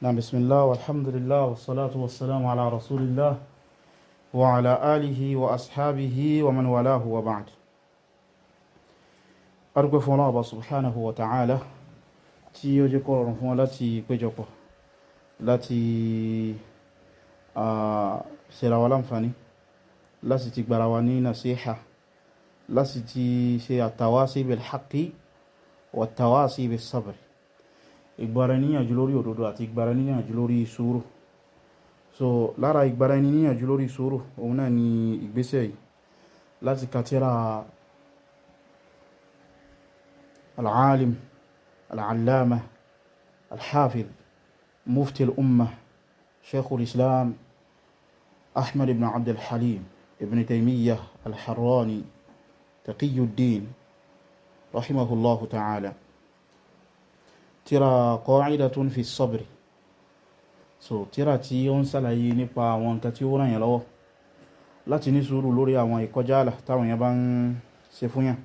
نعم بسم الله والحمد لله والصلاة والسلام على رسول الله وعلى آله وأصحابه ومن والاه وبعد أرجو الله سبحانه وتعالى tí ó jẹ́ kọ́rọ̀rùn fún wọn láti péjọpọ̀ láti ṣera wa láǹfàní láti ti gbara wa ní nasiha láti ti ṣe àtàwásí bil haqqi wàtàwásí bis sabr ìgbaraẹniníyànjú lórí òdodo àti ìgbaraẹniníyànjú lórí sùúrù so lára ìgbaraẹniníyànjú lórí sùúrù òun náà ni ìgbésẹ̀ yìí láti kàtíra al-alim al-allama al-hafiz mufti al-umma sheikhul islam ahmad ibn abdul halim ibn taymiyyah al-harrani taqiyuddin rahimahullahu ta'ala tíra qa'idatun fi sabri so tíra tí ó ń sàlàyé nípa àwọn nǹkan tí ó ràn yàn lọ́wọ́ láti ní sùúrù lórí àwọn ìkọjá àlà táwọn èèyàn bá ń ṣe fún yàn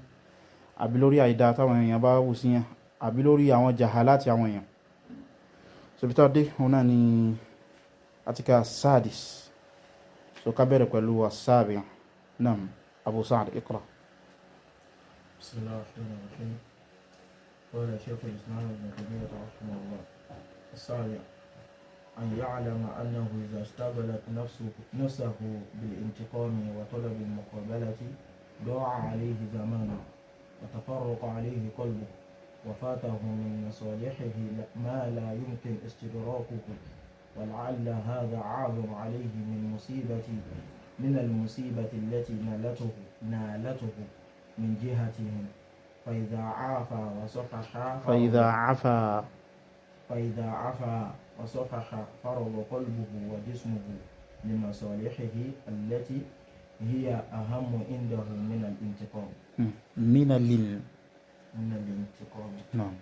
àbí lórí àìdá táwọn èèyàn bá wù sí yàn àbí lórí àwọn jahalati àwọn èèyàn so bí tọ́dé òun náà ni àtìkà sadis so ká bẹ̀rẹ̀ pẹ̀lú asáàbì náà abu sa'ad iqra bismillahir rahmanir rahim قال شيخ الإسلام ابن تيمية رحمه الله السابع أن يعلم أنه إذا اشتغلت نفسه, نفسه بالانتقام وطلب المقابلة ضاع عليه زمانه وتفرق عليه قلبه وفاته من مصالحه ما لا يمكن استدراكه ولعل هذا أعظم عليه من مصيبة من المصيبة التي نالته نالته من جهتهم فإذا عافى وصفح فإذا عفا فإذا عفا وصفح فرض قلبه وجسمه لمصالحه التي هي أهم عنده من الانتقام من الانتقام من الانتقام نعم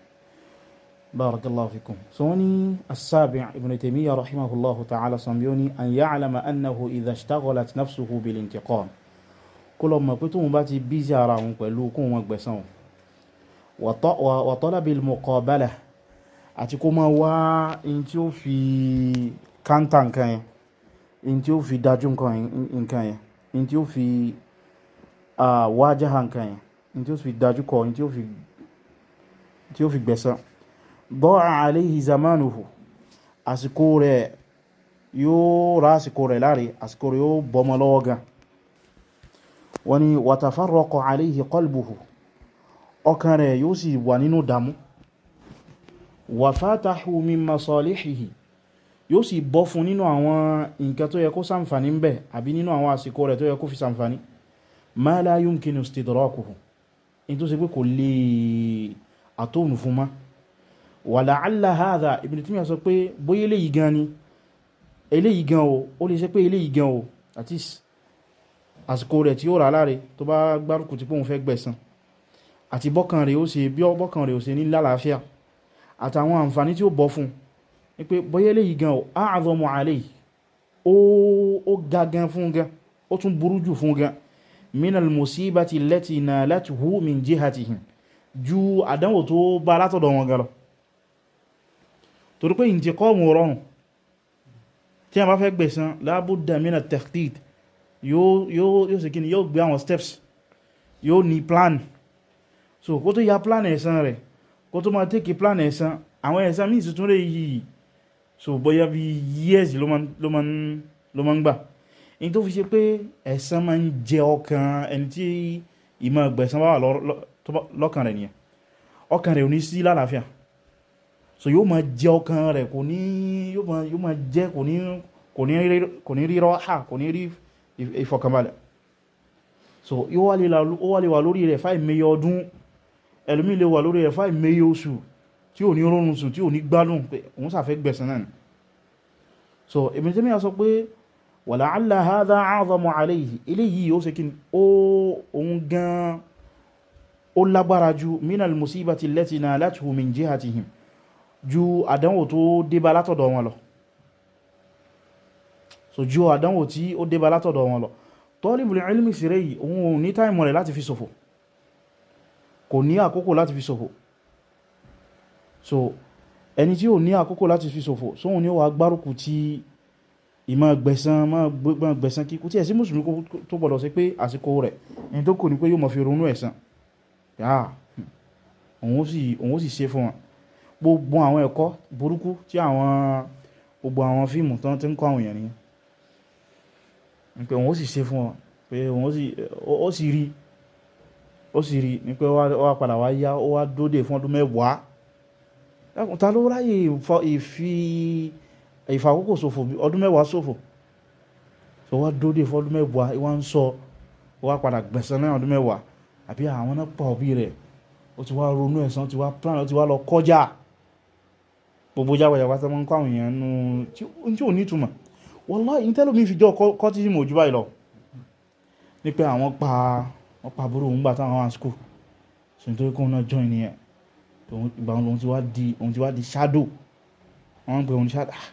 بارك الله فيكم سوني السابع ابن تيمية رحمه الله تعالى سميوني أن يعلم أنه إذا اشتغلت نفسه بالانتقام كل ما كنت مباتي بيزي أراهم كلوكم وقبسان wa talabil muqabalah àti kó máa wá in tí ó fi káńtà nǹkan yẹn in tí ó fi dájú nǹkan yẹn in tí ó fi wájáha nǹkan yẹn in tí ó fi dájú kọ in tí ó fi gbẹ̀san da'a alayhi zamanuhu àsìkò rẹ̀ yóò rá àsìkò rẹ̀ láre àsìkò rẹ̀ yóò bọ́mọ lọ́wọ́ gan wọ́n ni wa tafarraqa alayhi qalbuhu ọkàn rẹ̀ yóò sì wà nínú dàmú wà fátàhù min masalihihi yóò sì bọ́ fún nínú àwọn nǹkan tó yẹ kó sàǹfàní bẹ̀ àbí nínú àwọn àsìkò rẹ̀ tó yẹ kó fi sàǹfàní ma la yumkinu istidrakuhu in tó ṣe pé kò lè àtóhùn fún ma wà o ó lè ṣe pé eléyìí gan o àti àsìkò àti bọ́kàn rẹ̀ ó ṣe bí ọbọ́kàn rẹ̀ ó ṣe ní lálàáfíà àtàwọn àǹfààní tí ó bọ́ fún ní pé bọ́yẹ́lẹ̀ yìí gan a'dhamu alayhi ó ga gan fún gan ó tún burú jù fún gan minal musibati allati nalathu min jihatihim ju àdánwò tó bá látọ̀dọ̀ wọn gan lọ torí pé intiqamu rọrùn tí a bá fẹ́ gbẹ̀san labudda minat tahdid yóò ṣe kí ni yóò gbé àwọn steps yóò ní plan so kó tó ya plan ẹ̀san rẹ̀ kó tó máa tẹ́kì plan ẹ̀san àwọn ẹ̀san míì sì rẹ̀ yìí so bóyá bí years ló máa ń gbà in tó fi ṣe pé ẹ̀san máa ń jẹ ọkàn ẹni tí ìmọ̀ ẹgbẹ̀san wà lọ́kàn rẹ̀ nìyẹn ọkàn rẹ̀ ò ní sí lálàáfíà so yóò máa jẹ ọkàn rẹ̀ kò ní yóò máa jẹ kò ní rí rọ́hà kò ní rí ìfọkànbalẹ̀ so yóò wà lè wà lórí rẹ̀ fáìmẹ́yọ ọdún ẹlòmí lè wà lórí ẹ̀fà ìmẹ́yẹ oṣù tí ò ní rọrùn sùn tí ò ní gbádùn pé òun sàfẹ́ gbẹ̀sán náà so Ibn Taymiyyah sọ pé wa la'alla hadha a'zamu alayhi eléyìí ó ṣe kí ó òun gan ó lágbára ju minal musibati allati nalathu min jihatihim ju àdánwò tó débá látọ̀dọ̀ wọn lọ so ju àdánwò tí ó débá látọ̀dọ̀ wọn lọ talibul ilmi sí yìí òun ní táìmù rẹ̀ láti fi ṣòfò kò ní àkókò láti fi ṣòfò so ẹni tí ò ní àkókò láti fi ṣòfò sóhun ni ó wà gbárùkù ti ìmọ̀ gbẹ̀san mọ́ gbẹ̀san kíkú tí ẹ̀sí mùsùlùmí tó gbọ́dọ̀ sí pé àsìkò rẹ̀ ẹni tó kò ní pé yóò mọ̀ fi ronú ẹ̀san òun ó sì ṣe fún wọn gbogbo àwọn ẹ̀kọ́ burúkú tí àwọn gbogbo àwọn fíìmù tán ti ń kọ́ àwọn èèyàn nìyẹn pé òun ó sì ṣe fún wọn pé òun ó sì rí ó sì rí ní pé wá padà wá yá ó wá dóde fún ọdún mẹ́wàá ta ló ráyè ìfi ìfàkókò ṣòfò ọdún mẹ́wàá ṣòfò tó wá dóde fún ọdún mẹ́wàá ìwá ń sọ ó wá padà gbẹ̀san náà ọdún mẹ́wàá àbí àwọn náà pa òbí rẹ̀ ó ti wá ronú ẹ̀san ti wá plan ó ti wá lọ kọjá gbogbo jáwàjáwà tó máa ń kọ́ àwọn èèyàn nù tí ò ní ìtumọ̀ wallahi ìtẹ́lómi fi jọ kọ́ tí mo jù báyìí lọ ní pé àwọn pa wọ́n pa àbúrò òun gbà táwọn wà school so nítorí kóun náà join nìyẹn ìgbà òun ti wá di òun ti wá di shadow wọ́n ń pè òun shadow ah!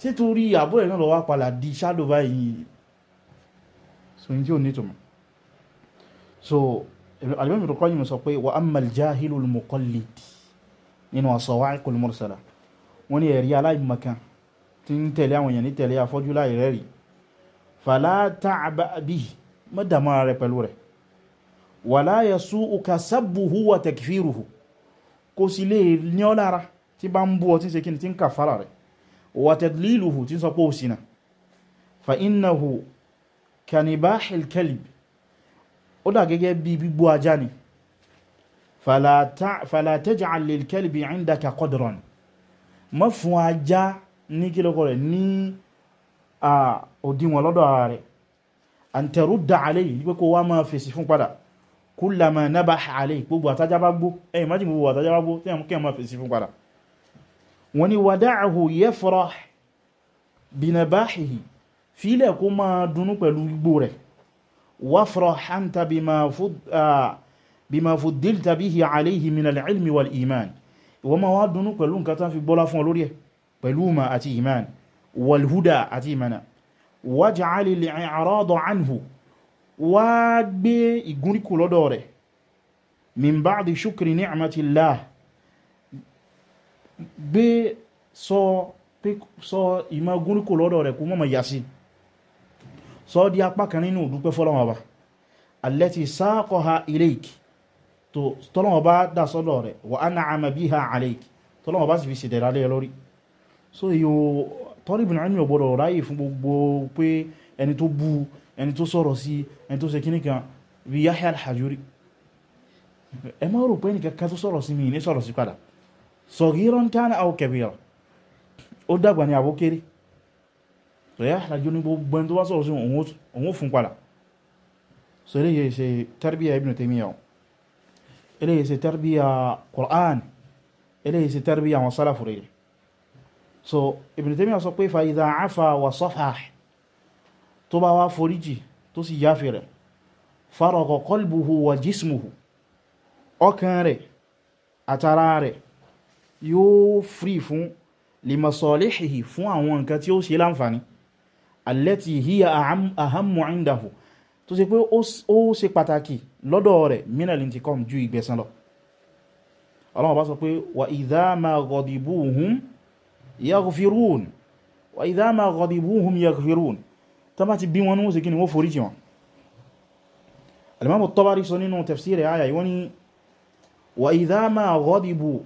ṣé torí àbúrò ẹ̀ náà lọ wá padà di shadow báyìí so ní tí ò ní tòmọ̀ so alimami tó kọ́yìn sọ pé wa amal jahilu al-muqallid nínú as-sawa'iq al-mursala wọ́n ní ẹ̀rí aláìmọ̀kan tí ń tẹ̀lé àwọn èèyàn ní tẹ̀lé afọ́jú láì rẹ́rìí fala ta'ba bihi mọ́dàmọ́ra rẹ̀ pẹ̀lú rẹ̀ wala yasu'uka sabbuhu wa takfiruhu kò sí lè ní ọ lára tí bá ń bú ọ tí ṣe kíni tí ń kàfàrà rẹ̀ wa tadliluhu tí ń sọ pé òsìnà fa innahu kanibahil kalib ó dà gẹ́gẹ́ bí gbígbó ajá ni fala taj'al lil kalbi 'indaka qadran má kullama nabaha alayhi gbogbo àtajà bá gbó ẹ̀yìn má jì gbogbo àtajà bá gbó tí a mú kí a máa fèsì fún padà wọ́n ni wada'ahu yafrah binabahihi fílẹ̀ kó máa dunú pẹ̀lú igbó rẹ̀ wafrah anta bima fuddilta bihi alayhi min al ma àti iman wal huda àti imana wá gbé ìgúnríkù lọ́dọ̀ rẹ̀ min ba'di shukri ni'matillah gbé sọ ìmọ̀ gúnríkù lọ́dọ̀ rẹ̀ kú mọ́mọ̀ yasi sọ di apá kan nínú dúpẹ́ fọ́lọ́wọ́ bá allati saqaha ilayk tó tọ́lọ́wọ́ bá dá sọ́dọ̀ rẹ̀ wa an'ama biha alayk tọ́lọ́wọ́ bá sì fi ṣèdẹ̀rà lé e lórí so yóò tọ́rìbìn ọ̀gbọ̀dọ̀ ráyè fún gbogbo pé ẹni tó bú ẹni tó sọ̀rọ̀ sí ẹni tó ṣe kíní kan bí Yahya al-Hajuri ẹ má rò pé ẹnìkan kan tó sọ̀rọ̀ sí mi ní sọ̀rọ̀ sí padà saghiran kana aw kabira ó dàgbà ní àwókéré so Yahya al-Hajuri gbogbo ẹni tó bá sọ̀rọ̀ sí òun ó fún padà so eléyìí ṣe tarbiya Ibn Taymiyyah eléyìí ṣe tarbiya Qur'an eléyìí ṣe tarbiya àwọn sálàfù rẹ̀ so Ibn Taymiyyah sọ pé fa idha afa wa safah tó bá wá foríjì tó sì yáfẹ́ rẹ̀ faragha qalbuhu wa jismuhu ọkàn rẹ̀ àtara rẹ̀ yóò frí fún li masalihihi fún àwọn nǹkan tí ó ṣe láǹfàní allati hiya ahammu indahu tó ṣe pé ó ṣe pàtàkì lọ́dọ̀ rẹ̀ minal intiqam ju ìgbẹ̀san lọ Allah bá sọ pé wa idha ma ghadibuhum yaghfirun wa idha ma tó bá ti bí wọn ní wọ́n ṣe kí ni wọ́n foríjì wọn alimamu Tabari sọ nínú tafsiri aya yìí wọ́n ni wa idha ma ghadibu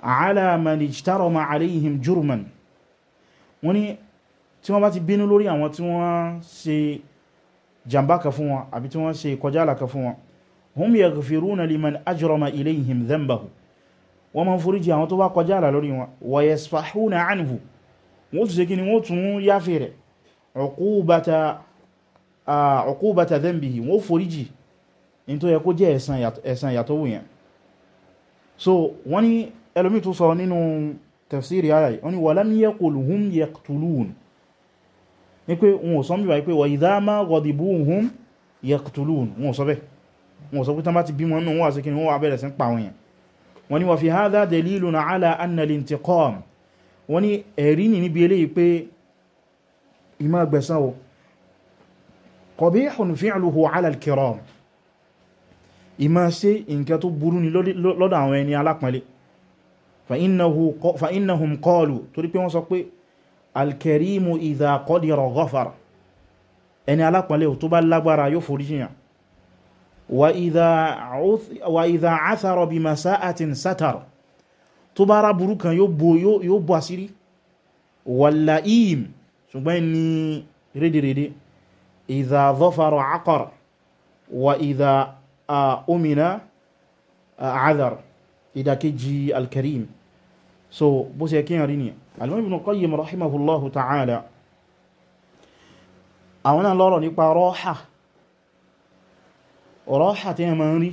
ala man ijtarama alayhim jurman wọ́n ni tí wọ́n bá ti bínú lórí àwọn tí wọ́n ṣe jàmbá ka fún wọn àbí tí wọ́n ṣe kọjá àlàkà fún wọn hum yaghfiruna liman ajrama ilayhim dhanbahu wọ́n máa ń foríjì àwọn tó bá kọjá lórí wọn wa yasfahuna anhu wọ́n tún ṣe kí ni wọ́n tún yáfẹ́ rẹ̀ ọ̀kúbàtà dhanbihi wọ́n foríjì in tó yẹ kó jẹ́ ẹ̀san ìyàtọ̀wò yẹn so wọ́n ni ẹlòmí tó sọ nínú tafsiri ara yìí wọ́n ni walam yaqul hum yaqtulun ní pé wọn ò sọ mìíràn pé wa idha ma ghadibu hum yaqtulun wọn ò sọ bẹ́ wọn ò sọ pé wà bẹ̀rẹ̀ sí pa wọn wọ́n ìmá gbẹ̀sán o qabihun fi'luhu 'ala al-kiram ìmá ṣe nǹkan tó burú ni lọ́dọ̀ àwọn ẹni alápọ̀nlé fa innahum qalu torí pé wọ́n sọ pé al-karimu idha qadira ghafara ẹni alápọ̀nlé tó bá lágbára yóò forí jìyàn wa idha 'athara bi masa'atin satar tó bá ráburú kan yóò bo àṣírí wal-la'im ṣùgbọ́n ní rédìrédì ìdá zọ́farọ̀ akọr wa ìdá omina azar ìdàkejì alkarim so bó ṣe kíyàn rí ni alimọ́ ibn qayyim rahimahullahu ta'ala àwọn náà lọ́rọ̀ nípa rọ́hà rọ́hà tí a máa ń rí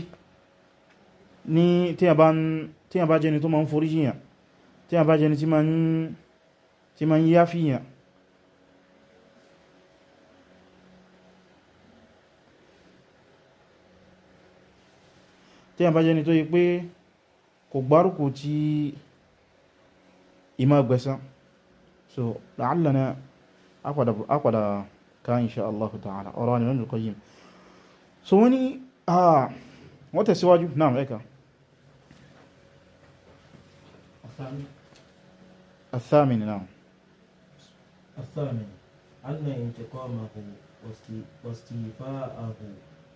ní tí a bá jẹni tó máa ń foríjìyàn tí a bá jẹni tí máa ń yáfíyàn tí a bá jẹ́ ni tó yí pé kò gbárùkù ti ìmá gbẹ̀san so la'allana apadà ká insha Allah ta'ala ọ̀rọ̀ ni lọ́nà Qayyim so wọ́n ni wọ́n tẹ̀síwájú náà ẹ̀ka الثامن نعم الثامن أن انتقامه واستيفاءه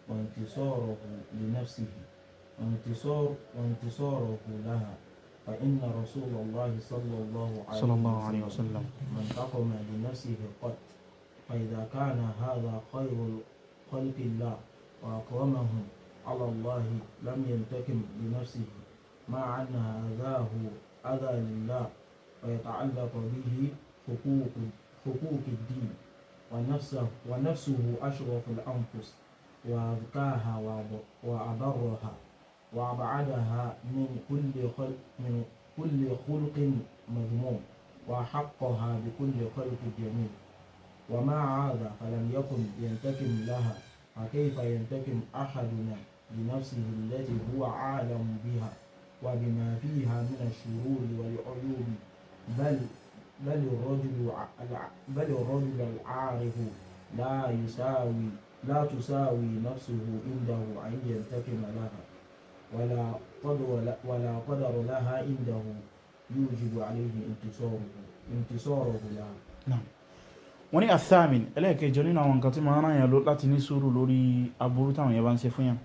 وانتصاره لنفسه وانتصار وانتصاره لها فإن رسول الله صلى الله عليه, صلى الله عليه وسلم انتقم بنفسه قط فإذا كان هذا خير خلق الله وأكرمهم على الله لم ينتقم بنفسه ما عنا أذاه أذى لله ويتعلق به حقوق حقوق الدين ونفسه ونفسه أشرف الأنفس وأذكاها وأبرها وأبعدها من كل خلق من كل خلق مذموم وحقها بكل خلق جميل وما هذا فلم يكن ينتكم لها فكيف ينتكم أحدنا لنفسه التي هو عالم بها وبما فيها من الشرور والعيوب بل بل الرجل بل الرجل العارف لا يساوي لا تساوي نفسه عنده أن ينتكم لها ولا قدر ولا قدر لها عنده يوجب عليه انتصاره انتصاره لا. نعم wọ́n ní àtàmì ẹlẹ́ẹ̀kẹjọ nínú àwọn nǹkan tí ma rán yẹn láti ní sùúrù lórí aburú táwọn yẹn bá ń ṣe fún yẹn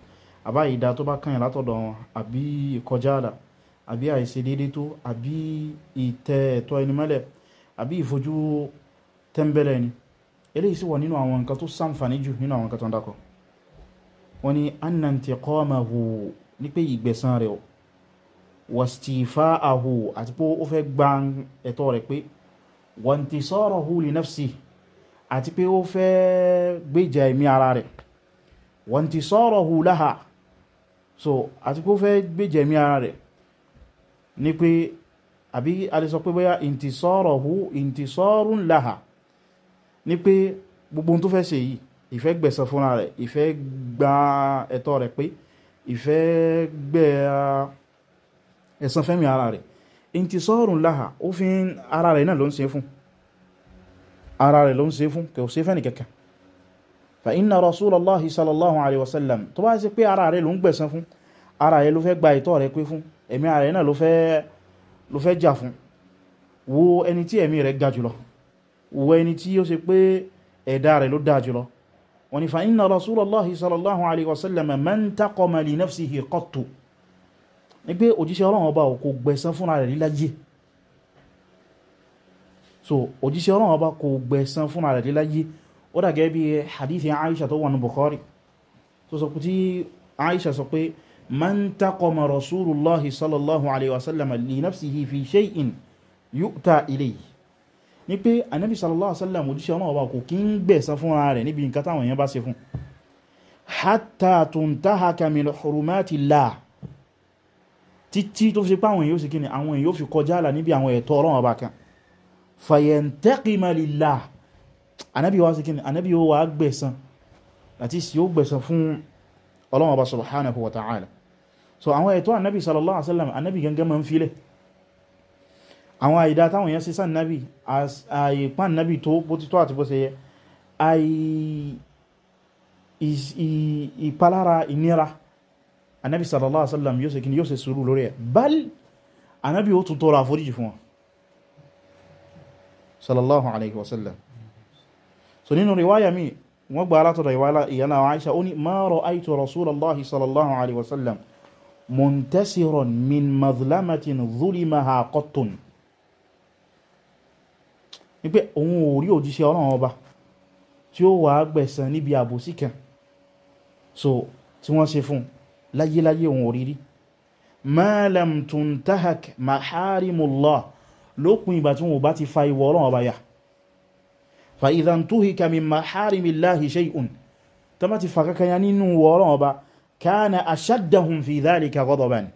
àbá ìdá tó bá kàn yẹn látọ̀dọ̀ wọn àbí ìkọjá àdà àbí àìṣe déédé tó àbí ìtẹ̀ ẹ̀tọ́ ẹni mọ́lẹ̀ àbí ìfojú tẹ́ńbẹ́lẹ̀ ni ní pé ìgbẹ̀san rẹ̀ wastifa'ahu àti pé ó fẹ́ gba ẹ̀tọ́ rẹ̀ pé wantisarahu li nafsihi àti pé ó fẹ́ gbèjà ẹ̀mí ara rẹ̀ wantisarahu laha so àti pé ó fẹ́ gbèjà ẹ̀mí ara rẹ̀ ní pé àbí alẹ́sọ pé bóyá intisarahu intisarun laha ní pé gbogbo ohun tó fẹ́ ṣe yìí ìfẹ́ gbẹ̀san fúnra rẹ̀ ìfẹ́ gba ẹ̀tọ́ rẹ̀ pé ìfẹ́ gbẹ́ ẹ̀sán fẹ́mi ara rẹ̀ intisarun laha ó fi ara rẹ̀ náà ló ń ṣe fún ara rẹ̀ ló ń ṣe fún kò ṣe fẹ́ni kẹkẹ fa inna rasulallahi sallallahu alaihi wasallam tó bá ṣe pé ara rẹ̀ ló ń gbẹ̀san fún ara rẹ̀ ló fẹ́ gba ìtọ́ rẹ̀ pé fún ẹ̀mí ara rẹ̀ náà ló fẹ́ jà fún wo ẹni tí ẹ̀mí rẹ̀ ga jùlọ wo ẹni tí ó ṣe pé ẹ̀dá rẹ̀ ló dáa jùlọ wọ́n ní fa inna rasulallahi sallallahu alaihi wasallam man taqama li nafsihi qattu ní pé òjíṣẹ́ ọlọ́run ọba kò gbẹ̀san fúnra rẹ̀ líláyé so òjíṣẹ́ ọlọ́run ọba kò gbẹ̀san fúnra rẹ̀ líláyé ó dàgẹ́ bí hadith aisha tó wà bukhari tó sọ tí aisha sọ pé man taqama rasulullahi sallallahu alaihi wasallam li fi shay'in ní pé anabi sallallahu alaihi wasallam òjíṣẹ́ ọlọ́wọ́ bá kò kí ń gbẹ̀san fúnra rẹ̀ níbi nǹkan táwọn èèyàn bá ṣe fún hatta tuntahaka min hurumatillah títí tó fi ṣe pé àwọn èèyàn ó sì kíni àwọn èèyàn ó fi kọjá àlà níbi àwọn ẹ̀tọ́ ọlọ́wọ́ bá kan fayantaqima lillah anabi wa sí kíni anabi wa gbẹ̀san àti sì ó gbẹ̀san fún ọlọ́wọ́ bá subhanahu wa ta'ala so àwọn ẹ̀tọ́ anabi sallallahu alaihi wasallam anabi gangan ma ń filẹ̀ àwọn àìdá táwọn èèyàn sí sáà nábì ààyè pán nábì tó bó ti tó àti bó ṣe yẹ ìpalára ìnira anábì sallallahu alaihi wasallam yóò ṣe kí ni yóò ṣe sùúrù lórí ẹ̀ bal anábì ó tún tọrọ àforíjì fún wọn sallallahu alaihi wasallam so nínú riwaya mi wọ́n gba alátọ̀dọ̀ ìyànà Aisha ó ní ma ra'aytu rasulallahi sallallahu alaihi wasallam muntasiran min mazlamatin zulimaha qattun ní pé òun ò rí òjíṣẹ́ ọlọ́run ọba tí ó wà gbẹ̀san níbi àbòsí kan so tí wọ́n ṣe fún láyéláyé òun ò rí rí ma lam tuntahak maharimullah lókun ìgbà tí wọ́n bá ti fa ìwọ̀ ọlọ́run ọba yà fa idhan tuhika min maharimillahi shay'un tó bá ti fa kakanya nínú ìwọ̀ ọlọ́run ọba kana ashaddahum fi dhalika ghadaban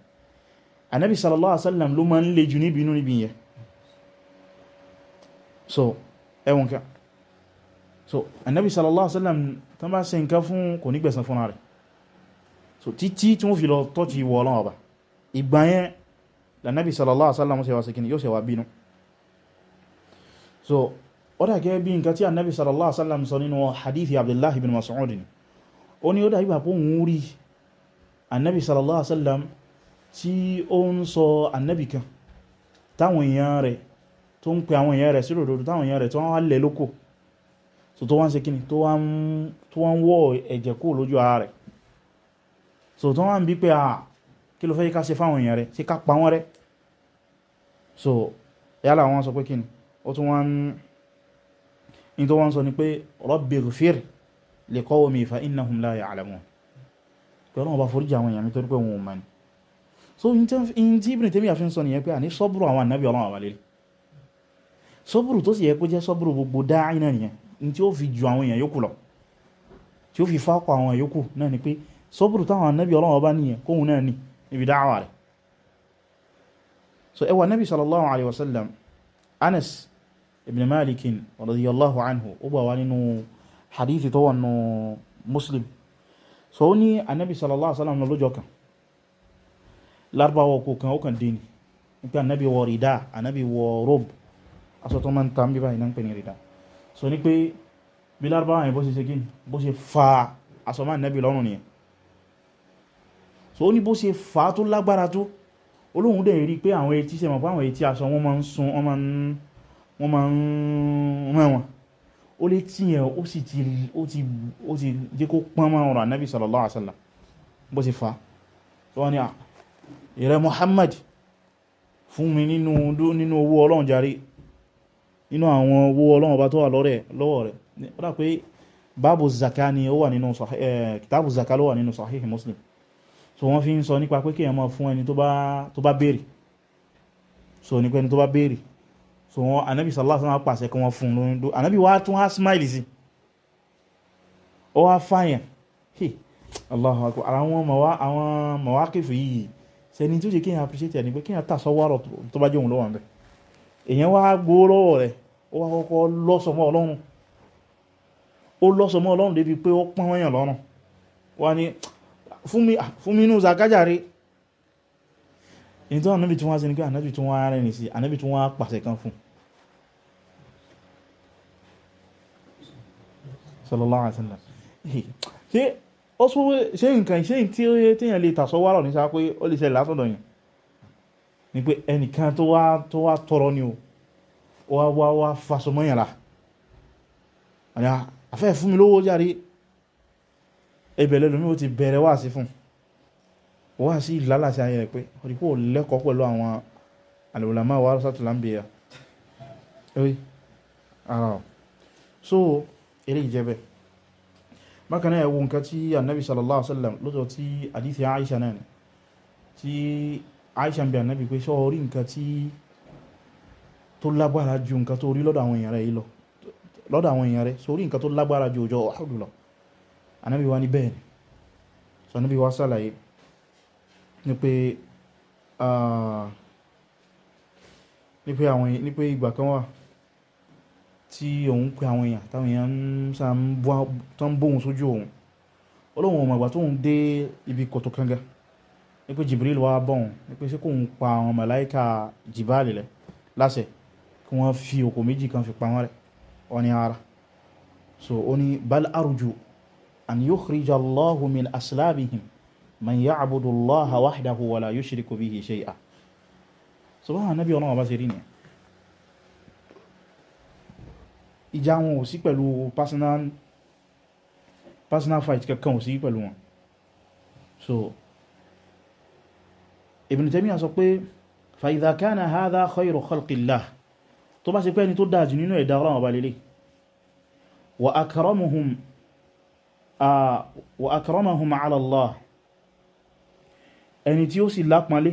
anabi sallallahu alaihi wasallam ló máa ń le jù níbi inú níbi yẹn so ẹwọn kan so annabi sallallahu alaihi wasallam tán bá ṣe nǹkan fún kò ní gbẹ̀san fúnra rẹ̀ so títí tí wọ́n fi lọ tọ́jú ìwọ̀ ọlọ́run ọba ìgbà yẹn lànàbí sallallahu alaihi wasallam ṣe wá síkíní yóò so ó dà gẹ́gẹ́ bí nǹkan tí annabi sallallahu alaihi wasallam sọ nínú hadithi abdullahi bin mas'ud ni ó ní ó dà ìgbà pọ̀ ń rí annabi sallallahu alaihi tí ó ń sọ annabi kan táwọn èèyàn rẹ̀ tó ń pe àwọn èèyàn rẹ̀ sí òdodo táwọn èèyàn rẹ̀ tó wọ́n lẹ̀ lóko so tó wọ́n ṣe kíni tó wọ́n wọ́ ẹ̀jẹ̀ kúrò lójú ara rẹ̀ so tó wọ́n bí pé à kí ló fẹ́ ká ṣe fáwọn èèyàn rẹ̀ ṣe ká pa wọ́n rẹ̀ so yálà wọ́n sọ pé kíni ó tún wọ́n ní tó wọ́n sọ ni pé rabbi ghfir li qawmi fa innahum la ya'lamun pẹ̀lú ọba foríjì àwọn èèyàn mi pé wọn ò mọ̀ ni so in tí Ibn Taymiyyah fi sọ nìyẹn pé à ní sọ́bùrù àwọn ànábì ọlọ́run àwàlélẹ̀ sọ́bùrù tó sì yẹ kó jẹ́ sọ́bùrù gbogbo dáa náà nìyẹn ní tí ó fi ju àwọn èèyàn yòókù lọ tí ó fi fákọ àwọn èèyàn yòókù náà ni pé sọ́bùrù táwọn anábì ọlọ́run ọba nìyẹn kóhun náà ni níbi dáhàwà rẹ̀ so ẹwà nabi sallallahu alaihi wasallam anas ibn malikin radiyallahu anhu ó gbà wá nínú hadithi tó wọnú muslim so ó ní anabi sallallahu alaihi wasallam lọ́jọ́ kan lárúbáwọ̀ kò ó kàn dé ni nípa anabi wọ rìdá anabi wọ robe aṣọ tó máa ń ta ń bí báyìí náà ń pè ní rìdá so ní pé bí lárúbáwá yẹn bó ṣe ṣe kí bó ṣe fa aṣọ máa nẹ́bí lọ́rùn nìyẹn so ó ní bó ṣe fa tó lágbára tó olóhun dẹ̀ rí pé àwọn etí ṣe mọ̀ pé àwọn etí aṣọ wọn máa ń sun wọn máa ń wọn máa ń mẹ́wọ̀n ó lè tí yẹn ó sì ti ó e, ti ó ti jẹ́ kó pọ́n máa ọ̀rọ̀ ànábì sallallahu alaihi wasallam bó ṣe fa tó wọ́n ni à ah, ìrẹ́ Muhammad fún mi nínú owó ọlọ́run jàre inú àwọn owó ọlọ́wọ́n bá tó wà lọ́wọ́ rẹ̀ ọ́dá pé báàbù zaka ni ó wà nínú eh, kìtàbù zaka ló wà nínú sahihi muslim so wọ́n fi ń sọ nípa pé kíyàn máa fún ẹni tó bá béèrè so nípa ẹni tó bá béèrè so wọ́n anábì sallallahu alaihi wasallam pàṣẹ kí wọ́n fún lóyún dó anábì wá tún á smile sí ó wá fàyàn hey Allahu akbar àwọn mọ̀wákìfù yìí sẹni tó jẹ́ kíyàn appreciate ẹni pé kíyàn tà sọ́wọ́rọ̀ tó bá jẹ́ òun lọ́wọ́ bẹ́ẹ̀ èyàn wá gbówó lọ́wọ́ rẹ̀ ó wá kọ́kọ́ lọ́sọmọ́ ọlọ́run ó lọ́sọmọ́ ọlọ́run débi pé ó pọ́n wọ́yàn lọ́rùn wá ní fún mínú zakájàre ìtọ́ ànábì tí wọ́n sí ní pé ànábì tí wọ́n rẹ̀ ní sí tí wọ́n pàṣẹ kan fún sallallahu alaihi wasallam ṣe nǹkan ṣe tí ó yẹ tí èyàn lè tàṣọ́wárọ̀ ní sáà pé ó lè ṣẹlẹ̀ ni pé ẹnìkan tó wá tó wá tọrọ ni o wá wá wá fasọmọ́yànlá àfẹ́ fún mi lówó járe ẹbẹ̀lẹ̀ lómi ó ti bẹ̀rẹ̀ wá sí fún wá sí ìlàlàsí ayé rẹ̀ pé òdíkò lẹ́kọ̀ọ́ pẹ̀lú àwọn alùlámà wà sátìlámbìyà orí ara so eré ìjẹ́bẹ̀ bákanáà ẹwọ nǹkan tí annabi sallallahu alaihi wasallam lọ́tọ̀ tí àdíthì Aisha náà ni Aisha ń bẹ ànábì pé ṣọ́ orí nǹkan tí tó lágbára ju nǹkan tó rí lọ́dọ̀ àwọn èèyàn rẹ̀ yìí lọ lọ́dọ̀ àwọn èèyàn rẹ̀ so orí nǹkan tó lágbára ju ọjọ́ ọ̀hádùn lọ ànábì wa ní bẹ́ẹ̀ ni so ànábì wa sàlàyé ní pé ní pé àwọn ní pé ìgbà kan wà tí òun pe àwọn èèyàn táwọn èèyàn ń sá ń bóun sójú òun olóhùn ọmọ ìgbà tóun dé ibi kòtò kanga ní pé Jibril wá bọ́n ní pé sí kò ń pa àwọn màláíkà jìbáàlì lẹ láṣẹ kí wọ́n fi òkò méjì kan fi pa wọ́n rẹ̀ ọ̀ní ara so ó ní bal arju an yukhrija Allahu min aslabihim man ya'budu Allaha wahdahu wa la yushriku bihi shay'a so báwọn anábì ọlọ́wọ́ bá ṣe rí nìyẹn ìjà wọn ò sí pẹ̀lú personal fight kankan ò sí pẹ̀lú wọn so Ibn Taymiyyah sọ pé fa idha kana hadha khayru khalqillah tó bá ṣe pé ẹni tó dájú nínú ẹ̀dá ọlọ́run ọba lélẹ̀ wa akramuhum wa akramahum ala Allah ẹni tí ó sì lápọnlé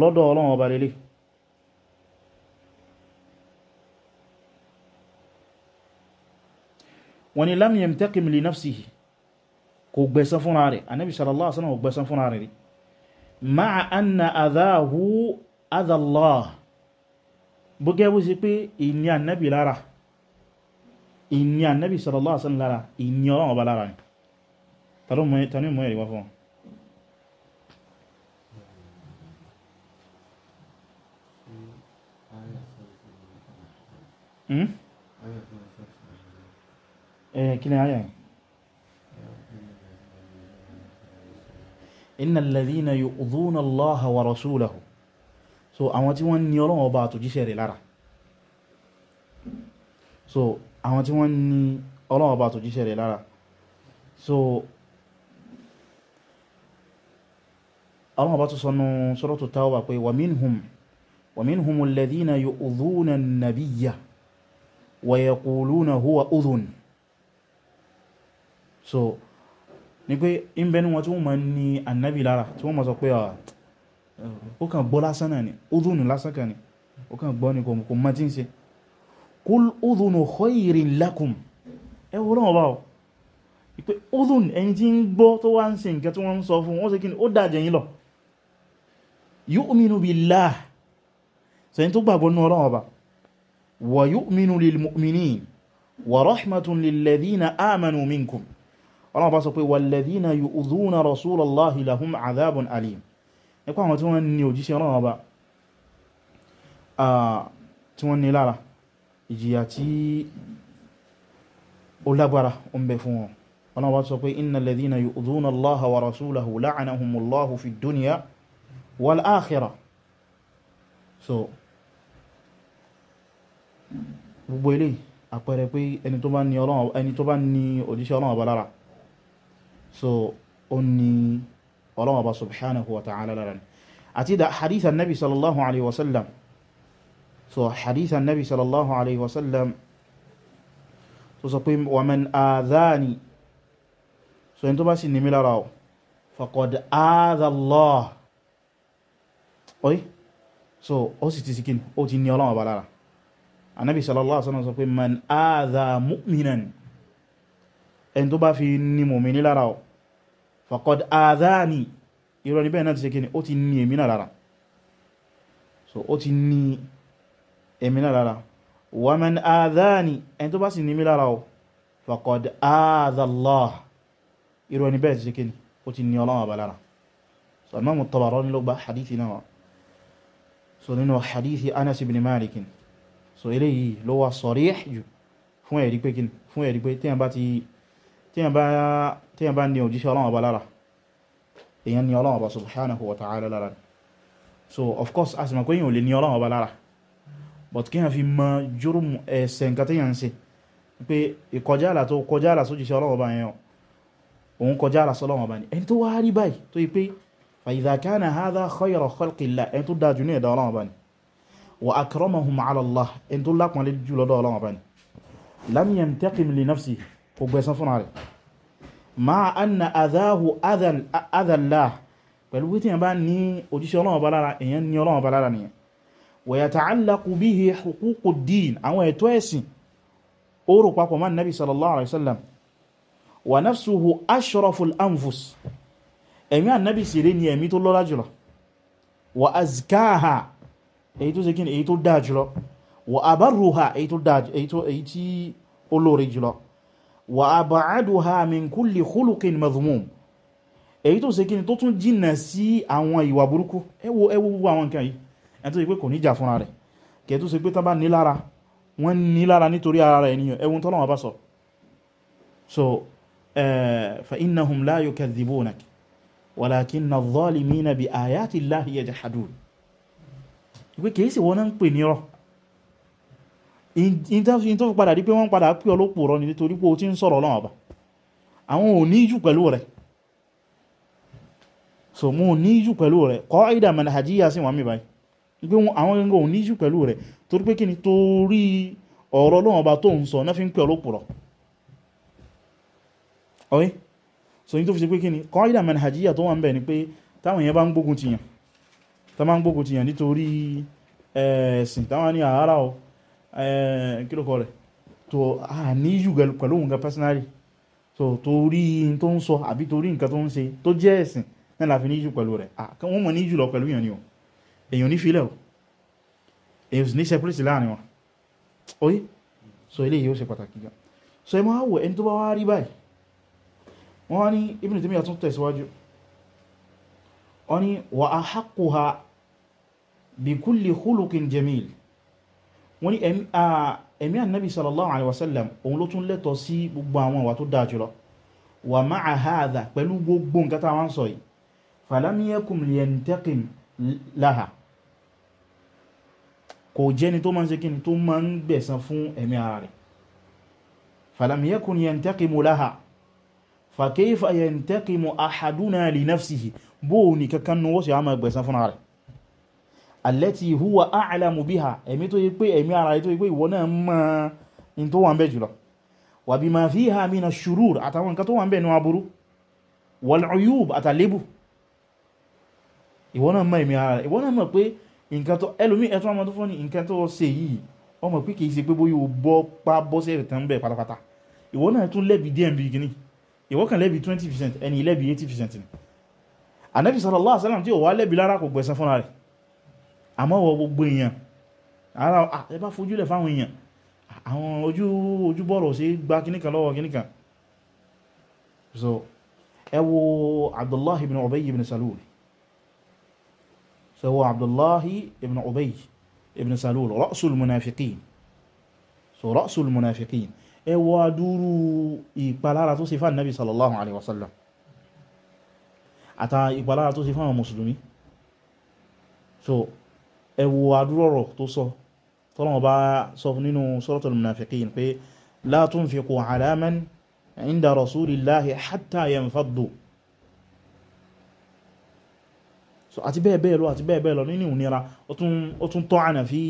lọ́dọ̀ ọlọ́run ọba lélẹ̀ wọ́n ni lam yamtaqim li kò gbẹ̀san fúnra rẹ̀ anábi sallallahu kò gbẹ̀san fúnra rẹ̀ rí ma'a anna adáhu adàlá bó gẹ́bú sí pé ìní ànábì lára ìní ànábì sallallahu alaihi wasallam lára ìní ọlọ́wọ́ bá lára ni tàbí mọ́ ẹ̀rí wá fún wọn hmm? eh, kí ni ayà yìí inna alladhina yu'dhuna allaha wa rasulahu so àwọn tí wọ́n ní Ọlọ́run ọba àtòjíṣẹ́ rẹ̀ lára so àwọn tí wọ́n ní Ọlọ́run ọba àtòjíṣẹ́ rẹ̀ lára so Ọlọ́run ọba tó sọnù suratu tawba pé wa minhum wa minhum alladhina yu'dhuna an-nabiyya wa yaquluna huwa udhun so ni pé in bẹnu wọn tí wọ́n ma ní annabi lára tí wọ́n ma sọ pé ah, ó kàn gbọ́ lásán náà ni udhunu lásán kan ni ó kàn gbọ́ ní kò mọ́ tí ń ṣe kul udhunu khayrin lakum ẹ wọ́n lọ́wọ́ báwọ̀ pé udhun ẹni tí ń gbọ́ tó wá ń ṣe nǹkan tí wọ́n ń sọ fún wọ́n ṣe kí ni ó dàjẹ́ yín lọ yu'minu billah sẹ́yìn tó gbàgbọ́ nínú ọlọ́wọ́ bá wa yu'minu lil mu'minin wa rahmatun lil ladhina amanu minkum ọlọ́wọ́ bá sọ pé walladhina yu'dhuna rasulallahi lahum adhabun alim nípa àwọn tí wọ́n ní òjíṣẹ́ ọlọ́wọ́ bá tí wọ́n ní lára ìjìyà tí ó lágbára ó ń bẹ fún wọn ọlọ́wọ́ bá sọ pé innal ladhina yu'dhuna allaha wa rasulahu la'anahumullahu fid dunya wal akhirah so gbogbo eléyìí àpẹẹrẹ pé ẹni tó bá ní òjíṣẹ́ ọlọ́wọ́ bá lára so ó ní Ọlọ́hun Ọba subhanahu wa ta'ala lára ni àti da hadith annabi sallallahu alaihi wasallam so hadith annabi sallallahu alaihi wasallam so sọ pé wa man adhani so yẹn tó bá sì ní mi o faqad adha Allah oi so ó sì ti sikin ó ti ní Ọlọ́hun lára annabi sallallahu alaihi wasallam sọ pé man adha mu'minan ẹni tó bá fi ní mùmí ní lára ọ faqad adhani irọ́ ní bẹ́ẹ̀ náà ti ṣe kí ó ti ní èmì lára so ó ti ní èmì náà lára wa man adhani ẹni tó bá sì ní mí lára ọ faqad adha Allah irọ́ ní bẹ́ẹ̀ ti ṣe kí ó ti ní Ọlọ́run so Imam Tabarani ló gba so nínú hadithi Anas ibn Malik so eléyìí ló wà sarih jù fún ẹ̀rí pé kí ni tíyàn bá ní òjíṣẹ́ Ọlọ́run Ọba lára èyàn ní Ọlọ́run Ọba subhanahu wa ta'ala lára so of course a sì mọ̀ pé èyàn ò lè ní Ọlọ́run Ọba lára but kíyàn fi mọ jùrùmù ẹ̀ṣẹ̀ nǹkan tíyàn ń ṣe pé ìkọjá àlà tó kọjá àlà sójíṣẹ́ Ọlọ́run Ọba yẹn òun kọjá àlà sọ́lọ́run Ọba ni ẹni tó wá rí báyìí tó yí pé fa idha kana hadha khayra ni lam yamtaqim li nafsihi kò gbẹ̀san fúnra rẹ̀ ma anna adáhu adàlá pẹ̀lú wítí yẹn bá ní òjíṣẹ́ Ọlọ́run bá lára èyàn ní Ọlọ́run bá lára nìyẹn wa yata'allaqu bihi huququ ddin àwọn ẹ̀tọ́ ẹ̀sìn ó rò papọ̀ mọ́ nabi sallallahu alaihi wasallam wa nafsuhu ashraful anfus ẹ̀mí annabi sì rí ni ẹ̀mí tó lọ́lá jùlọ jùlọ wa ab'aduha min kulli khuluqin madhmum èyí tó ṣe kíni tó tún jìnnà sí àwọn ìwà burúkú ẹ wò ẹ wò gbogbo àwọn nǹkan yìí ẹni tó ṣe pé kò ní jà fúnra rẹ̀ kẹ tó ṣe pé tán bá ní lára wọ́n ní lára nítorí ara rẹ̀ ènìyàn ẹwùn tọ́lọ́wọ́ bá sọ so fa innahum la yukadhibunak walakinna adh-dhalimina bi ayati llahi yajhadun ìpé kìí sì wọ́n ń pè nírọ̀ in tó fi padà rí pé wọ́n padà pí ọlọ́pọ̀ rọ ní torí pé o ti ń sọ̀rọ̀ Ọlọ́run Ọba àwọn ò ní ìjù pẹ̀lú rẹ̀ so mo ní ìjù pẹ̀lú rẹ̀ kọ́ ìdà manhajiyya sí wọn mi báyìí pé àwọn gẹ́gẹ́ ò ní ìjù pẹ̀lú rẹ̀ torí pé kí ni torí ọ̀rọ̀ Ọlọ́run Ọba tó ń sọ náà fi ń pè ọlọ́pọ̀ rọ ọ̀rẹ́ so yí tó fi ṣe pé kí ni kọ́ ìdà manhajiyya tó ni pé táwọn èèyàn bá ń gbógun tìyàn nítorí eh, ẹ̀sìn táwọn ní àárá o kílòkọ rẹ̀ tó a ní yù pẹ̀lú òun gan personally so torí tó ń sọ àbí torí nǹkan tó ń ṣe tó jẹ́ ẹ̀sìn náà la fi ní yù pẹ̀lú rẹ̀ wọ́n mọ̀ ní yù lọ pẹ̀lú èèyàn ni o èèyàn ní filẹ̀ o èèyàn sì ní separate láàrin wọn oye so eléyìí ó ṣe pàtàkì gan so ẹ máa wọ ẹni tó bá wá rí báyìí wọ́n wá ní Ibn Taymiyyah tún tẹ̀síwájú wọ́n ní wa ahaqquha bi kulli khuluqin jamil wọ́n ní ẹ̀mí ànábì sallallahu alayhi wa sallam òun ló tún lẹ́tọ̀ sí gbogbo àwọn ìwà tó dáa jùlọ wa ma'a hadha pẹ̀lú gbogbo nǹkan tá a wá ń sọ yìí falam yakum liyantaqim kò jẹ́ni tó máa ń ṣe kíni tó máa ń gbẹ̀san fún ẹ̀mí ara rẹ̀ falam yakun yantaqimu laha fa kayfa yantaqimu ahaduna li nafsihi bóò ní kankan ní wọ́n sì á máa gbẹ̀san fún ara rẹ̀ alẹ́tí huwa a'lamu biha ẹ̀mí tó yí pé ẹ̀mí ara tó yí pé ìwọ náà mọ́ in tó wà ń bẹ jùlọ wà bima fiha mina shurur àtàwọn nǹkan tó wà ń bẹ ní aburú wal uyub àtàlébù ìwọ náà mọ́ ẹ̀mí ara ìwọ náà mọ̀ pé nǹkan tó ẹlòmí ẹ̀tọ́ ọmọ tó fọ́ ní nǹkan tó ṣe yìí 80% ni anabi sallallahu alaihi wasallam tí ò wá lẹ́bi lára àmọ́ wọ gbogbo èèyàn ara ẹ bá fojúlẹ̀ fáwọn èèyàn àwọn ojú ojú bọ́rọ̀ sí gba kíníkan lọ́wọ́ kíníkan so ẹ wo abdullahi ibn ubayy ibn salul so ẹ wo abdullahi ibn ubayy ibn salul ra'sul munafiqin so ra'sul munafiqin ẹ wo adúrú ìpalára tó ṣe fún annabi sallallahu alaihi wasallam àtà ìpalára tó ṣe fún àwọn mùsùlùmí so ẹ wo àdúrà ọ̀rọ̀ tó sọ tọ́lọ́wọ́ bá sọ nínú suratul munafiqin pé la tunfiqu ala man inda rasulillahi hatta yanfaddu so àti bẹ́ẹ̀ bẹ́ẹ̀ lọ àti bẹ́ẹ̀ bẹ́ẹ̀ lọ nínú ìnira ó tún tọ́ ànà fi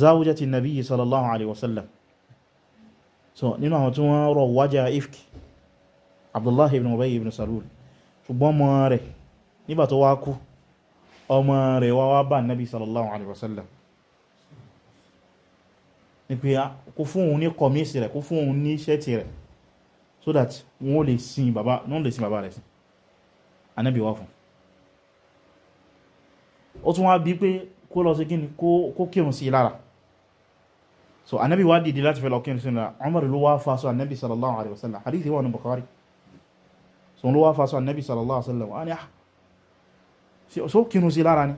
zawjati nabiyyi sallallahu alaihi wasallam so nínú àwọn tí wọ́n rọ̀ wájá ifk abdullahi ibn ubayy ibn salul ṣùgbọ́n mọ́ rẹ̀ nígbà tó wá kú ọmọ rẹ̀ wá wá bá nabi sallallahu alaihi wasallam ní pé kó fún òun ní kọmíṣì rẹ̀ kó fún òun ní ṣẹ́tì rẹ̀ so that wọ́n lè sin bàbá wọ́n lè sin bàbá rẹ̀ sí anábi wá fún ó tún wá bí pé kó lọ sí gíní kó kírun sí lára so anábi wá dìde láti fẹ́ lọ kírun sí lára Umar ló wá fa so anábi sallallahu alaihi wasallam hadithi wà ní so ló wá fa so anábi sallallahu alaihi wasallam so kírun sí lára ni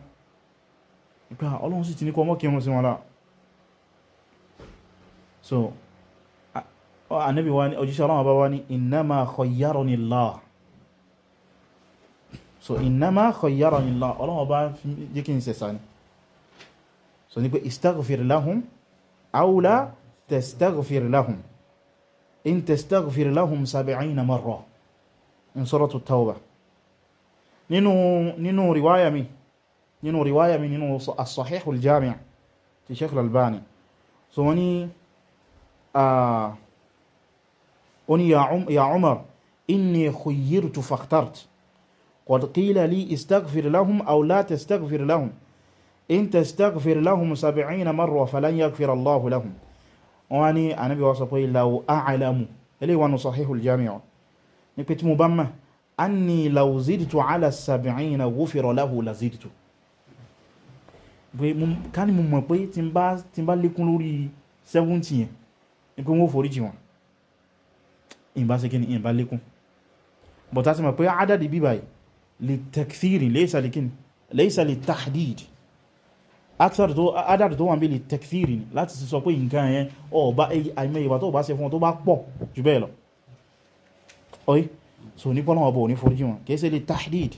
ìpá ọlọ́run sì ti ní kọ mọ́ kírun sí wọn lára so ànábì wa ní òjíṣẹ́ ọlọ́run bá wá ní innama khayyarani Allah so innama khayyarani Allah ọlọ́run bá jẹ́ kí n sẹ̀sà ni so ní pé istaghfir lahum aw la tastaghfir lahum in tastaghfir lahum sab'ina marra in suratu tawbah nínú nínú riwaya mi nínú riwaya mi nínú as-sahih al-jami' ti Sheikh al-Albani so wani a oni ya Umar inni khuyyirtu fakhtartu قد قيل لي استغفر لهم أو لا تستغفر لهم إن تستغفر لهم سبعين مرة فلن يغفر الله لهم واني أنا بواسطة لو أعلم إليه وأنه صحيح الجامع نكتم بمه anni law zidtu ala sabi'ina ghufira lahu la zidtu pé ká ní mo mọ̀ pé tí n bá lékún lórí 70 yẹn ní pé wọ́n forí jì wọ́n ìyìn bá ṣe kí ni ìyìn bá lékún bọ̀ tá sí mọ̀ pé adadi bíbà lè takthiri laysa lè kíni laysa lè tahdid adadi tó wà bí lè takthiri láti sọ pé nǹkan yẹn ọba àìmọ̀ ìbá tó bá ṣe fún ọ tó bá pọ̀ jù bẹ́ẹ̀ lọ so ní pọ́lọ́wọ́ bọ̀ ní foríjì wọn kẹsẹ̀ lè tahdid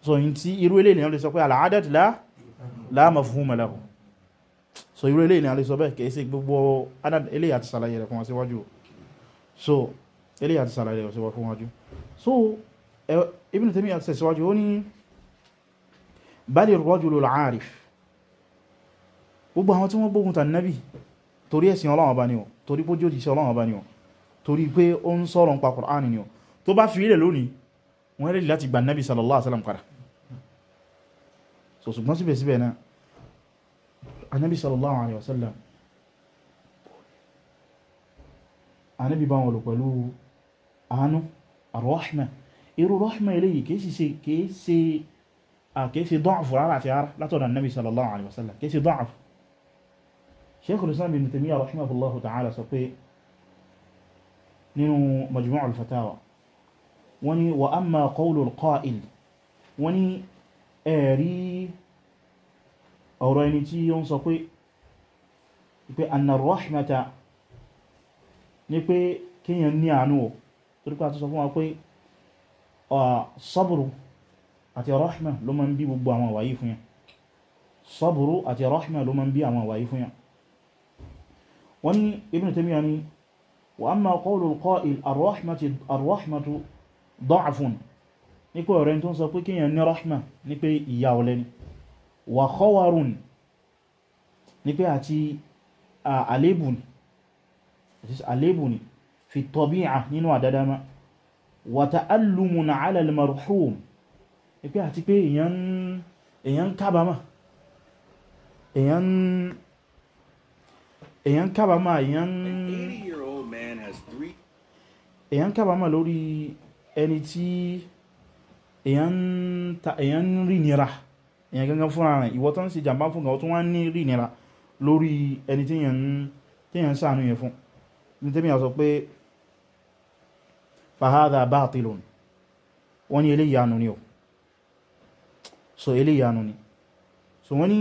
so yí tí irú ilé ènìyàn lè sọ pé al-adat la mafhuma lahu so irú ilé ènìyàn lè sọ bẹ́ẹ̀ kẹsẹ̀ gbogbo ilé àti sàlàyé rẹ̀ so ilé àti sàlàyé rẹ̀ so Ibn Taymiyyah àti síwájú ó ní bali ar-rajulu al-arif gbogbo àwọn tí wọ́n gbógun tàn nábì torí ẹ̀sìn Ọlọ́run ọba ni o torí pójú òjìṣẹ́ Ọlọ́run ọba ni o torí pé ó ń sọ̀rọ̀ nípa Qur'an ni o tó bá fi ilẹ̀ lónìí wọ́n rẹ̀ láti gba nabi sallallahu alaihi wasallam padà so ṣùgbọ́n síbẹ̀síbẹ̀ náà anabi sallallahu alaihi wasallam anabi bá wọn lò pẹ̀lú àánú arọ́hìmá irú rọ́hìmá eléyìí kìí ṣe dọ́ọ̀fù rárá àti ara látọ̀dọ̀ anabi sallallahu alaihi wasallam kìí ṣe dọ́ọ̀fù sheikhul islam ibn taymiyyah rahimahullahu ta'ala sọ pé nínú majmu'ul fatawa wọ́n ní wa amma qawlul qa'il wọ́n ní ẹ̀rí ọ̀rọ̀ ẹni tí ó ń sọ pé pé anna rahmata ní pé kíyàn ní àánú ọ̀ torípé àti sọ fún wa pé sabru àti rahma ló ma ń bí gbogbo àwọn wáyé fún yàn wọ́n ní Ibn Taymiyyah ni wa amma qawlul qa'il ar-rahmatu dọ́àfún ní pé ọ̀rẹ́ tó ń sọ pé kíyàn ní rahma ní pé ìyà ọ̀lẹ́ ni wà khawarun ní pé àti àlébùn àlébùn fi tabi'a nínú àdádama wà ta'allumun ala al-marhum ní pé àti pé èyàn kábàmà èyàn kábàmà èyàn kábàmà lórí ẹni tí èyàn ń rí nira èyàn gangan fúnra rẹ̀ ìwọ tó ń ṣe jàmbá fún gan tó wá ní rí nira lórí ẹni tí èyàn ń sàánú yẹn fún ní tẹ́bí sọ pé fahadha batilun wọ́n ní eléyìí ni o so eléyìí ànú ni so wọ́n ní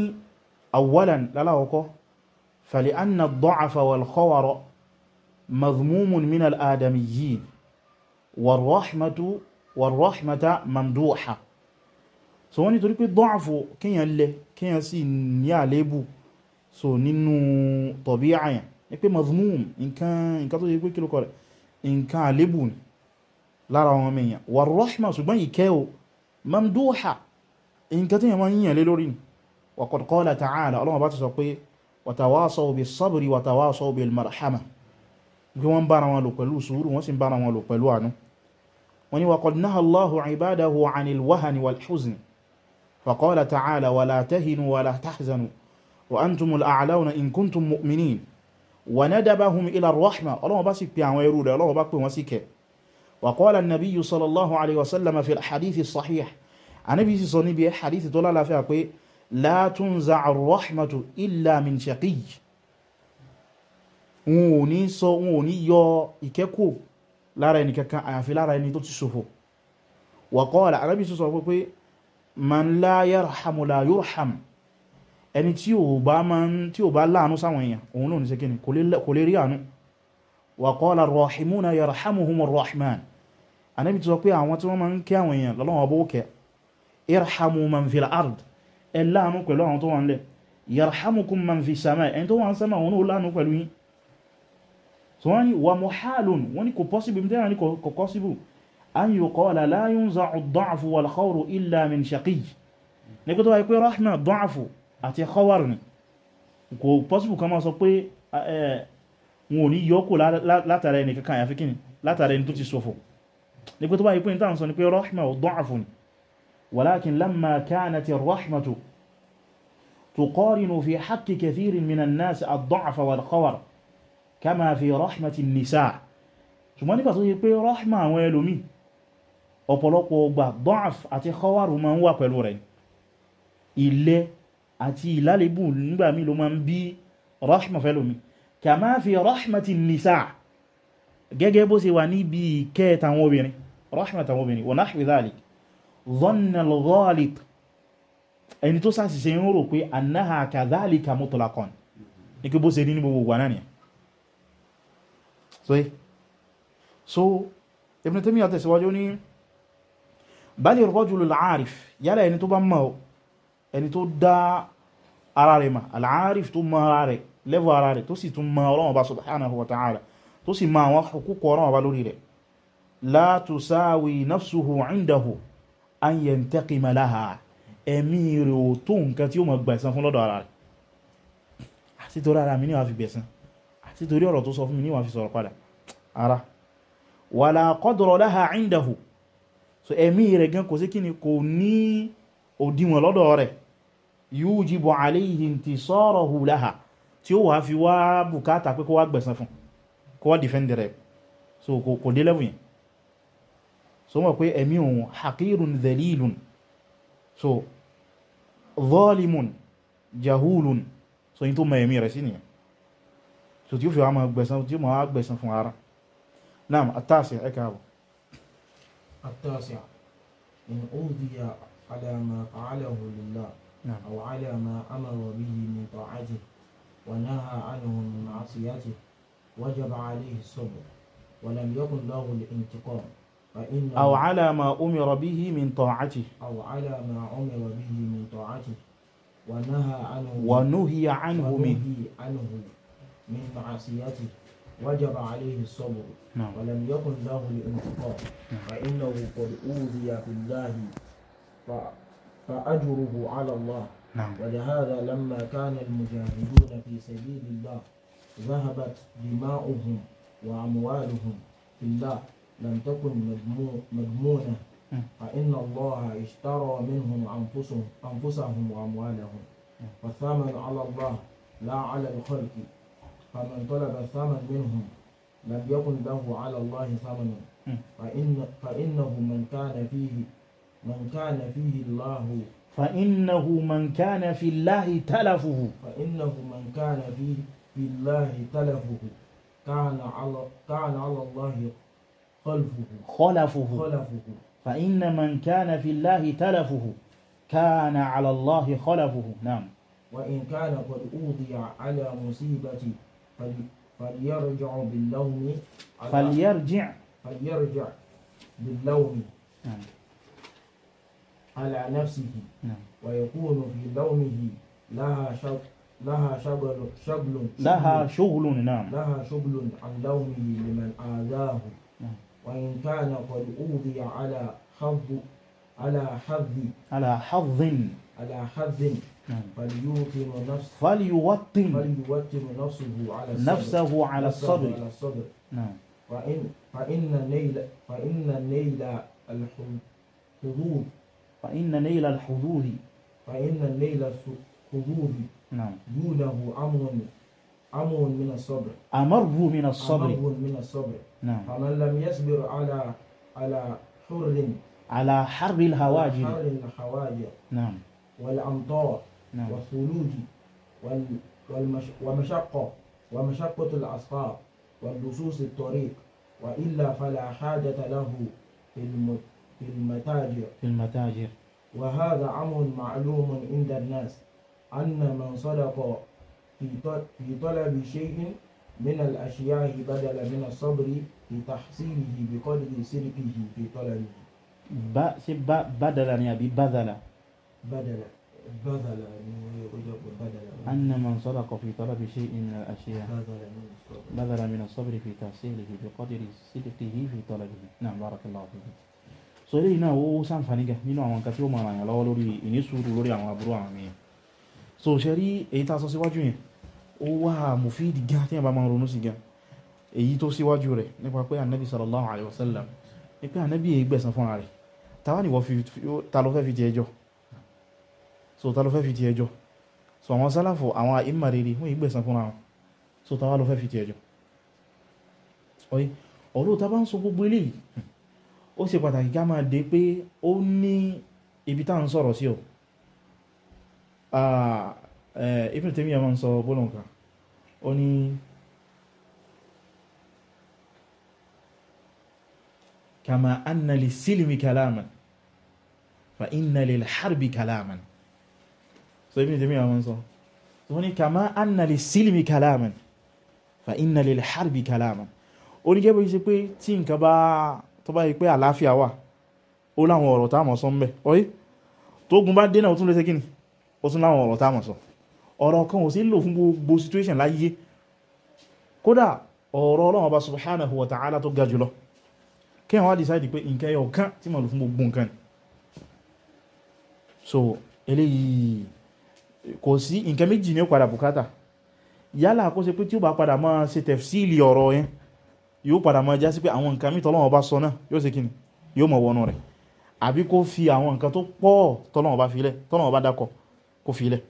awwalan lálàkọ́kọ́ fali anna ad wal khawara madhmumun min al-adamiyyin warrahmatu warrahmata mamduha so wọ́n nítorí pé dọ́àfò kíyàn lẹ kíyàn sí ní àlébù so nínú tọ̀bí àyàn ní pé mazmum nǹkan tó yẹ pé kí ló kọ̀ rẹ̀ nǹkan àlébù ni lára wọn mẹ́yàn warrahma ṣùgbọ́n ìkẹ́ o mamduha nǹkan tí yẹn wọ́n yíyàn lé lórí ni wa qad qala ta'ala ọlọ́wọ́ bá ti sọ pé watawasaw bis sabri watawasaw bil marhama bí wọ́n bára wọn lò pẹ̀lú sùúrù wọ́n sì bára wọn lò pẹ̀lú àánú wọ́n ni waqad naha Allahu ibadahu anil wahani wal huzni faqala ta'ala wala tahinu wala tahzanu wa antumul a'launa in kuntum mu'minin wa nadabahum ila rahma ọlọ́wọ́ bá sì pè àwọn ẹrú rẹ̀ ọlọ́wọ́ bá wọ́n ò ní yọ ìkẹ́kù lára ẹni kankan àyàfi lára ẹni tó ti ṣòfò wa qala arábì tó sọ pé man la yarhamu la yurham ẹni tí ò bá man tí ò bá láàánú sáwọn èèyàn òun náà ní sẹ́kẹ́ni kò lè rí àánú wa qala ar-rahimuna yarhamuhum ar-rahman anábì tó sọ pé àwọn tí wọ́n máa ń kẹ́ àwọn èèyàn lọ́lọ́wọ́ bó kẹ́ irhamu man fil ard ẹ láàánú pẹ̀lú àwọn tó wà nílẹ̀ yarhamukum man fi sama ẹni tó wà ń òun náà láàánú pẹ̀lú yín so wọ́n ni wà muhalun wọ́n ni kò possible bí tẹ́yà ní kò possible an yuqala la yunza'u ad-da'fu wal khawru illa min shaqiy ní kò tó wáyé pé rahma da'fu àti khawar ni kò possible kan máa sọ pé eh, wọn ò ní yọ́kù látara ẹni kankan àyàfi kíni látara ẹni tó ti sọ̀fọ̀ ní fi haqqi kathirin min an ad-da'fa wal khawar kama fi rahmati nisa ṣùgbọ́n nígbà tó yẹ pé rahma àwọn ẹlòmí ọ̀pọ̀lọpọ̀ ọgbà dọ́af àti khawaru ma ń wà pẹ̀lú rẹ̀ ilẹ̀ àti ìlálébù nígbà mí ló ma ń bí rahma fẹ́lòmí kama fi rahmati nisa gẹ́gẹ́ bó ṣe wà níbi ìkẹ́ tàwọn obìnrin rahma tàwọn obìnrin wa nahwi dhalik dhanna al-ghalit ẹni tó sáà sì ń rò pé annaha kadhalika mutlaqan ní kí bó ṣe ní gbogbo wà sọ́yí so Ibn Taymiyyah tẹ̀síwájú ní bali rọ́jùlù al'arif yálà ẹni tó bá mọ̀ ẹni tó dá ara rẹ̀ ma al'arif tó mọ̀ ara rẹ̀ lẹ́vọ̀ ara rẹ̀ tó sì tún mọ̀ Ọlọ́run Ọba subhanahu wa ta'ala tó sì mọ̀ àwọn hukukọ̀ Ọlọ́run Ọba lórí rẹ̀ la tusawi nafsuhu indahu an yantaqima laha ẹ̀mí rẹ̀ tó nǹkan tí ó mọ̀ gbẹ̀san fún lọ́dọ̀ ara rẹ̀ títorí ọ̀rọ̀ tó sọ fún mi níwà fi sọ̀rọ̀ padà ara wala qadra laha indahu so ẹ̀mí rẹ̀ gan kò sí kíni kò ní òdiwọ̀n lọ́dọ̀ rẹ̀ yujibu alayhi intisarahu laha tí ó wà fi wá bùkátà pé kó wá gbẹ̀san fún kó wá dìfẹ́ndì rẹ̀ so kò dé level yẹn so mọ̀ pé ẹ̀mí òun haqirun dhalilun so zalimun jahulun so yí tó mọ̀ ẹ̀mí rẹ̀ sí nìyẹn so tí ó fi wá máa gbẹ̀san tí ó máa gbẹ̀san fún ara naam àtàṣì ẹ̀ka àbọ̀. àtàṣì in urdiya ala ma fa'alahu lillah aw ala ma amara bihi min ta'atihi wa naha anhu min ma'siyatihi wajaba alayhi as-sabr wa lam yakun lahu al-intiqam أو على ما أمر به من طاعته أو على ما أمر به من طاعته ونهى عنه ونهي عنه, عنه, عنه, عنه من معصيته وجب عليه الصبر نعم. ولم يكن له الانتقام نعم. فإنه قد أوذي بالله فأجره على الله نعم. ولهذا لما كان المجاهدون في سبيل الله ذهبت دماؤهم وأموالهم في الله لم تكن مضمونة نعم. فإن الله اشترى منهم أنفسهم أنفسهم وأموالهم والثمن نعم. على الله لا على الخلق فمن طلب الثمن منهم لم يكن له على الله ثمن فإن فإنه من كان فيه من كان فيه الله فإنه من كان في الله تلفه فإنه من كان في في الله تلفه كان على كان على الله خلفه خلفه خلفه فإن من كان في الله تلفه كان على الله خلفه نعم وإن كان قد أوضي على مصيبة فليرجع باللوم فليرجع فليرجع باللوم نعم. على نفسه نعم. ويكون في لومه لها شغل لها شغل شغل لها شغل نعم لها شغل عن لومه لمن آذاه نعم. وإن كان قد أوذي على حظ على حظ على حظ على حظ نعم. فليوطن نفسه فليوطن فليوطن نفسه على الصبر نفسه على الصبر نعم فإن فإن نيل فإن نيل الحظوظ فإن نيل الحظوظ فإن نيل الحظوظ نعم دونه أمر أمر من الصبر أمر من الصبر أمر من الصبر نعم فمن لم يصبر على على حر على حر الهواجر حر الهواجر نعم والأمطار نعم. والثلوج والمش ومشقة ومشقة الأصحاب واللصوص الطريق وإلا فلا حاجة له في المتاجر في المتاجر وهذا أمر معلوم عند الناس أن من صدق في طلب شيء من الأشياء بدلا من الصبر في تحصيله بقدر سلكه في طلبه بدلا يا يعني بدلا بدلا أن من صدق في طلب شيء من الأشياء بذل من الصبر في تحصيله بقدر صدقه في طلبه نعم بارك الله فيك. so eléyìí náà ó sàǹfààní gan nínú àwọn nǹkan tí ó máa ràn yàn lọ́wọ́ lórí ìní sùúrù lórí àwọn aburú àwọn èèyàn so ṣe rí èyí tá a sọ síwájú yẹn ó wà mùfíìdì gan tí yẹn bá máa ronú sí gan èyí tó síwájú rẹ̀ nípa anabi sallallahu alayhi wa sallam ni pé anabi èyí gbẹ̀san fúnra rẹ̀ ta wá ní fi ta fi jẹ́ ẹjọ́ so ta ló fẹ́ fi ti ẹjọ́ so àwọn sálàfò àwọn àìmà rere wọ́n yìí gbẹ̀san fúnra wọn so ta wá ló fẹ́ fi ti ẹjọ́ ọ̀yẹ́ ọ̀rọ̀ ta bá ń sọ gbogbo eléyìí ó ṣe pàtàkì ká máa dé pé ó ní ibi tá ń sọ̀rọ̀ sí ọ Ibn Taymiyyah máa ń sọ bólọ̀nkà ó ní kama anna silmi kalaman fa inna harbi kalaman so ibi jẹ́mí àwọn sọ wọ́n ni kama anna lè sílmi kalaman fa inna lè harbi kalaman o ní gẹ́bẹ̀ sí pé tí nǹkan bá tó bá yí pé àlàáfíà wà ó láwọn ọ̀rọ̀ táàmọ̀ sọ mẹ́ ọ̀yí tó gun bá dé náà ó tún lè ṣe kíni ó tún láwọn ọ̀rọ̀ táàmọ̀ sọ ọ̀rọ̀ kan ò sí lò fún gbogbo situation láyé kódà ọ̀rọ̀ Ọlọ́run bá subhanahu wa ta'ala tó ga kí wọ́n decide pé nǹkan kan tí mo lò fún gbogbo nǹkan so eléyìí kò sí nǹkan méjì ní ó padà bùkátà yálà kó ṣe pé tí ó bá padà máa ṣe tẹ̀fsíìlì ọ̀rọ̀ yẹn yóò padà máa já sí pé àwọn nǹkan mítọ́ lọ́wọ́ bá sọ náà yóò ṣe kíni yóò mọ̀ wọnú rẹ̀ àbí kó fi àwọn nǹkan tó pọ̀ tọ́lọ́wọ́ bá filẹ̀ tọ́lọ́wọ́ bá dákọ̀ kó filẹ̀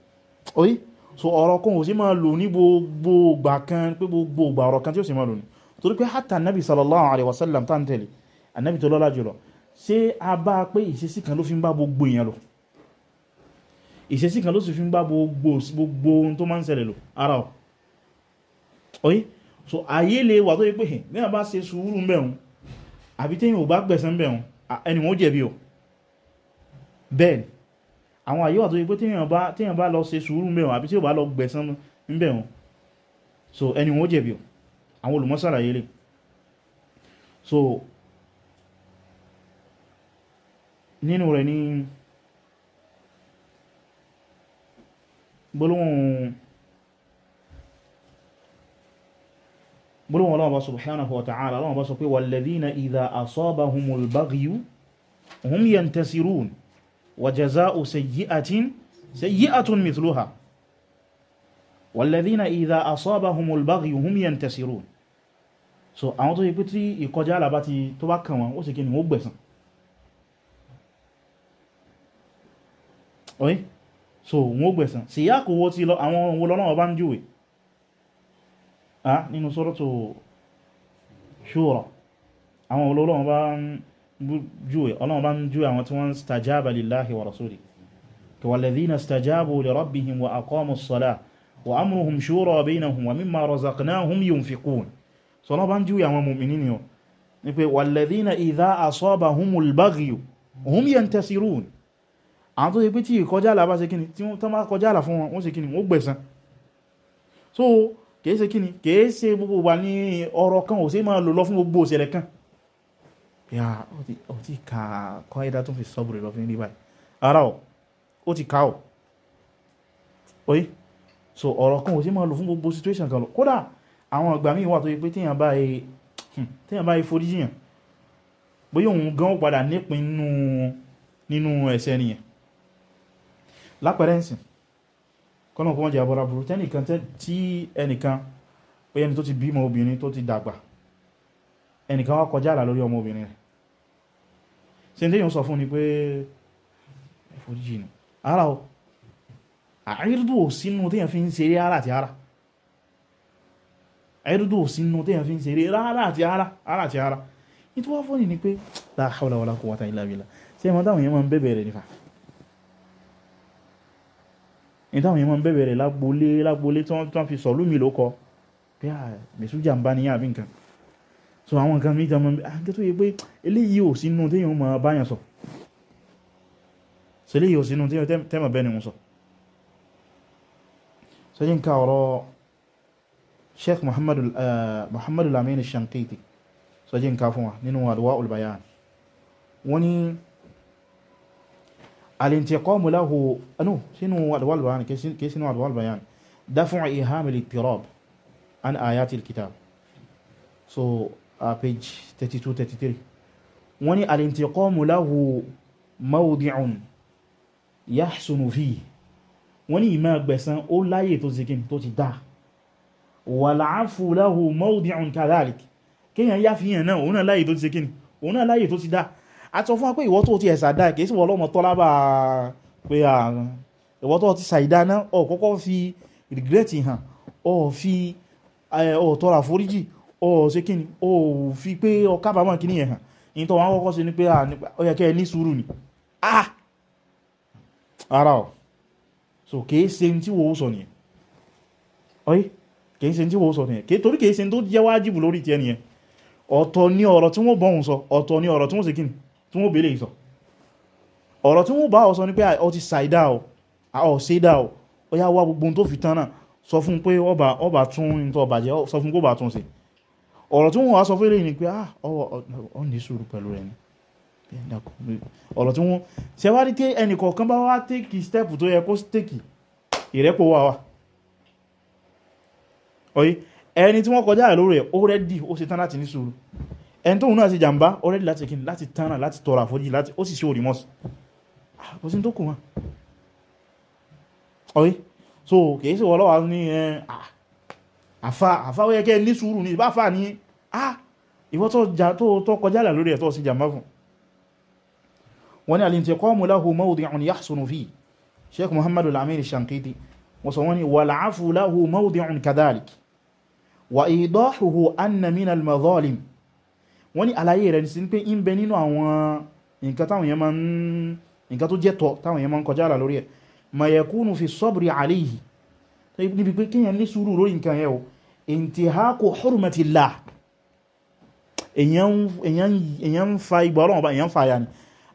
oyi so ọ̀rọ̀ kan ò sí máa lò ní gbogbo ìgbà kan pé gbogbo ìgbà ọ̀rọ̀ kan tí ó nabi sallallahu alaihi wasallam tá ń tẹ̀lé anabi tó lọ́lá jùlọ ṣé a bá pé ìṣesí kan ló sì fi ń bá gbogbo ohun tó máa ń ṣẹlẹ̀ lò ara ọ̀ oye so ayé lè wà tó yẹ pé hìn bí wọ́n bá ṣe sùúrù mẹ́rún àbí tẹ́yìn ò bá gbẹ̀sán mẹ́rún ẹni wọ́n jẹ̀bi ọ̀ bẹ́ẹ̀ àwọn ayé wà tó yẹ pé tẹ́yìn bá lọ ṣe sùúrù mẹ́rún àbí tí ò bá lọ gbẹ̀sán mẹ́rún so ẹni wọ́n jẹ̀bi ọ̀ àwọn olùmọ́sára yẹ́lẹ̀ so nínú rẹ̀ ni gbólóhùn Ọlọ́hun Ọba subhanahu wa ta'ala Ọlọ́hun Ọba sọ pé walladhina idha asabahumul baghyu hum yantasirun wa jaza'u sayyi'atin sayyi'atun mithluha walladhina idha asabahumul baghyu hum yantasirun so àwọn tó yẹ pé tí ìkọjá àlàbá ti tó bá so wọ́n gbẹ̀san síyákò owó tí àwọn owó lọ́lọ́wọ́ bá ń júwe nínú suratu Shura àwọn olóòlọ́wọ́ bá ń júwe ọlọ́wọ́ bá ń júwe àwọn tí wọ́n stajaba lillahi wa rasuli walladhina stajabu li rabbihim wa aqamu s-salah wa amruhum shura baynahum wa mimma razaqnahum yunfiqun so ọlọ́wọ́ ń júwe àwọn mu'minin ni pé walladhina idha asabahumul baghyu hum yantasirun àwọn tó ṣe pé tí ìkọjá àlà bá ṣe kíni tí wọ́n bá kọjá àlà fún wọn wọ́n ṣe kíni wọ́n gbẹ̀san so kìí ṣe kíni kìí ṣe gbogbo wà ní ọ̀rọ̀ kan ò sí máa lò lọ fún gbogbo òṣèlẹ̀ kan yà ka kọ́ ẹ̀dá tó fi sọ́bùrì lọ fi ní báyìí ara ọ̀ so ọ̀rọ̀ kan ò sí máa situation kan lọ kódà àwọn ìgbà míì wà tó yẹ pé téèyàn bá yẹ hmm, téèyàn bá yẹ foríjìyàn bóyá òun gan ó padà nípìn nínú ẹ̀ṣẹ̀ nìyẹn lápẹ̀rẹ́ ìsìn kọ́nà kó wọ́n jẹ́ àbọ̀rà burú tẹ́nìkan tí ẹnìkan ó yẹni tó ti bímọ obìnrin tó ti dàgbà ẹnìkan wá kọjá àlà lórí ọmọ obìnrin rẹ̀ ṣe tí yíò sọ fún ni pé ẹ̀fọ́jì ni ara o àìrúdù ò sínú tí yẹn fi ń ṣeré ara àti ara àìrúdù ò sínú tí fi ń ṣeré ara àti ara ara àti ara la hawla wala quwwata illa billah ṣe mọ́ táwọn yẹn ìtàwọn èèyàn bẹ̀bẹ̀ rẹ̀ lágbólé lágbólé tí wọ́n fi sọ lómi ló kọ bí a mẹ́sùjà ń bá ní àbí nǹkan so àwọn nǹkan mi jẹ́ àǹkẹ́ tó yẹ pé eléyìí ò sínú téèyàn mọ̀ báyàn sọ so eléyìí ò sínú téèyàn tẹ́mọ̀ bẹ́ẹ̀ ni mo sọ so yín ka ọ̀rọ̀ Sheikh Muhammadu eh, Muhammadu Lamini Shankiti so yín ka fún wa nínú Adwa'ul Bayan wọ́n ni الانتقام له أنه سنو أدوال بيان كي سنو أدوال بيان دفع إيهام الاضطراب عن آيات الكتاب so uh, page 32 33 wani الانتقام له موضع يحسن فيه wani ìmá gbẹ̀san ó láyé tó ti gini tó ti dáa wàláàfù lahu موضع كذلك kíyàn yá fi yàn náà òun náà láyé tó ti gini a sọ fún wa pé ìwọ tó ti ẹ̀sà dáa kìí sí wọ́n lọ́mọ tọ́lábà pé àrùn ìwọ tó ti ṣàìdá náà ọ̀ kọ́kọ́ fi regret hàn ọ̀ fi ọ̀ tọrọ àforíjì ọ̀ ṣe kíni ọ̀ fi pé ọ kábàámọ̀ kíní yẹn hàn ìyìn tó wọn kọ́kọ́ ṣe ni pé ó yẹ kẹ́ ẹ ní sùúrù ni ah ara ọ̀ so kìí ṣe tí wọ́n sọ nìyẹn ọ̀yẹ́ kìí ṣe tí wọ́n sọ nìyẹn torí kìí ṣe tó jẹ́ wájìbù lórí tiẹ̀ nìyẹn ọ̀tọ̀ ni ọ̀rọ̀ tí wọ́n bọ̀ ń sọ ọ̀tọ̀ ni ọ̀rọ̀ tí wọ́n ṣe kíni tí wọ́n bèèrè ìsọ̀ ọ̀rọ̀ tí wọ́n bá ọ sọ ní pé ọ ti ṣàìdá ọ ọ ṣẹ́dá ọ ó yá wá gbogbo tó fi tán náà sọ fún pé ọba tún ní tó bàjẹ́ sọ fún kóbà tún ọ̀rọ̀ tí wọ́n wá sọ fún ni pé ah, ọ ní sùúrù pẹ̀lú rẹ̀ ni ọ̀rọ̀ tí wọ́n ṣe wá rí pé ẹnì kọ̀ọ̀kan bá wá tẹ́kì stẹ́pù tó yẹ kó tẹ́kì ìrẹ́pọ̀ wà wà ọ̀yí ẹni tí wọ́n kọjá lórí ẹ̀ ó rẹ́ ó ṣe tán láti ní sùúrù ẹni tóun náà sí jàmbá ọ̀rẹ́dì láti kí láti tánà láti tọrọ àforíjì láti ó sì ṣe òrìmọ́sù ah, kò sí tó kù wọn ọ̀rẹ́ so kìí sí wọ́lọ́wà ní ah, àfá àfáwọ́ yẹ kẹ́ ní sùúrù ní ìbáfà ní à ah, ìwọ́ tó kọjá là lórí ẹ̀tọ́ sí jàmbá fún wọ́n ni al-intiqamu lahu mawdi'un yahsunu fihi Sheikh Muhammadu al-Amin al-Shanqiti wọ́n sọ wọ́n ni wal-'afu lahu mawdi'un kadhalik wa idahuhu anna min al-madhalim wọ́n ní àlàyé rẹ̀ sí pé ń bẹ nínú àwọn nǹkan táwọn yẹn máa ń nǹkan tó jẹ́ tọ́ táwọn yẹn máa ń kọjá àlà lórí ẹ̀ mayakunu fi sabri alayhi níbi pé kíyàn ní sùúrù lórí nǹkan yẹn o intihaku hurmatillah èyàn ń fa igbà ọlọ́wọ́ bá èyàn ń fa ya ni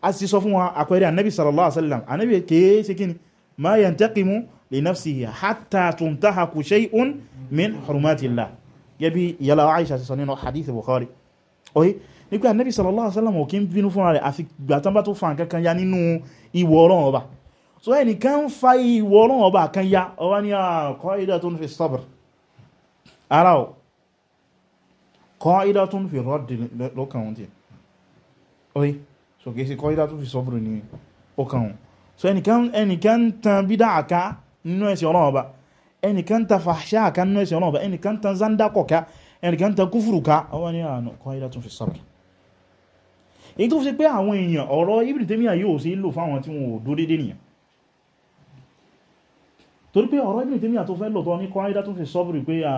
a sì sọ fún wa àpẹẹrẹ annabi sallallahu alaihi wasallam annabi kèé sí kíni ma yantaqimu li nafsihi hatta tuntahaku shay'un oye nígbà Ànábì sallallahu alaihi wasallam ò kí ń bínú fúnra rẹ̀ àfi gbàtán bá tó fa nǹkan kan ya nínú ìwọ̀ ọlọ́run ọba so ẹnìkan ń fa ìwọ̀ ọlọ́run ọba kan ya ọwá ní ah, qa'idatun fi sabr ara ọ̀ qa'idatun fi raddi lọ́kàn wọn tí oye so kìí sí qa'idatun fi sabr ní ọkàn wọn so ẹnìkan tan bídá àká nínú ẹ̀sìn ọlọ́run ọba ẹnìkan tan fàṣà àká nínú ẹ̀sìn ọlọ́run ọba ẹnìkan tan zandakọ̀ká ẹnìkan tẹ kúfùrù ká ọwọ́ ní àánú kan ilẹ̀ tún fi sabr èyí tó fi ṣe pé àwọn èèyàn ọ̀rọ̀ Ibn Taymiyyah yóò sí lò fáwọn tí wọn ò dó dédé nìyàn torí pé ọ̀rọ̀ Ibn Taymiyyah tó fẹ́ lò tọ́ ní kan ilẹ̀ tún fi sabr pé à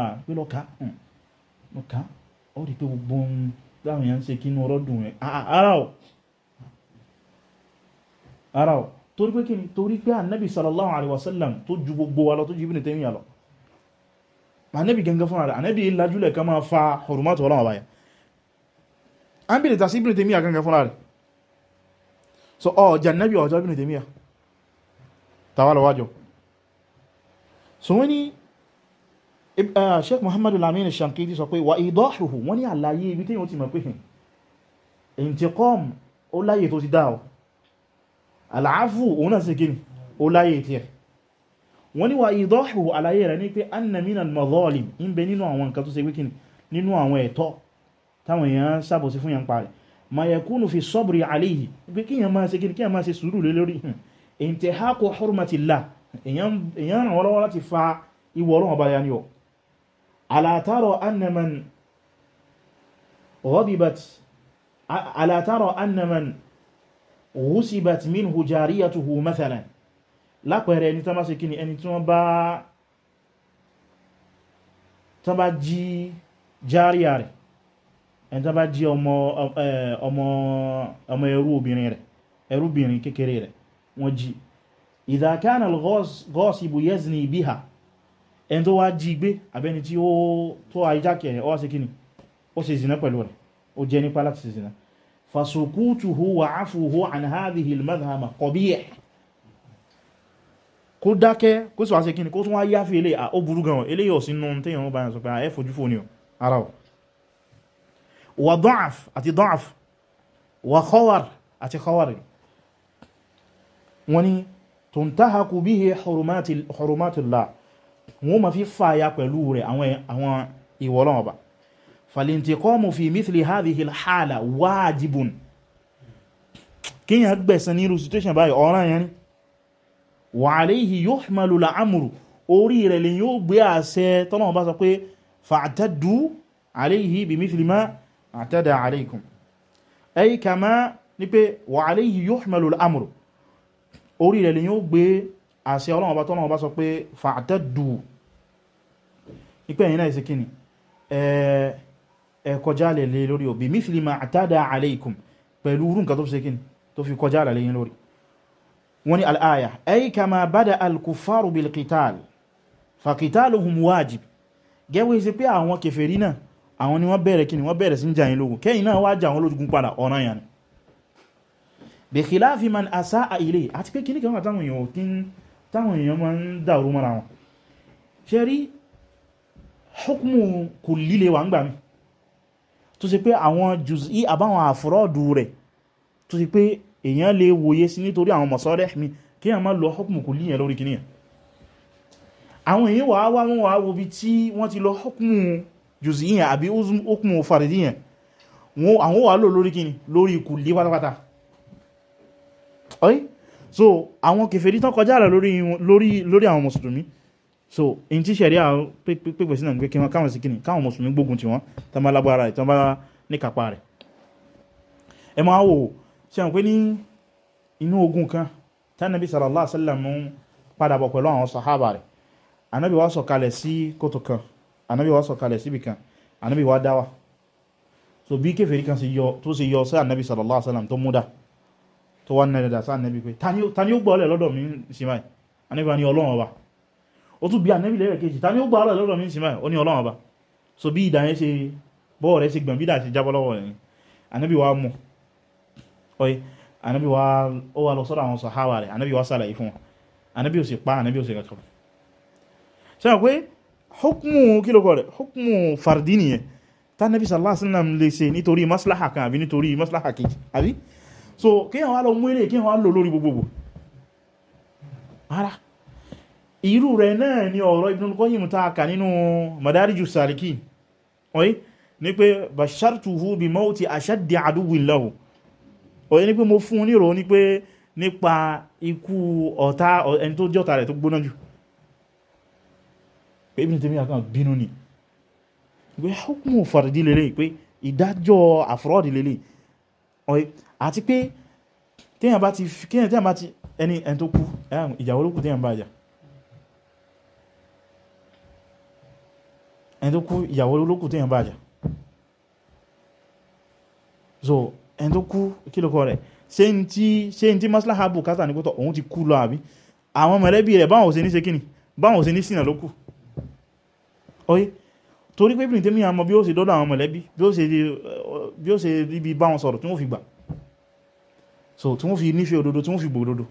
torí pé kí sallallahu alaihi wasallam tó ju gbogbo wa lọ tó ju Ibn Taymiyyah lọ ànábì gangan fún ara ànábì lajúlẹ̀ kan máa fa hurumatu ọlọ́wọ́ báyẹ̀ an bí lẹ́ta sí Ibn Taymiyyah gangan fún ara so ọ jannabi ọjọ́ Ibn Taymiyyah tawalawájọ́ so wọ́n ni Sheikh Muhammadu Lamini Shankiti sọ pé wa idahuhu wọ́n ni àlàyé ibi tí yóò ti mọ̀ pé hìn intiqam ó láyé tó ti dáa aláàfù òun náà sí kíni ó láyé tí wọ́n ní wà ìdọ́hù àlàyé rẹ̀ ní pé annamina al-madhalim ń bẹ nínú àwọn nǹkan tó ṣe wíkìn nínú àwọn ẹ̀tọ́ táwọn èèyàn sábò sí fún yàn parẹ̀ ma yakunu fi sabri alayhi pé kíyàn máa ṣe kíyàn máa ṣe sùúrù lé lórí hmm. intihaqu hurmatillah èèyàn ràn wọ́lọ́wọ́ láti fa ìwọ ọlọ́wọ́ bá yaniyọ ala tara anna man ghadibat ala tara anna mathalan lápẹẹrẹ ẹni tán bá ṣe kíni ẹni tí wọ́n bá tán bá jí járíà rẹ̀ ẹni tán bá jí ọmọ ẹrú obìnrin rẹ̀ ẹrúbìnrin kékeré rẹ̀ wọ́n jí idha kana al-ghasibu yazni biha ẹni tó wá jí gbé àbẹ́ni tí ó tó àìjákẹ̀ rẹ̀ ó ṣe kó dákẹ́ kó sì wá sí kíni kó tún wá yáfi ilé à ó burú gan ilé yóò sínú tí èyàn bá yàn sọ pé ẹ fojú fò ní ara ọ̀ wà dọ́àf àti dọ́àf wà khawar àti khawar wọ́n ni tuntahaku bihi hurumatullah wọ́n ma fi fàyà pẹ̀lú rẹ̀ àwọn ìwọ̀lọ́wọ̀ wa alayhi yuhmalu al-amru orí rẹ̀ lè yóò gbé àṣẹ tọ́nà bá sọ pé fa'taddu alayhi bimithli ma a'tada alaykum ay kama ní pé wa alayhi yuhmalu al-amru orí rẹ̀ lè yóò gbé àṣẹ ọlọ́wọ́ bá kọjá lè lórí bimithli ma a'tada alaykum pẹ̀lú rúnkà tó fi kọjá lè lórí wọ́n ni al'aya ay kama bada al-kuffaru bil qital fa qitaluhum wajib gẹ́wẹ́ sí pé àwọn kèfèrí náà àwọn ni wọ́n bẹ̀rẹ̀ kí ni wọ́n bẹ̀rẹ̀ sí jàyìn lógún kẹ́yìn náà wá jà wọn lójúgun padà ọ̀ràn yàn bi khilafi man asaa ilay àti pé kìíní kan táwọn èèyàn kí táwọn èèyàn máa ń dàrú mọ́ra wọn ṣe rí hukmu kò líle wà ń gbà mí tó sì pé àwọn jùzí àbáwọn àfúrọ́dù rẹ̀ tó sì pé èyàn lè wòye sí nítorí àwọn mọ̀sọ́rẹ́ mi kí a má lọ hukumu kulli yẹn lórí kìníyàn àwọn èyí wà wá wọ́n wà wo bí tí wọ́n ti lọ hukumu juz'iyyan àbí hukumu faridiyyan àwọn wà lò lórí kìní lórí kulli pátápátá ọ̀yí so àwọn kèfèrí so in ti ṣẹ̀rí àwọn pípẹ̀ sínú pé káwọn sí kìní káwọn mùsùlùmí gbógun ti wọ́n tán bá lágbára rẹ̀ ṣe wọ́n pé ní inú ogun kan tánàbí sallallahu alaihi wasallam padà bọ̀ pẹ̀lú àwọn sahaba rẹ̀ anábì wá sọ̀kalẹ̀ sí kòtò kan anábì wá sọ̀kalẹ̀ síbi kan anábì wá dáwà so bí kéfèrí kan tó sì yọ sí anábì sallallahu alaihi wasallam tó múdà tó wá nàdàdà sí anábì pé ta ni ó gbọ́ ọlẹ̀ lọ́dọ̀ mi sí máa anábì wá ní ọlọ́run ọba ó tún bí anábì lẹ́rẹ̀ kejì ta ni ó gbọ́ ọlẹ̀ lọ́dọ̀ mi sí máa ó ní ọlọ́run ọba so bí ìdá yẹn ṣe bọ́ọ̀ rẹ̀ ṣe gbọ̀n bí ìdá ṣe oye anabi wa ó wà lọ sọ́dọ̀ àwọn sàhábà rẹ̀ anabi wa sàlàyé fún wọn anabi ò sì pa anabi ò sì kankan ṣe wọ́n pé hukmu kílòkọ̀ rẹ̀ hukmu fardi nìyẹn tá anabi sallallahu alaihi wasallam lè ṣe nítorí maslaha kan àbí nítorí maslaha kejì àbí so kéèyàn wá lọ mú ilé kéèyàn wá lò lórí gbogbogbò ara irú rẹ̀ náà ni ọ̀rọ̀ Ibnul Qayyim ta kà nínú Madariju Salikin oye ni pé bashartuhu bi mawti ashaddi aduwwin lahu ọ̀yẹ́ ni pé mo fún un nírò ní pé nípa ikú ọ̀tá ẹni tó jọ́ta rẹ̀ tó gbóná jù pé Ibn Taymiyyah kan bínú ni pé hukumu fardí lélẹ̀ pé ìdájọ́ àfúrọ́dì lele, àti pé téèyàn bá ti kéèyàn téèyàn bá ti ẹni ẹni tó kú ìyàwó ló kù téèyàn bá jà ẹni tó kú ìyàwó ló kù téèyàn bá jà ẹni tó kú kí ló kọ rẹ̀ ṣé n tí ṣé n tí maslaha bùkátà ní pé tọ̀ òun ti kú lọ àbí àwọn mọ̀lẹ́bí rẹ̀ báwọn ò ṣe ní ṣe kíni báwọn ò ṣe ní sínà ló kù oye torí pé Ibn Taymiyyah àmọ́ bí ó ṣe dọ́dọ̀ àwọn mọ̀lẹ́bí bí ó ṣe ríbi báwọn sọ̀rọ̀ tí wọ́n fi gbà so tí wọ́n fi nífẹ̀ẹ́ òdodo tí wọ́n fi gbòdodo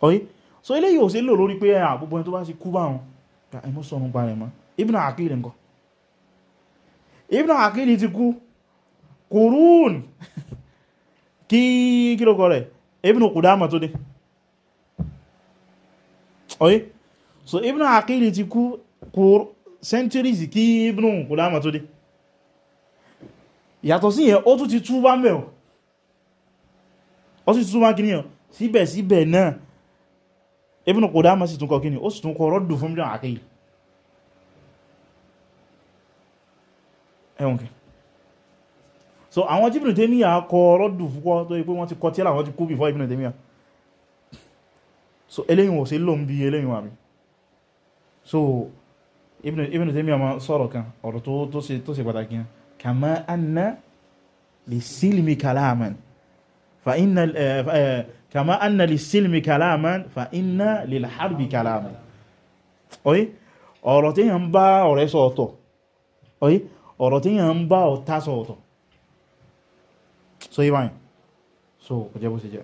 oye so eléyìí ò ṣe lò lórí pé àgbogbo ẹni tó bá ṣe kú báwọn ẹmọ́ sọ̀rọ̀ pa rẹ̀ mọ́ Ibn Aqil nǹkan Ibn Aqil ti kú kùrún kí kílòkọ rẹ̀ ibn Qudama tó dé oye so ibn Aqil ti kú centuries kí ibn Qudama tó dé yàtọ̀ sí yẹn ó tún ti túbá mẹ́ ó sì túbá kí ní ọ síbẹ̀síbẹ̀ náà ibn Qudama sì tún kọ kí ní ó sì tún kọ rọ́dù fún ibn kìí so àwọn tí Ibn Taymiyyah kọ rọ́dù púpọ̀ tó yí pé wọ́n ti kọ tí àwọn ti kú before Ibn Taymiyyah so eléyìn wò sí lò ń bí eléyìn wà mí so Ibn Taymiyyah ma sọ̀rọ̀ kan ọ̀rọ̀ tó ṣe pàtàkì yẹn kama anna li silmi kalaman fa inna eh, eh, kama anna li silmi kalaman fa inna lil harbi kalaman oye ọ̀rọ̀ tí yàn ń bá ọ̀rẹ́ sọ ọ̀tọ̀ so yí báyìí so kò jẹ́ bó ṣe jẹ́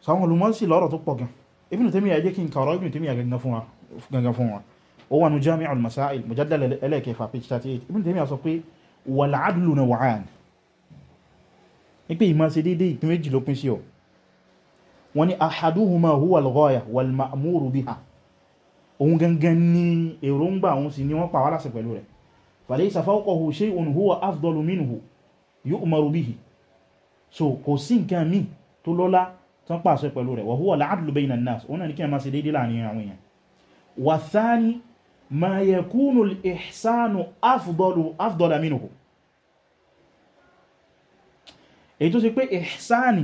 so àwọn olùmọ́sí lọ́rọ̀ tó pọ̀ gan Ibn Taymiyyah jẹ́ kí n kọ̀rọ̀ Ibn Taymiyyah gangan fún wa ó wà ní Jami'ul Masail mujallal ẹlẹ́kẹfà page 38 Ibn Taymiyyah sọ pé wal adlu naw'an ní pé ìmọ̀ sí dédé ìpín méjì ló pín sí ọ wọ́n ni ahaduhuma huwa al-ghaya wal ma'muru biha òun gangan ni èròǹgbà òun so kò sí nǹkan míì tó lọ́lá tán pàṣẹ pẹ̀lú rẹ̀ wa huwa al-'adlu bayna an-nas òun náà ní kí a máa ṣe déédéé láàrin àwọn èèyàn wa thani ma yakunu al-ihsanu afdalu afdala minhu èyí tó ṣe pé ihsani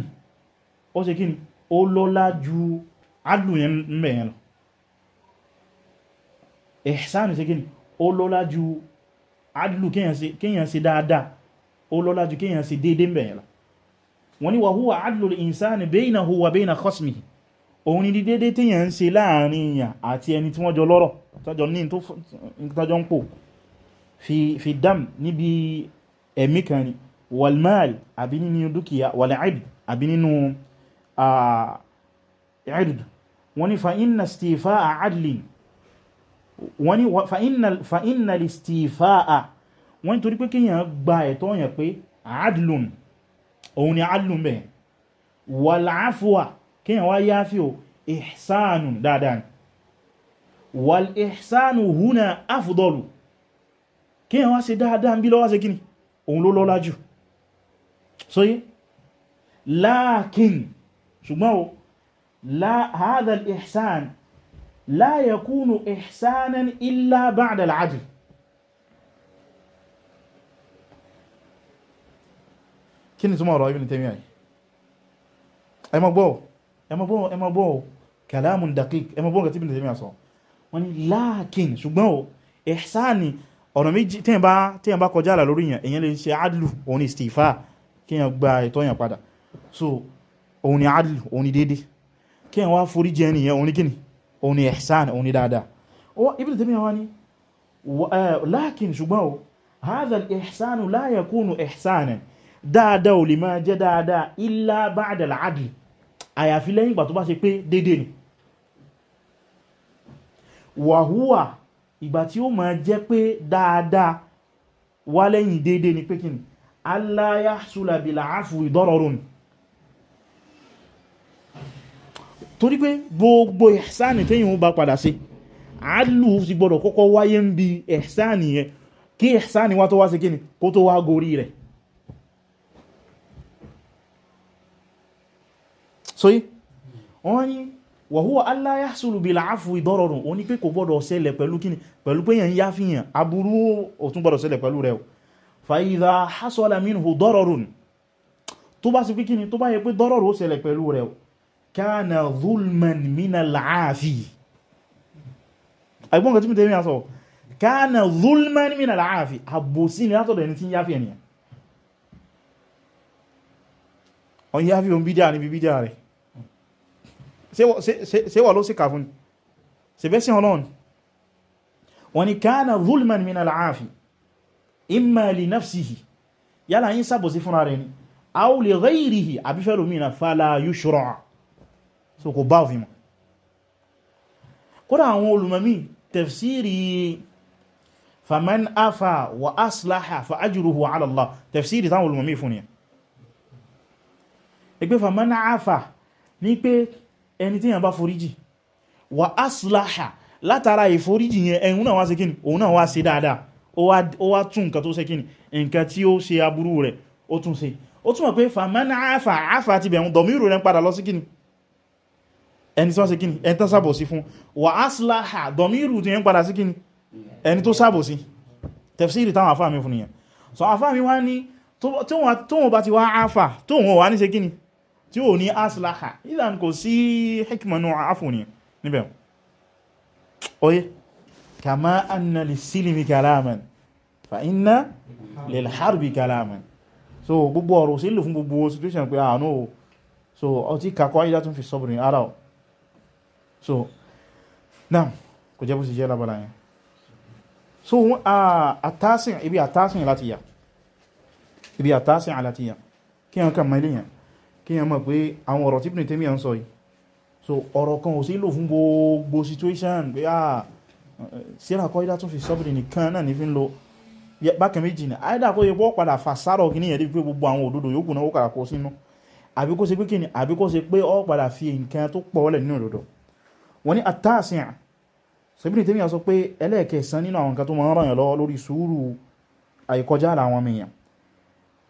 ó ṣe kíni ó lọ́lá ju adlu yẹn mẹ́yẹn lọ ihsani ṣe kíni ó lọ́lá ju adlu kéèyàn ṣe dáadáa ó lọ́lá ju kéèyàn ṣe déédéé mẹ́yẹn lọ wọ́n ni wà húwà adlul insani baynahu wa bayna khasmihi òun ni dédé téèyàn ń ṣe láàrin èèyàn àti ẹni tí wọ́n jọ lọ́rọ̀ tọ́jọ ní tọ́jọ ń pò fi dam níbi ẹ̀mí kan ni walmal àbí nínú dúkìá wal'id àbí nínú ird wọ́n ni fa inna istifa'a adlin wọ́n ni torí pé kíyàn gba ẹ̀tọ́ yẹn pé adlun òun ni alùmẹ̀ wàláàfíwà kí yàn wá yáfí o ihsanun dáadáa ni wal ihsanu huna afdalu kí yàn wá ṣe dáadáa bí lọ́wọ́ ṣe kíni òun ló lọ́lá jù so yí láàkín ṣùgbọ́n o hadha al ihsan la yakunu ihsanan illa kí ni túnmọ̀ ọ̀rọ̀ Ibn Taymiyyah ẹ máa gbọ́ ẹ máa gbọ́ ẹ máa gbọ́ kalamun daqiq ẹ máa gbọ́ nǹkan tí Ibn Taymiyyah sọ wọ́n ní láàkín ṣùgbọ́n o ihsani ọ̀nà méjì tí yẹn bá kọjá àlà lórí yẹn èyàn lè ṣe adlu òun ni istifa kí yẹn gba ẹ̀tọ́ yẹn padà so òun ni adlu òun ni dédé kí yẹn wá forí jẹ ẹni yẹn òun ni kíni òun ni ihsan òun ni wá ní eh, láàkín ṣùgbọ́n o hadha al-ihsanu la dáadáa ò lè máa jẹ́ dáadáa illa ba'da al-'adl àyàfi lẹ́yìn ìgbà tó bá ṣe pé dédé ni wàhúwà ìgbà tí ó máa jẹ́ pé dáadáa wá lẹ́yìn dédé ni pé kí ni alla yahsula bil-'afwi dararun torí pé gbogbo ihsani tẹ́yìn ó bá padà sí àálù ti gbọ́dọ̀ kọ́kọ́ wáyé ń bi ihsani yẹn kí ihsani wá tó wá sí kí kó tó wá gorí rẹ̀ sóyí wọ́n ní wọ̀húwọ̀ aláyásùlù bí láàfù ìdọ́rọ̀rùn o ní pé kò gbọ́dọ̀ ṣẹlẹ̀ pẹ̀lú kíni pẹ̀lú pé yẹn yá fihàn aburú ò tún gbọ́dọ̀ ṣẹlẹ̀ pẹ̀lú rẹ̀ fàyíza hasọ́lá minhu dọ́rọ̀rùn tó bá sì pé kíni tó bá yẹ pé dọ́rọ̀rù ó ṣẹlẹ̀ pẹ̀lú rẹ̀ kánà zulman mina láàfì àgbọ́n kan tí mi tẹ́ mi sọ ni látọ̀dọ̀ ẹni tí ṣe wà ló sí kàfún ṣe bẹ́ sí ọlọ́run wọ́n ni kana zulman min al'afi imma li nafsihi yálà yí sàbòsí fúnra rẹ̀ ni aw li ghayrihi àbífẹ́lú mìíràn fala yushra' so kò bá òfin mọ̀ kódà àwọn olùmọ̀mí tafsiri faman afa wa aslaha fa ajruhu ala Allah tafsiri táwọn olùmọ̀mí fún ni ẹgbẹ́ faman afa ní pé ẹni tí yàn bá foríjì wà aslaha látara ìforíjì yẹn ẹ̀hún náà wá ṣe kíni òun náà wá ṣe dáadáa ó wá tún nǹkan tó ṣe kíni nǹkan tí ó ṣe aburú rẹ̀ ó tún ṣe ó túnmọ̀ pé fàmánà àfà àfà ti bẹ̀rún dọ̀míru rẹ̀ ń padà lọ sí kíni ẹni tó ṣe kíni ẹni tó sábò sí fún wà aslaha dọ̀míru ti yẹn padà sí kíni ẹni tó sábò sí tẹ̀fsíìrì táwọn àfà mi fún nìyẹn so àfà mi wá ní tó wọn bá ti wá àfà tó wọn wá ní ṣe kíni tí ó ní aslaha ìdán kò sí hikmanu àáfù ní níbẹ̀ oye kama anna lissilimi kalaman fa inna lilharbi kalaman so gbogbo ọ̀rọ̀ sí lò fún gbogbo situation pé àánú ah, so ọtí kakọ ayídá tún fi sọ́bìnrin ara ọ̀ so náà kò jẹ́ bó sì jẹ́ lábára yẹn so àtásìn ibi àtásìn láti yà ibi àtásìn àláti yà kí wọn kàn mọ́ kí yẹn mọ̀ pé àwọn ọ̀rọ̀ tí Ibn Taymiyyah ń sọ yìí so ọ̀rọ̀ kan ò sí lò fún gbogbo situation pé ah síra kọ́ tún fi sọ́bìrì nìkan náà ní fi ń lo bákan méjì ní àìdá kó yẹ pọ́ padà fà sárọ̀ kí ní pé gbogbo àwọn òdodo yòókù náà ó kàrà kó sínú àbí kó ṣe pé kíni àbí kó ṣe pé ó padà fi nǹkan tó pọ̀ lẹ̀ nínú òdodo wọ́n ní àtàsíà Ibn Taymiyyah sọ pé ẹlẹ́ẹ̀kẹsàn nínú àwọn nǹkan tó máa ń ràn lọ́wọ́ lórí sùúrù àìkọjá àwọn èèyàn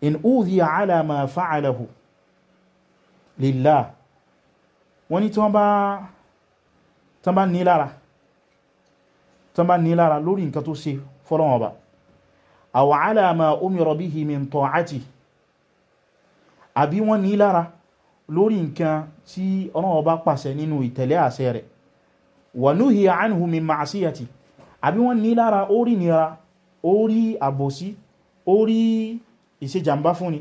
in udhiya ala ma fa'alahu lillah wọ́n ní tí wọ́n bá tán bá ní lára tán bá ní lára lórí nǹkan tó ṣe fọ́lọ́wọ́n ọba aw ala ma umira bihi min ta'atihi àbí wọ́n ní lára lórí nǹkan tí Ọlọ́run ọba pàṣẹ nínú ìtẹ̀lé àṣẹ rẹ̀ wa nuhiya anhu min àbí wọ́n ní lára orí nira orí àbòsí orí ìṣe fúnni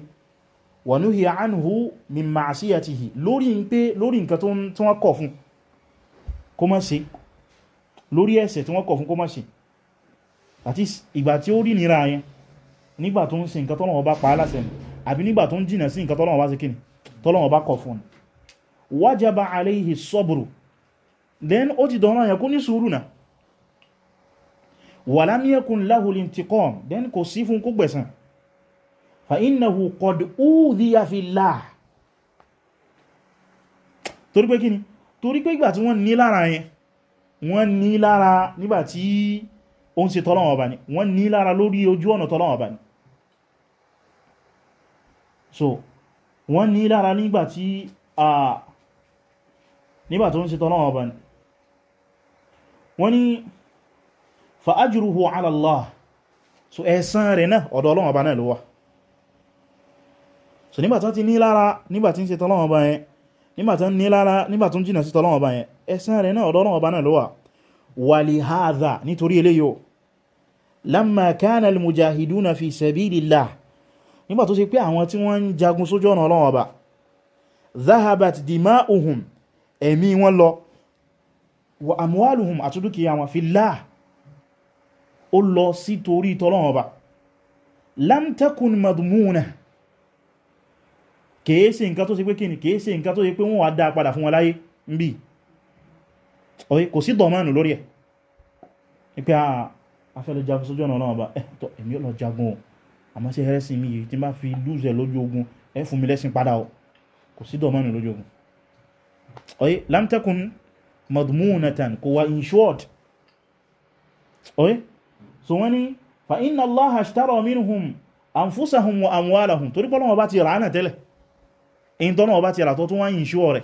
wa nuhiya anhu min ma'siyatihi lórí pé lórí nǹkan tí wọ́n kọ̀ fún kó má ṣe lórí ẹ̀ṣẹ̀ tí wọ́n kọ̀ fún kó má ṣe àti ìgbà tí ó rí nira yẹn nígbà tó ń ṣe nǹkan tọ́lọ́wọ́ bá pa á láṣẹ ni àbí nígbà tó ń jìnà sí nǹkan tọ́lọ́wọ́ bá ṣe kíni tọ́lọ́wọ́ bá then ó ti dọ̀nà yẹn kó ní sùúrù náà walam yakun lahu then kò sí fún fa'innahu qad udhiya fillah torí pé kíni torí pé ìgbà tí wọ́n ní lára yẹn wọ́n ní lára nígbàtí ó ń ṣe tọ́lọ́wọ̀n ọba ni wọ́n ní lára lórí ojú ọ̀nà tọ́lọ́wọ̀n ọba ni so wọ́n ní lára nígbàtí à nígbàtí ó ń ṣe tọ́lọ́wọ̀n ọba ni wọ́n ní fa ajruhu ala so ẹ̀san rẹ̀ náà ọ̀dọ̀ Ọlọ́run ọba náà ló so nígbàtán ti ní lára nígbàtí ń ṣe tọ́lọ́wọ́ ọba yẹn nígbàtán ní lára nígbàtán jìnà sí tọ́lọ́wọ́ ọba yẹn ẹ̀san rẹ̀ náà ọ̀dọ́lọ́wọ́ ọba náà ló wà walihadha nítorí eléyò lamma kana almujahiduna fi sabilillah nígbà tó ṣe pé àwọn tí wọ́n ń jagun sójú ọ̀nà Ọlọ́run ọba zahabat dima'uhum ẹ̀mí wọn lọ wa amwaluhum àtúdúkìá wọn fillah ó lọ sí torí tọ́lọ́run ọba lam takun kìí ṣe nǹkan tó ṣe pé kíni kìí ṣe nǹkan tó ṣe pé wọ́n wá dá padà fún wọn láyé ń bí ọ̀yẹ́ kò sí dọ̀mọ́nù lórí ẹ̀ ipé afẹ́lẹ̀ ah, jagun sójú ọ̀nà náà bá ẹ̀tọ́ èmi ò lọ jagun o àmọ́ sí ẹrẹ́sìn mi yìí tí bá fi lúzẹ̀ lójú ogun ẹ fún mi lẹ́sìn padà o kò sí dọ̀mọ́nù lójú ogun ọ̀yẹ́ lamtakun madmunatan kò wá insured ọ̀yẹ́ so wọ́n ní fa inna allaha ashtara minhum anfusahum wa amwalahum bá ti rà á náà tẹ́lẹ̀ in tọ́nà ọba ti àlàtọ́ tó wá yìn ṣíwọ̀ rẹ̀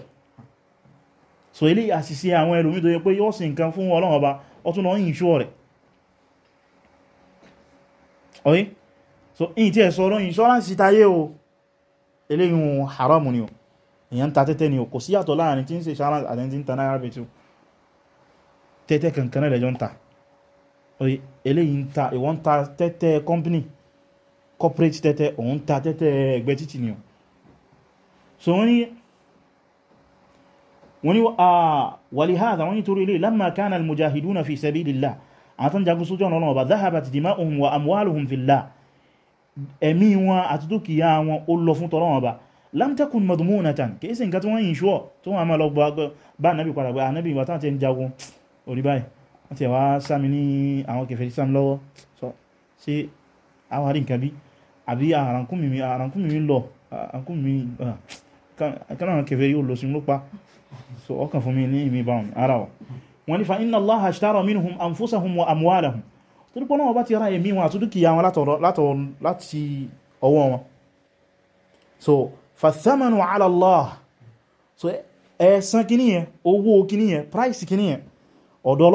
so ilé àṣìṣe àwọn ẹlòmí tó yẹ pé yóò sin nǹkan fún Ọlọ́run ọba ọtún yìn ṣíwọ̀ rẹ̀ ọ̀yí so in ti ẹ̀sọ ọ̀rọ̀ insurance tayé o eléyìn haramu ni o èyàn ta tẹ́tẹ́ ni o kò síyàtọ̀ láàrin tí ń ṣe insurance àti tí ń ta náírà company corporate tẹ́tẹ́ òun ta tẹ́tẹ́ ẹgbẹ́ so wọ́n ni wọ́n ni ah, walihada wọ́n ni torí ilé lamma kana al-mujahiduna fi sabilillah àwọn tán jagun sójú ọ̀nà ọba dhahabat dima'uhum wa amwaluhum fillah ẹ̀mí wọn àti dúkìá wọn ó lọ fún tọ́lọ́wọ́n ọba lam takun madmunatan kìí sí nǹkan tí wọ́n yìn ṣọ́ tó wọ́n máa lọ bá anábì padà pé anábì wà tán ti ń jagun òní báyìí wọ́n ti wá sámi ní àwọn kẹfẹ́ sámi lọ́wọ́ sọ sí àwárí nǹkan bí àbí àrànkúnmìmí lọ àrànkúnmìmí kanáà kẹfẹ́ yóò lọ sí ló pa so ọkàn fún mi ní ìmì báwọn ara wa wọ́n ní fa inna Allaha ishtara minhum anfusahum wa amwalahum tó dípọ́ náà wọ́n bá ti ra ẹ̀mí wọn àti dúkìá wọn láti ọwọ́ wọn so fathamanu ala Allah so ẹ̀san kìíní yẹn owó kìíní yẹn price kìíní yẹn ọ̀dọ̀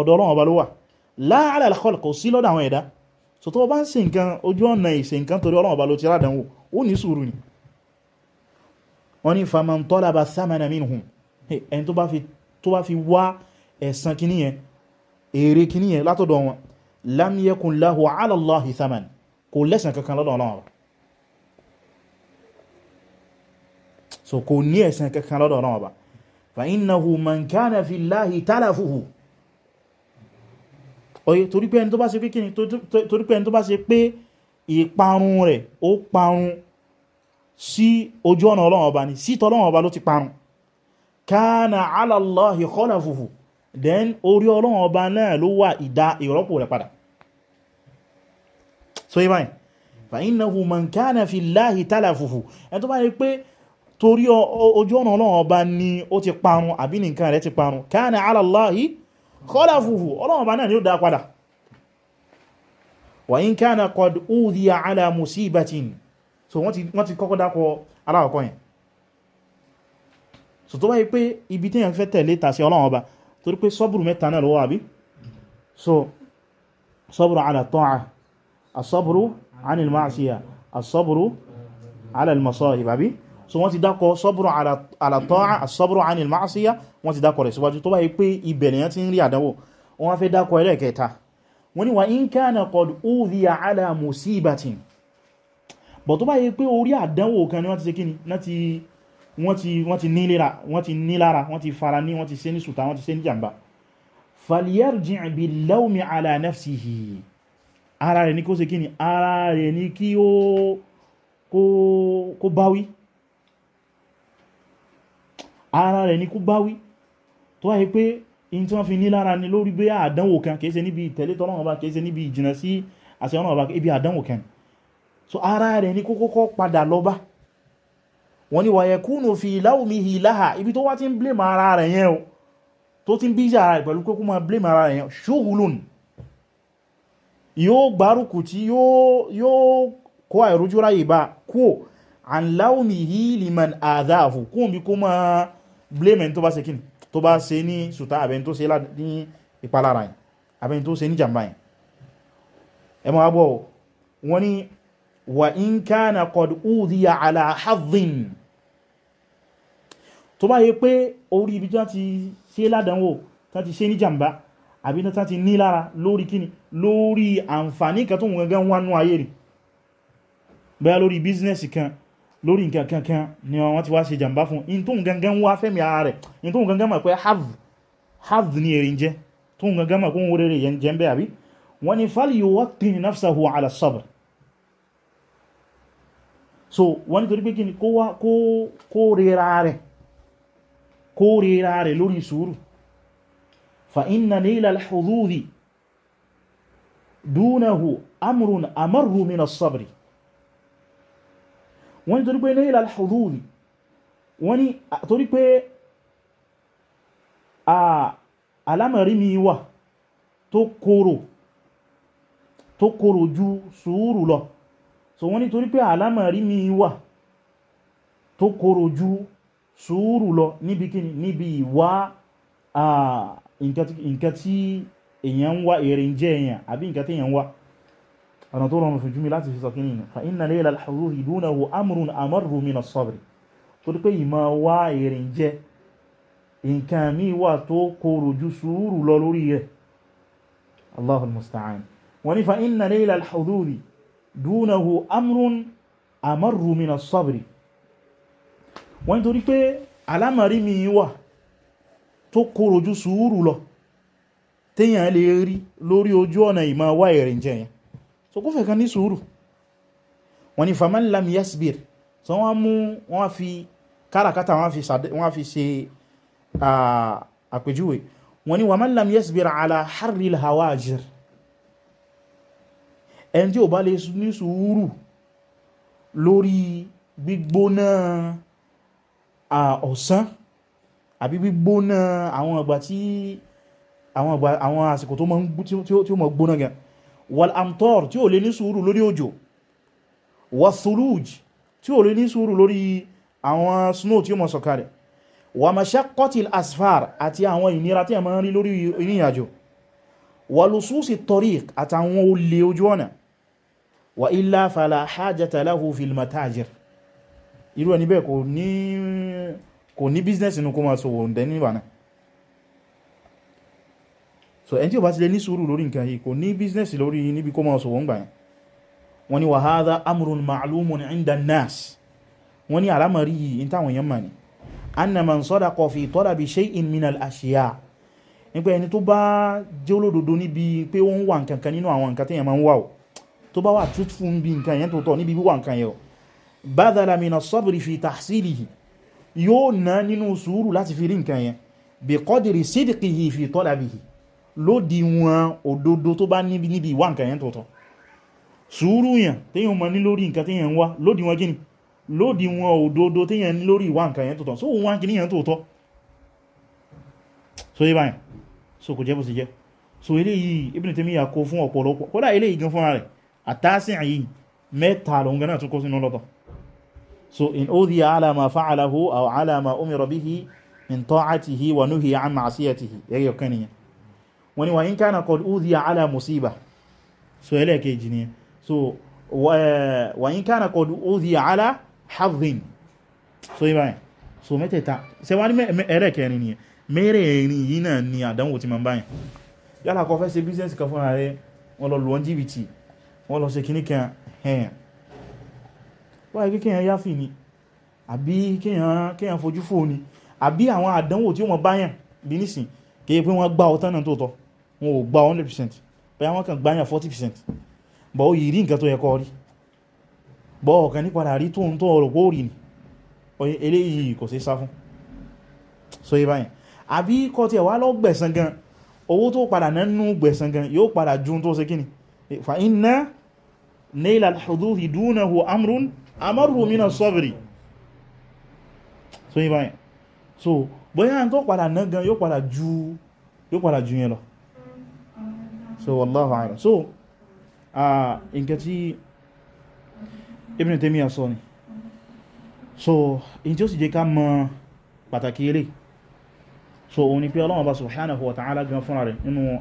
Ọlọ́run ọba ló wà la ala al-khalq kò sí lọ́dọ̀ àwọn ẹ̀dá so tó bá ń ṣe nǹkan ojú ọ̀nà ìṣe nǹkan torí Ọlọ́run ọba ló ti rádánwò ó ní sùúrù ni wọ́n ní faman talaba thamana minhum ẹni tó bá fi wá ẹ̀san kìíní yẹn èrè kìíní yẹn látọ̀dọ̀ wọn lam yakun lahu ala Allahi thaman kò lẹ́san kankan lọ́dọ̀ Ọlọ́run so kò ní ẹ̀san kankan lọ́dọ̀ Ọlọ́run ọba sí ojú ọ̀nà Ọlọ́run Ọba ni sí tỌlọ́run Ọba ló ti parun kana ala Allahi khalafuhu then orí Ọlọ́run Ọba náà ló wà ìdá ìrọ́pò rẹ̀ padà so ibayin fa innahu man kana fi Allahi talafuhu ẹni tó bá rí pé torí ojú ọ̀nà Ọlọ́run Ọba ni ó ti parun àbí nìkan rẹ̀ ti parun kana ala Allahi khalafuhu Ọlọ́run Ọba náà ni ó dá padà wa in kana qad udhiya ala musibatin so wọ́n ti wọ́n ti kọ́kọ́ dákọ aláwọ̀kọ́ yẹn so tó báyìí pé ibi tí yẹn fẹ́ tẹ̀lé tàṣẹ ọlọ́run ọba torí pé sọ́bùrù mẹ́ta náà lọ́wọ́ àbí so sọ́bùrù ala ta'a asọ́bùrù anil ma'siya asọ́bùrù ala al masahib so wọ́n ti dákọ sọ́bùrù ala ta'a asọ́bùrù anil ma'siya wọ́n ti dákọ rẹ̀ síwájú tó báyìí pé ibẹ̀ lèyàn ti ń rí àdánwò wọ́n fẹ́ dákọ ẹlẹ́ẹ̀kẹta wọ́n ni wa in kana bọ̀ tó bá yẹ pé orí àdánwò kan ni wọ́n ti ṣe kíni wọ́n ti nílára wọ́n ti nílára wọ́n ti fara ní wọ́n ti ṣe ní sùta wọ́n ti ṣe ní jàmbá falyarji' bil-lawmi ala nafsihi ara rẹ̀ ní kó ṣe kíni ara rẹ̀ ní kí ó kó báwí ara rẹ̀ ní kó báwí tó wáyé pé in tí wọ́n fi nílára ni lórí bí àdánwò kan kìí ṣe níbi ìtẹ̀lé tọ́lọ́wọ́n bá kìí ṣe níbi ìjìnà sí àṣẹ ọ̀nà ọ̀bá ibi àdánwò kan so ara rẹ̀ ní kókókọ́ padà lọ́bá wọ́n ni wàyẹ̀kúnù fi láwùmíhì láhà ibi tó wá ti ń blame ara rẹ̀ yẹn o tó ti ń bí ìjà rẹ̀ pẹ̀lú kókó máa blame ara rẹ̀ yẹn ṣúhùlùn yóò gbárùkù tí yóò kó àìrójú ráyè bá kó àn láwùmíhì liman àdáàfù kó bí kó máa blame ẹni tó bá ṣe kíni tó bá ṣe ní sùtá àbẹni tó ṣe ní ìpalára yẹn àbẹni tó ṣe ní jàmbá yẹn ẹ máa bọ̀ ni wa in kana qad udhiya ala hadhin tó bá yẹ pé orí ibi tán ti ṣe ládánwò tán ti ṣe ní jàmbá àbí tán ti ní lára lórí kíni lórí àǹfààní kan tó ń gangan wá nú ayé rí bẹ́ẹ̀ lórí bísínẹ́sì kan lórí nǹkan kankan ni wọ́n ti wá ṣe jàmbá fún in tó ń gangan wá fẹ́mi ara rẹ̀ in tó ń gangan mọ̀ pé hav ni èrè jẹ́ tó ń gangan mọ̀ pé òun rere yẹn jẹ́ bẹ́ àbí wọ́n ni fal yuwattin nafsahu ala sabr so wọ́n nítorí pé kí ni kó rera rẹ̀ kó rera rẹ̀ lórí sùúrù fa inna naila al-hududi dunahu amrun amarru min as-sabri wọ́n nítorí pé naila al-hududi wọ́n ní torí pé a alamari mi wà tó kóró ju sùúrù lọ so wọ́n nítorí pé àlámọ̀rí mi wà tó korò ju sùúrù lọ níbi kíni níbi ìwá nǹkan tí èèyàn ń wá èrè ń jẹ́ èèyàn àbí nǹkan tí èèyàn wá ọ̀nà tó rọrùn fún jùmí láti fi sọ kíni fa inna layla al-huzuri dunahu amrun amarru min as-sabr ìmọ̀ wá èrè jẹ́ nǹkan mi wà tó korò ju sùúrù lọ lórí rẹ̀ Allahu al-musta'an fa inna layla al-huzuri dúnahu amrun amarru min as-sabri wọ́n ni torí pé alámàrí mi wà tó kóró ju sùúrù lọ téyàn lè rí lórí ojú ọ̀nà ìmá wá ìrìn jẹyàn so kó fẹ́ kan ní sùúrù wọ́n ni faman lam yasbir so wọ́n mú wọ́n fi káràkátà wọ́n fi ṣe àpèjúwe wọ́n ni waman lam yasbir ala harri hawajir ẹni tí ò bá lè ní sùúrù lórí gbígbóná ọ̀sán àbí gbígbóná àwọn ìgbà tí àwọn ìgbà àwọn àsìkò tó mọ́ gbóná gan wal amtor tí ò lè ní sùúrù lórí òjò wa thuluj tí ò lè ní sùúrù lórí àwọn snow tí ó mọ́ sọ̀kalẹ̀ wa mashaqqatil asfar àti àwọn ìnira tí a máa rí lórí ìrìnàjò wa lususi tariq àtàwọn olè ojú ọ̀nà wa illa fala hajata lahu fil matajir irú ẹni bẹ́ẹ̀ kò ní kò ní kó máa sọ̀wọ̀ ǹdẹ́ níbànà so ẹni tí ó bá ti lè ní sùúrù lórí nǹkan yìí kò ní business lórí níbi kó máa sọ̀wọ̀ ń gbà yẹn wọ́n ní wa hadha amrun ma'lumun inda nas wọ́n ní àlámọ̀rí yìí in táwọn èèyàn mà ní anna man sadaqa fi talabi shay'in min al ashiya nípa ẹni tó bá jẹ́ olódodo níbi pé ó wà nǹkan kan nínú àwọn nǹkan téèyàn máa ń wà tó bá wà truthful ń bí nǹkan yẹn tó tọ́ níbi wíwà nǹkan yẹn badala mina sabri fi tahsilihi yóò ná nínú sùúrù láti fi rí nǹkan yẹn bí qadri sidqihi fi talabihi lódi wọn òdodo tó bá níbi ìwà nǹkan yẹn tó tọ́ sùúrù yẹn téèyàn mọ ní lórí nǹkan téèyàn ń wá lódi wọn gíní lódi wọn òdodo téèyàn ní lórí ìwà nǹkan yẹn tó tọ́ so wọn kìíní yẹn tó tọ́ so yé báyìí so kò jẹ́ bó ti jẹ́ so eléyìí Ibn Taymiyyah kó fún ọ̀pọ̀lọpọ̀ kódà eléyìí gan fúnra rẹ̀ àtàsìn yìí mẹ́ta lóun gánà tó kó sínú lọ́tọ̀ so in udhiya ala ma fa'alahu aw ala ma umira bihi min ta'atihi wa nuhiya an ma'siyatihi ẹ̀yọ̀ kan nìyẹn wọ́n ni wa in kana qad udhiya ala musiba so ẹlẹ́ẹ̀kejì ni so wa in kana qad udhiya ala hadhin so ibáyìn so mẹ́tẹ̀ta ṣe wá ní ẹlẹ́ẹ̀kẹrin nìyẹn mẹ́rẹ̀ẹ̀rin yìí náà ni àdánwò ti ma báyìn yálà kò fẹ́ ṣe business kan fún ara rẹ̀ lọ lọ́n jìbìtì wọ́n lọ ṣe kìíní kan ẹ̀yàn wáyé kí kíyàn yáfì ni àbí kíyàn fojú fò ni àbí àwọn àdánwò tí wọ́n báyàn bí nísìn kìí pé wọ́n gbá ọtán náà tóòtọ́ wọn ò gbá 100% bẹ́ẹ̀ wọ́n kàn gbáyàn 40% bọ́ ó yìí rí nǹkan tó yẹ kọ́ rí bọ́ ọ̀kan ní padà rí tó ń tó ọ̀rọ̀ pó rí ni eléyìí kò sí sá fún so yé báyìí àbí kọ́ tiẹ̀ wá lọ gbẹ̀san gan owó tó padà nánú gbẹ̀san gan yóò padà ju tó ṣe kíni fa iná نيل الحدوث دونه أمر أمره من الصبر so yíba yẹn so bóyá n tó padà náà gan yóò padà ju yóò padà ju yẹn lọ so wallahu a'lam so nǹkan tí Ibn Taymiyyah sọ ni so in tí ó sì jẹ́ so òun ni pé Ọlọ́hun Ọba subhanahu wa ta'ala gan fúnra rẹ̀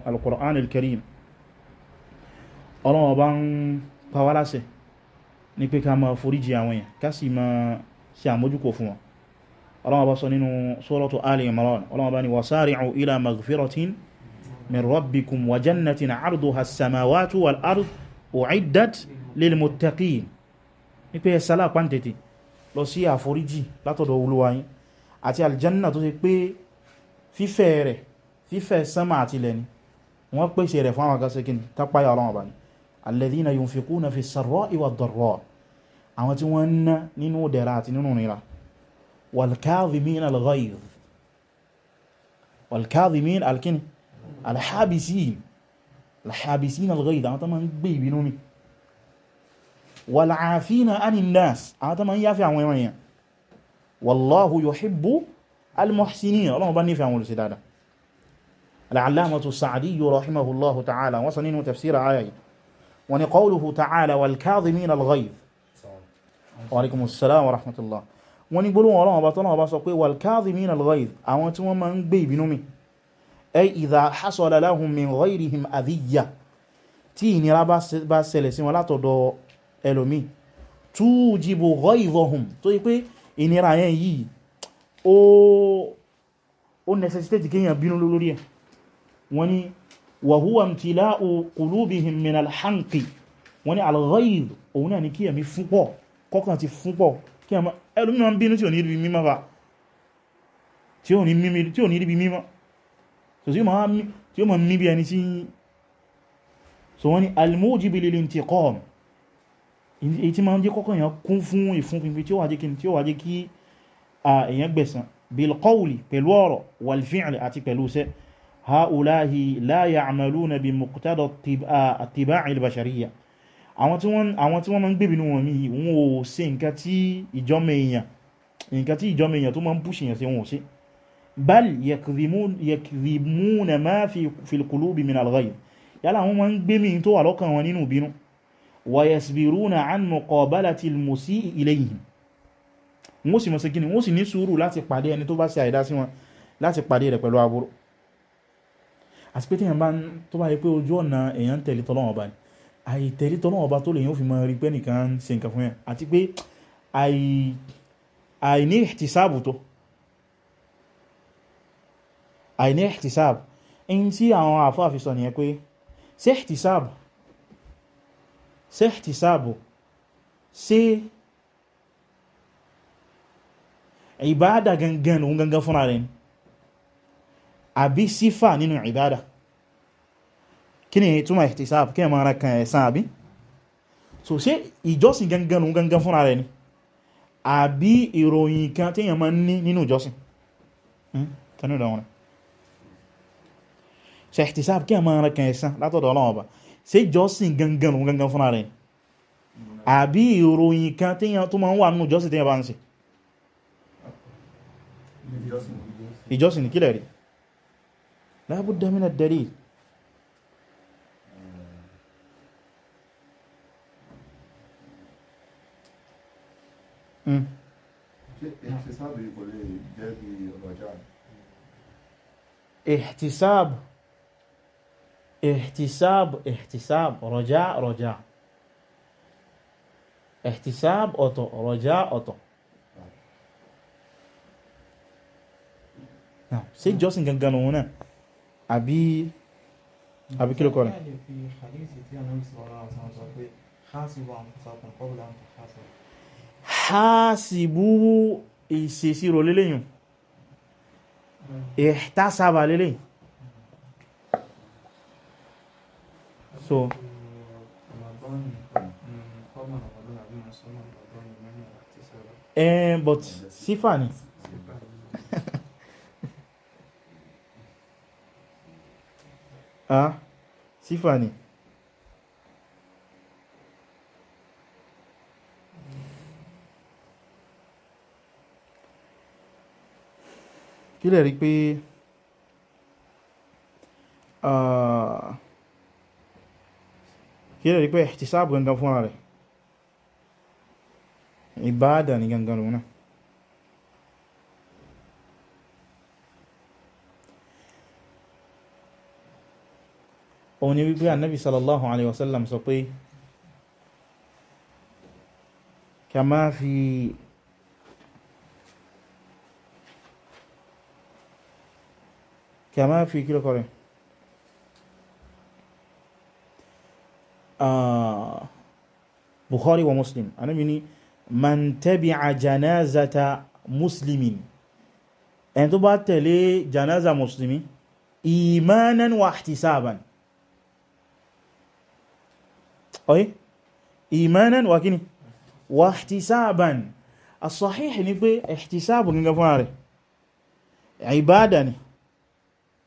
al-Qur'an al-Karim Ọlọ́hun Ọba pa wá láṣẹ ní pé ká máa foríjì àwọn èèyàn ká sì máa ṣe àmójúkò fún wọn ọlọ́wọ́ bá sọ nínú suratu Ali Imran ọlọ́wọ́ bá ní wasari'u ila maghfiratin min rabbikum wa jannatin 'arduha as-samawati wal ard u'iddat lil muttaqin ní pé ẹsàlá pàǹtẹ̀tẹ̀ lọ sí àforíjì látọ̀dọ̀ Olúwa الذين ينفقون في السراء والضراء àwọn tí wọ́n ń ná nínú والكاظمين الغيظ والكاظمين الكن الحابسين الحابسين الغيظ àwọn tó máa ń gbé والعافين عن الناس àwọn tó máa ń yáfẹ́ àwọn والله يحب المحسنين الله بني في عمل سدادة العلامة السعدي رحمه الله تعالى وصنين تفسير آية wọn ni qawluhu ta'ala wal kadhimina al-ghayz wa alaykum assalam wa rahmatullah wọn ni gbólóhùn ọlọ́wọ́ bá tọ́lọ́wọ́ bá sọ pé wal kadhimina al-ghayz àwọn tí wọ́n máa ń gbé ìbínú mi ay idha hasala wọ́n ni wa huwa imtila'u qulubihim min al-hanqi wọ́n ní al-ghayz òun náà ni kí ẹ̀mí fúnpọ̀ kọ́kàn ti fúnpọ̀ kí ẹ̀mọ́ ẹlòmíràn bínú tí ò ní ríbi mímọ́ bá tí ò ní ríbi mímọ́ so tí ó mọ̀ mí bí ẹni tí so wọ́n ní al-mujibu lil-intiqam èyí tí ma ń jẹ́ kọ́kàn èyàn هؤلاء لا يعملون بمقتضى اتباع البشرية àwọn tí wọ́n máa ń gbébinú wọn mí wọn ò ṣe nǹkan tí ìjọmọ èèyàn nǹkan tí ìjọmọ èèyàn tó máa ń pùṣèyàn sí wọn ò ṣe bal yakdhimuna ma fi al-qulubi min al-ghayr yálà wọn máa ń gbémi tó wà lọ́kàn wọn nínú ìbínú wọ́n sì àti pé téèyàn bá ń tó bá yẹ pé ojú ọ̀nà èèyàn ń tẹ̀lé tọ́lọ́wọ́n ọba ni àìtẹ̀lé tọ́lọ́wọ́n ọba tó lè yẹn ó fi máa rí pé nìkan ń ṣe nǹkan fún yẹn àti pé àìní ìtìsáàbù tó àìní ìtìsáàbù ẹni tí àwọn àfáàfi sọ nìyẹn pé ṣé ìtìsáàbù ṣé ìtìsáàbù ṣé ìbáàdà gangan òun gangan fúnra rẹ̀ ni àbí sífà nínú ìbáàdà kí ni ìtumọ̀ ihtisab kí ẹ̀mọ̀ ara kan ẹ̀san àbí so ṣe ìjọsìn gangan lòun gangan fúnra rẹ̀ ni àbí ìròyìn kan tí èyàn máa ń ní nínú ìjọsìn hmm? kanú ìdánwò rẹ̀ ṣe ihtisab kí ẹ̀mọ̀ ara kan ẹ̀san látọ̀dọ̀ Ọlọ́run Ọba ṣe ìjọsìn gangan lòun gangan fúnra rí la budda min احتساب يقول جلبي احتساب احتساب احتساب رجاء رجاء احتساب أوتو رجاء أوتو نعم سيد نعم. جوسن كان كانوا هنا أبي أبي كيلو كوني نعم. في حديث قبل أن hasibuhu ìṣèṣirò lélẹ́yìn ìhtasaba lélẹ́yìn so eh but sífà ni ah sífà ni kí lè rí pé kí lè rí pé ihtisab gangan fúnra rẹ̀ ìbáadà ní gangan lòun náà òun ni wípé annabi sallallahu alaihi wasallam sọ pé kama fi kí a máa fi kí lọ́kọ̀ rẹ̀ ah, Bukhari wa Muslim anábi ni man tabi'a janazata muslimin ẹni tó bá tẹ̀lé janaza muslimi imanan wa ihtisaban ọ̀yí imanan wa kíni wa ihtisaban as-sahih ni pé ihtisabu nígbà fún ààrẹ ibada ni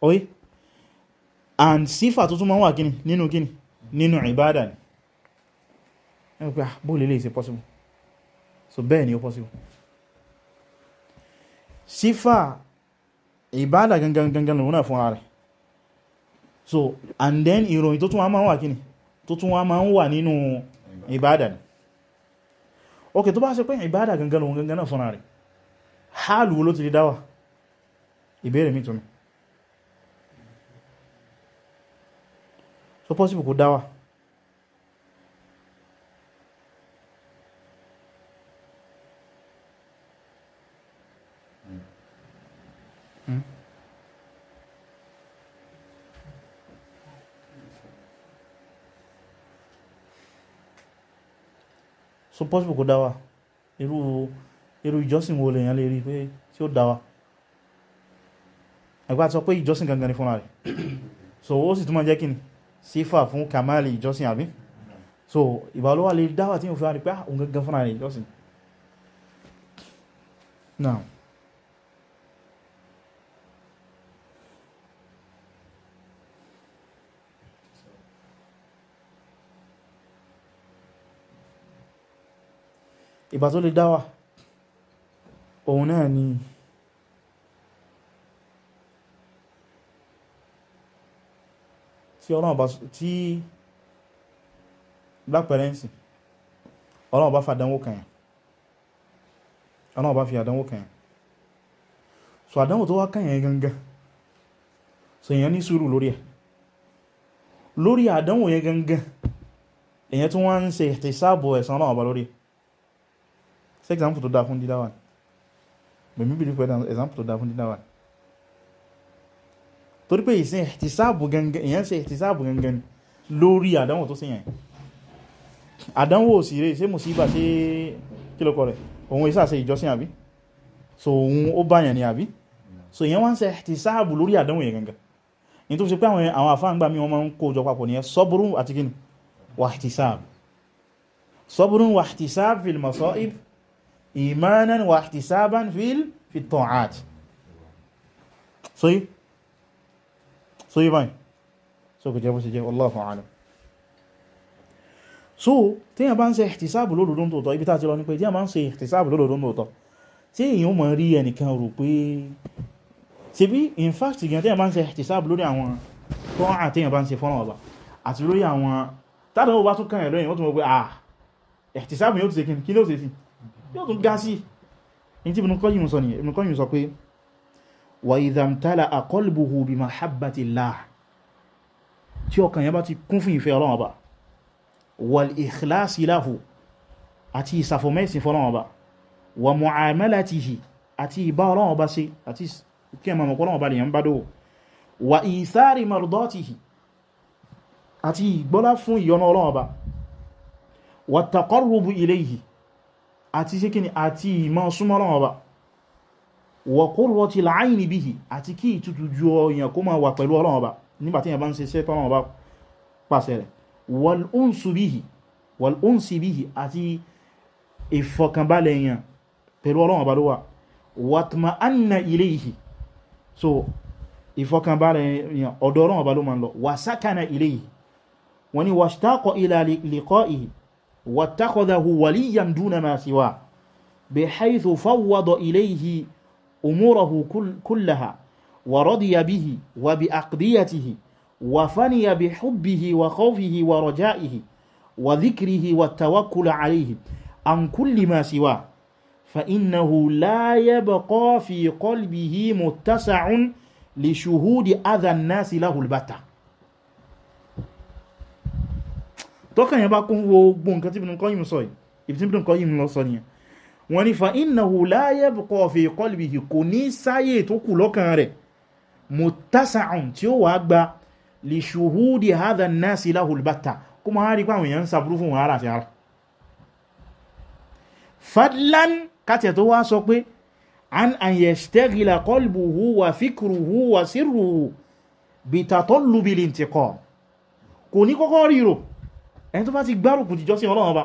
oye and sífà tó tún ma ń wà kíni nínú kíni nínú ìbádà ni ẹgbẹ́ pé ah, bó lè ṣe possible so bẹ́ẹ̀ ni ó possible sífà ìbádà gangan gangan lòun náà fúnra rẹ̀ so and then ìròyìn tó tún wá máa ń wà kíni tó tún wá máa ń wà nínú ìbádà ni ok tó bá ṣe pé ìbádà gangan lòun gangan náà fúnra rẹ̀ hálù mi tún so possible kó dáwà so possible kó dáwà irú irú ìjọsìn wo lèyàn lè rí pé tí ó dáwà ẹgbà tí sọ pé ìjọsìn gangan ni fúnra rẹ̀ so ó sì tún máa jẹ́ kí ni sífà fún kamali ìjọsìn àbí so ìbálòwà lè dáwà tí mo fi wá ní pé ah, òun gangan fúnra rẹ̀ ìjọsìn now ìbá tó lè dáwà òun náà ni ọlọ́run bá tí black parents ọlọ́run bá fi àdánwò kàn yàn ọlọ́run bá fi àdánwò kàn yàn so àdánwò tó wá kàn yàn gangan so èyàn ní sùúrù lórí ẹ̀ lórí àdánwò yẹn gangan èyàn tó wá ń ṣe ìtẹ̀sáàbò ẹ̀san ọlọ́run bá lórí ṣe example tó dáa fún dídáwà mẹ̀mí bìlú pẹ̀lú example tó dáa fún dídáwà torí pé ìsìn ìtìsáàbù gangan èyàn ṣe ìtìsáàbù gangan lórí àdánwò tó ṣèyàn àdánwò sì rẹ̀ ṣe mùsíbà ṣe kílòkọ rẹ̀ òun ìsà ṣe ìjọsìn àbí so òun ó báyàn ni àbí so èyàn wọ́n ṣe ìtìsáàbù lórí àdánwò yẹn gangan ní tó ṣe pé àwọn àwọn àfáàngbà mi wọ́n máa ń kó jọ papọ̀ nìyẹn sọ́bùrún àti kíni wà ìtìsáàbù sọ́bùrún wà ìtìsáàbù fil masa'ib ìmánan wà ìtìsáàbù fil fi ta'at so yìí so yí báyìí so kò jẹ́ bó ṣe jẹ́ wallahu a'lam so tí yàn bá ń ṣe ìtìsáàbù lódòdó tòótọ́ ibi tá ti lọ ní pé tí yàn bá ń ṣe ìtìsáàbù lódòdó tòótọ́ tí èyàn mọ̀ rí ẹnìkan rò pé ṣe bí in fact gan tí yàn bá ń ṣe ìtìsáàbù lórí àwọn tó hàn tí yàn bá ń ṣe fọ́nà ọba àti lórí àwọn tádàn ó bá tún kàn ẹ̀ lóyìn tún mọ̀ pé ah ìtìsáàbù yóò ti ṣe kí ni ó ṣe sí yóò tún gá sí wa idha imtala'a qalbuhu bi mahabbatillah tí ọkàn yẹn bá ti kún fún ìfẹ́ Ọlọ́run Ọba wal ikhlasi lahu àti ìsàfọ̀mẹ́sìn fọ́lọ́run Ọba wa mu'amalatihi àti ìbá Ọlọ́run Ọba ṣe àti kí ẹ mọ̀mọ̀ Ọlọ́run Ọba lè yẹn bá dó wa ithari mardatihi àti ìgbọ́lá fún wa qurratil aini bihi àti kí ìtutù ju ọyàn kó máa wà pẹ̀lú ọlọ́run ọba nígbàtí yẹn bá ń ṣe iṣẹ́ tọ́lọ́run ọba pàṣẹ rẹ̀ wal unsu bihi wal unsi bihi àti ìfọkànbalẹ̀ èèyàn pẹ̀lú ọlọ́run ọba ló wà watma'anna ilayhi so ìfọkànbalẹ̀ èèyàn ọ̀dọ̀ ọlọ́run ọba ló máa ń أموره كل كلها ورضي به وبأقديته وفني بحبه وخوفه ورجائه وذكره والتوكل عليه عن كل ما سواه فإنه لا يبقى في قلبه متسع لشهود أذى الناس له البتة tọ́kàn yẹn bá kún gbogbo nǹkan tí Ibn Qayyim sọ yìí ibi tí wọ́n ní fa innahu la yabqa fi qalbihi kò ní sáyè tó kù lọ́kàn rẹ̀ muttasa'un tí ó wà gba li shuhudi hadha an-nasi lahu al-batta kó máa rí pàwọn èèyàn sàbúrú fún wàhálà sí ara fadlan kàtẹ̀ tó wá sọ pé an an yashtaghila qalbuhu wa fikruhu wa sirruhu bi tatallubil intiqam kò ní kọ́kọ́ ríro ẹni tó bá ti gbárùkù jíjọ́ sí ọlọ́run ọba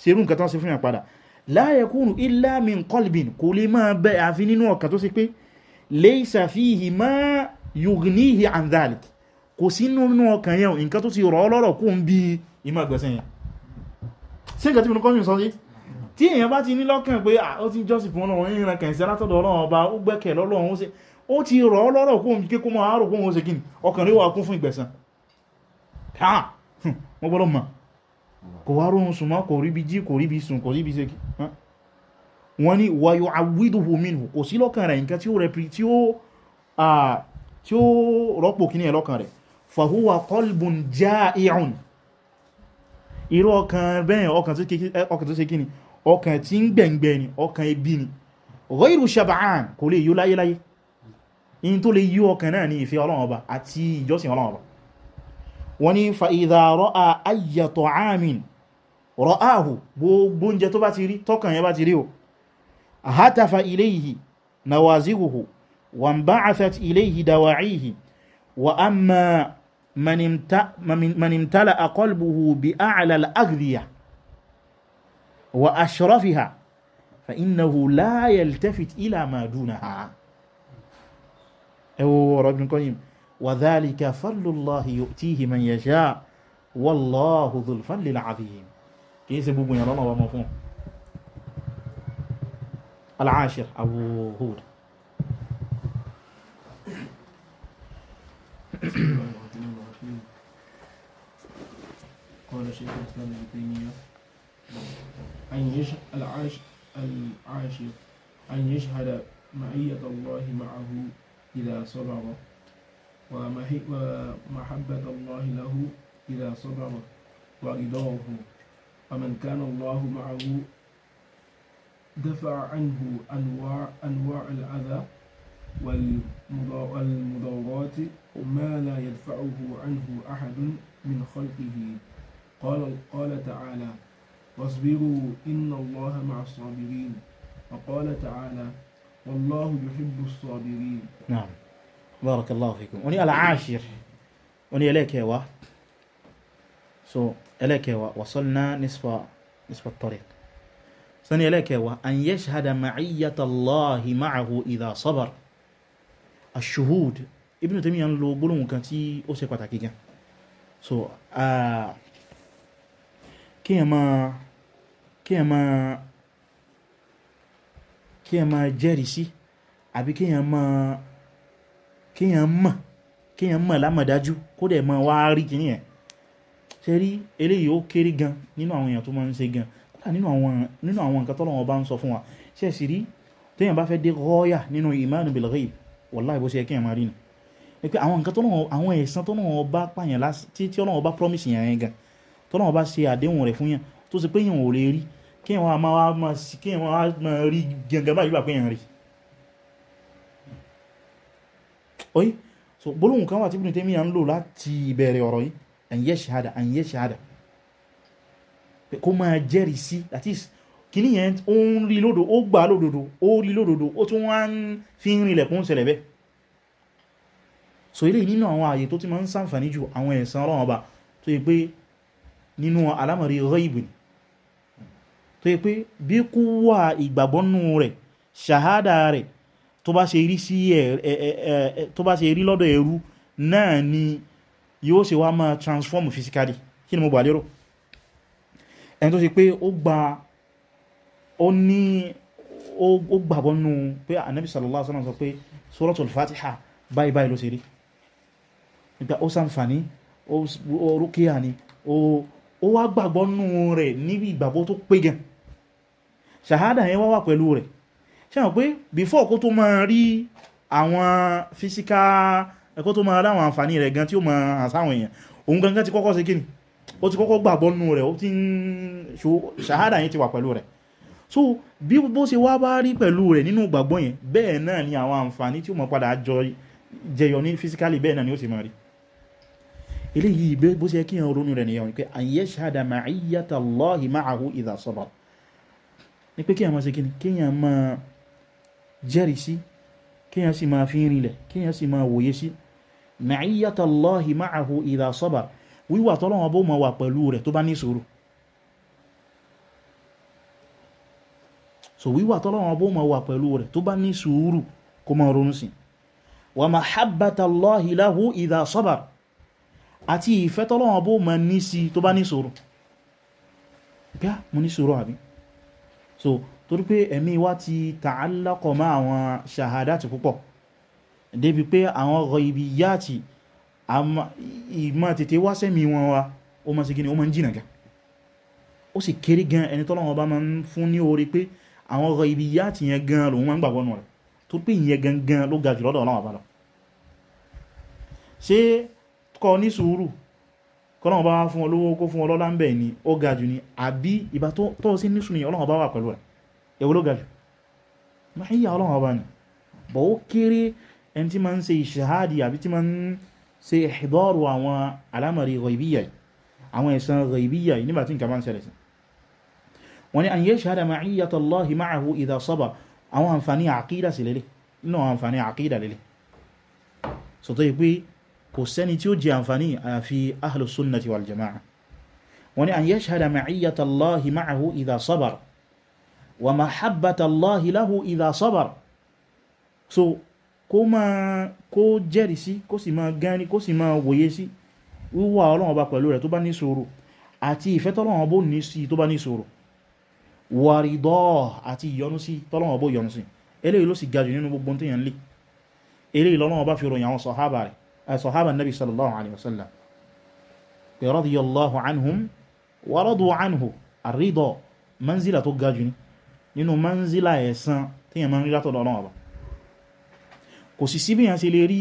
ṣe irú nǹkan tán ṣe fún yàn padà la yakunu illa min qalbin kò lè máa bẹ àfi nínú ọkàn tó ṣe pé laysa fihi ma yughnihi an dhalik kò sí nínú ọkàn yẹn nǹkan tó ti rọ̀ ọ́ lọ́rọ̀ kó ń bí ìmọ̀ ìgbẹ̀sẹ̀ yẹn ṣé nǹkan tí mo kọ́ mi sọ sí tí èèyàn bá ti ní lọ́kàn pé ah, ó ti jọ́sìn fún ọlọ́run ìrìn kàn sí látọ̀dọ̀ ọlọ́run ọba ó gbẹ́kẹ̀ lọ́lọ́run ó ṣe ó ti rọ̀ ọ́ lọ́rọ̀ ń ké kó máa rò ń ṣe kíni ọkàn rẹ̀ wà kún fún ìgbẹ̀sán mo gbọ́dọ̀ mọ̀ kò wá rọrùn sùn mọ́ kò ríbi jí kò ríbi sùn kò ríbi ṣe wọ́n ní wa yu'awwiduhu minhu kò sí lọ́kàn rẹ̀ nǹkan tí ó rẹ̀ tí ó tí ó rọ́pò kí ní ẹlọ́kàn rẹ̀ fahuwa qalbun ja'i'un irú ọkàn bẹ́ẹ̀ ọkàn tó ṣe kíni ọkàn tí ń gbẹ̀ngbẹ̀ ni ọkàn ebi ni ghayru shab'an kò wọ́n ní fa'idha ra'a ayya ta'amin ra'ahu gbogbo oúnjẹ tó bá ti rí tọ́kàn yẹ bá ti rí o hatafa ilayhi nawaziguhu wa ba'athat ilayhi dawa'ihi wa amma man imtala'a qalbuhu bi a'la al-aghdhiya wa ashrafiha fa innahu la yaltafit ila ma dunaha ẹwọ ọ̀rọ̀ Ibn Qayyim وذلك فضل الله يؤتيه من يشاء والله ذو الفضل العظيم كيس ṣe gbogbo الله lona العاشر أبو هود قال شيخ الإسلام ابن تيمية أن يشهد العاشر أن يشهد معية الله معه إذا صبر ومحبة الله له إذا صبر ورضاه ومن كان الله معه دفع عنه أنواع, أنواع الأذى والمضارات ما لا يدفعه عنه أحد من خلقه قال, قال تعالى واصبروا إن الله مع الصابرين وقال تعالى والله يحب الصابرين نعم barakallahu fikum oní al-ashir oní ẹlẹ́kẹwàá so ẹlẹ́kẹwàá wasalna nisfa nisfa tariq sani ẹlẹ́kẹwàá an yashhada ma'iyyata Allahi ma'ahu idha sabar ash-shuhud Ibn Taymiyyah ń lo gbólóhùn kan tí ó ṣe pàtàkì gan so kí ẹ máa kí ẹ máa kí ẹ máa jẹ́rìí sí àbí kí ẹ máa kíyàn mọ̀ kíyàn mọ̀ lámọ̀dájú kó dẹ̀ mọ̀ wá rí kìíní yẹn ṣe rí eléyìí ó kéré gan nínú àwọn èèyàn tó máa ń ṣe gan kódà nínú àwọn nínú àwọn nǹkan tọ́lọ́wọ́n bá ń sọ fún wa ṣe sì rí téèyàn bá fẹ́ dé rọ́ọ̀yà nínú ìmánu bil ghaib wallahi bó ṣe yẹ máa rí nù ẹ pé àwọn nǹkan tọ́lọ́wọ́n bá pààyàn tí Ọlọ́run bá promise yàn yẹn gan tọ́lọ́wọ́n bá ṣe àdéhùn rẹ̀ fún yàn tó ṣe pé yàn ò lè rí kéèyàn wá máa rí gangan báyìí gbà pé yàn rí oyi so gbólóhùn kan wà tí Ibn Taymiyyah ń lò láti ìbẹ̀rẹ̀ ọ̀rọ̀ yìí an yashhada an yashhada pé kó máa jẹ́rìí sí that is kìíní yẹn ó ń rí lódò ó gbà lódòdó ó rí lódòdó ó tún wá ń fi ń rinlẹ̀ fún ṣẹlẹ̀ so eléyìí nínú àwọn ààyè tó ti máa ń ṣàǹfààní ju àwọn ẹ̀sán ọlọ́run ọba tó yẹ pé nínú alámọ̀rí ghaibu ni tó yẹ pé bí kú wà ìgbàgbọ́nú rẹ̀ ṣàhádà tó bá ṣe rí sí ẹ̀ tó bá ṣe rí lọ́dọ̀ ẹrú náà ni yóò ṣe wá máa transform physically kí ni mo gbà lérò ẹni tó ṣe pé ó gba ó ní ó gbàgbọ́ nù pé anabi sallallahu alaihi wasallam sọ pé suratul fatiha báyìí báyìí ló ṣe rí nígbà ó sàǹfààní ó rúkìá ni ó wá gbàgbọ́ nù rẹ̀ níbi ìgbàgbọ́ tó pé gan ṣàhádà yẹn wá wà pẹ̀lú rẹ̀ ṣe pé before kó tó máa rí àwọn physical ẹ̀kọ́ tó máa láwọn àǹfààní rẹ̀ gan tí ó máa hàn sáwọn èèyàn òun gangan ti kọ́kọ́ ṣe kíni ó ti kọ́kọ́ gbàgbọ́ nù rẹ̀ ó ti ń ṣàhádà yẹn ti wà pẹ̀lú rẹ̀ so bí bó ṣe wá bá rí pẹ̀lú rẹ̀ nínú gbàgbọ́ yẹn bẹ́ẹ̀ náà ni àwọn àǹfààní tí ó máa padà jọ jẹyọ ní physically bẹ́ẹ̀ náà ni ó sì máa rí eléyìí bó ṣe kí yẹn ronú rẹ̀ nìyẹn pé an yashhada ma'iyyata Allahi ma'ahu idha sabara ni pé kí yẹn máa ṣe kíni kí yẹn máa jẹ́rìí sí kíyàn sì máa fi rinlẹ̀ kíyàn sì máa wòye sí ma'iyyatallahi ma'ahu idha sabar wíwà tọ́lọ́wọ́ bó máa wà pẹ̀lú rẹ̀ tó bá ní sùúrù so wíwà tọ́lọ́wọ́ bó máa wà pẹ̀lú rẹ̀ tó bá ní sùúrù kó máa ronú sí wa mahabbatallahi lahu idha sabar àti ìfẹ́ tọ́lọ́wọ́ bó máa ní sí tó bá ní sùúrù ah, so torí pé ẹ̀mí wa ti tààlákọ̀ mọ́ àwọn ṣàhádáàtì púpọ̀ débi pé àwọn ọ̀rọ̀ ibi yáàtì ìmọ̀ tètè wá sẹ́mi wọn wa ó mọ́ sí gíní ó mọ́ ń jìnà gan ó sì kéré gan ẹni tọ́lọ́wọ́n bá máa ń fún ní orí pé àwọn ọ̀rọ̀ ibi yáàtì yẹn gan lòun máa ń gbàgbọ́ rẹ̀ torí pé ìyẹn gan gan ló ga jù lọ́dọ̀ ọlọ́wọ́n bá lọ ṣé kò ní sùúrù kọ́lọ́wọ́n bá fún ọ kó fún ọ ń bẹ̀ ni ó ga jù ni àbí ìbá tó sí ní sùúrù yẹn bá wà pẹ̀lú rẹ̀ èwo ló gajù mahiyya ọlọ́run ọba ni bọ̀ ó kéré ẹni tí ma ń ṣe ìṣẹ́hádì àbí tí ma ń ṣe ìdọ́rù àwọn alámàrí ghaibiyya àwọn ẹ̀sán ghaibiyya nígbà tí nǹkan bá ń ṣẹlẹ̀ sí wọ́n ni an yashhada ma'iyyata Allahi ma'ahu idha sabara àwọn àǹfààní àkídà sí lélẹ̀ inú àwọn àǹfààní àkídà lélẹ̀ so tó pé kò sẹ́ni tí ó jẹ àǹfààní àfi ahlus sunnati wal wọ́n ni an yashhada ma'iyyata Allahi ma'ahu idha sabara wa mahabbata Allahi lahu idha sabar so kó máa kó jẹ́rìí sí kó sì máa gání kó sì máa wòye sí wíwà Ọlọ́run Ọba pẹ̀lú rẹ̀ tó bá ní sùúrù àti ìfẹ́ tọ́lọ́run Ọba ní sí tó bá ní sùúrù wàrídọ́ àti ìyọnú sí tọ́lọ́run Ọba yọnú sí eléyìí ló sì gajù nínú gbogbo tí yẹn lé eléyìí lọ́lọ́run Ọba fi ròyìn àwọn sọ̀hábà rẹ̀ eh, sọ̀hábà nabi sallallahu nínú manzila ẹ̀san tí yẹn ma ń rí látọ̀dọ̀ Ọlọ́run Ọba kò sì síbí yẹn ṣe lè rí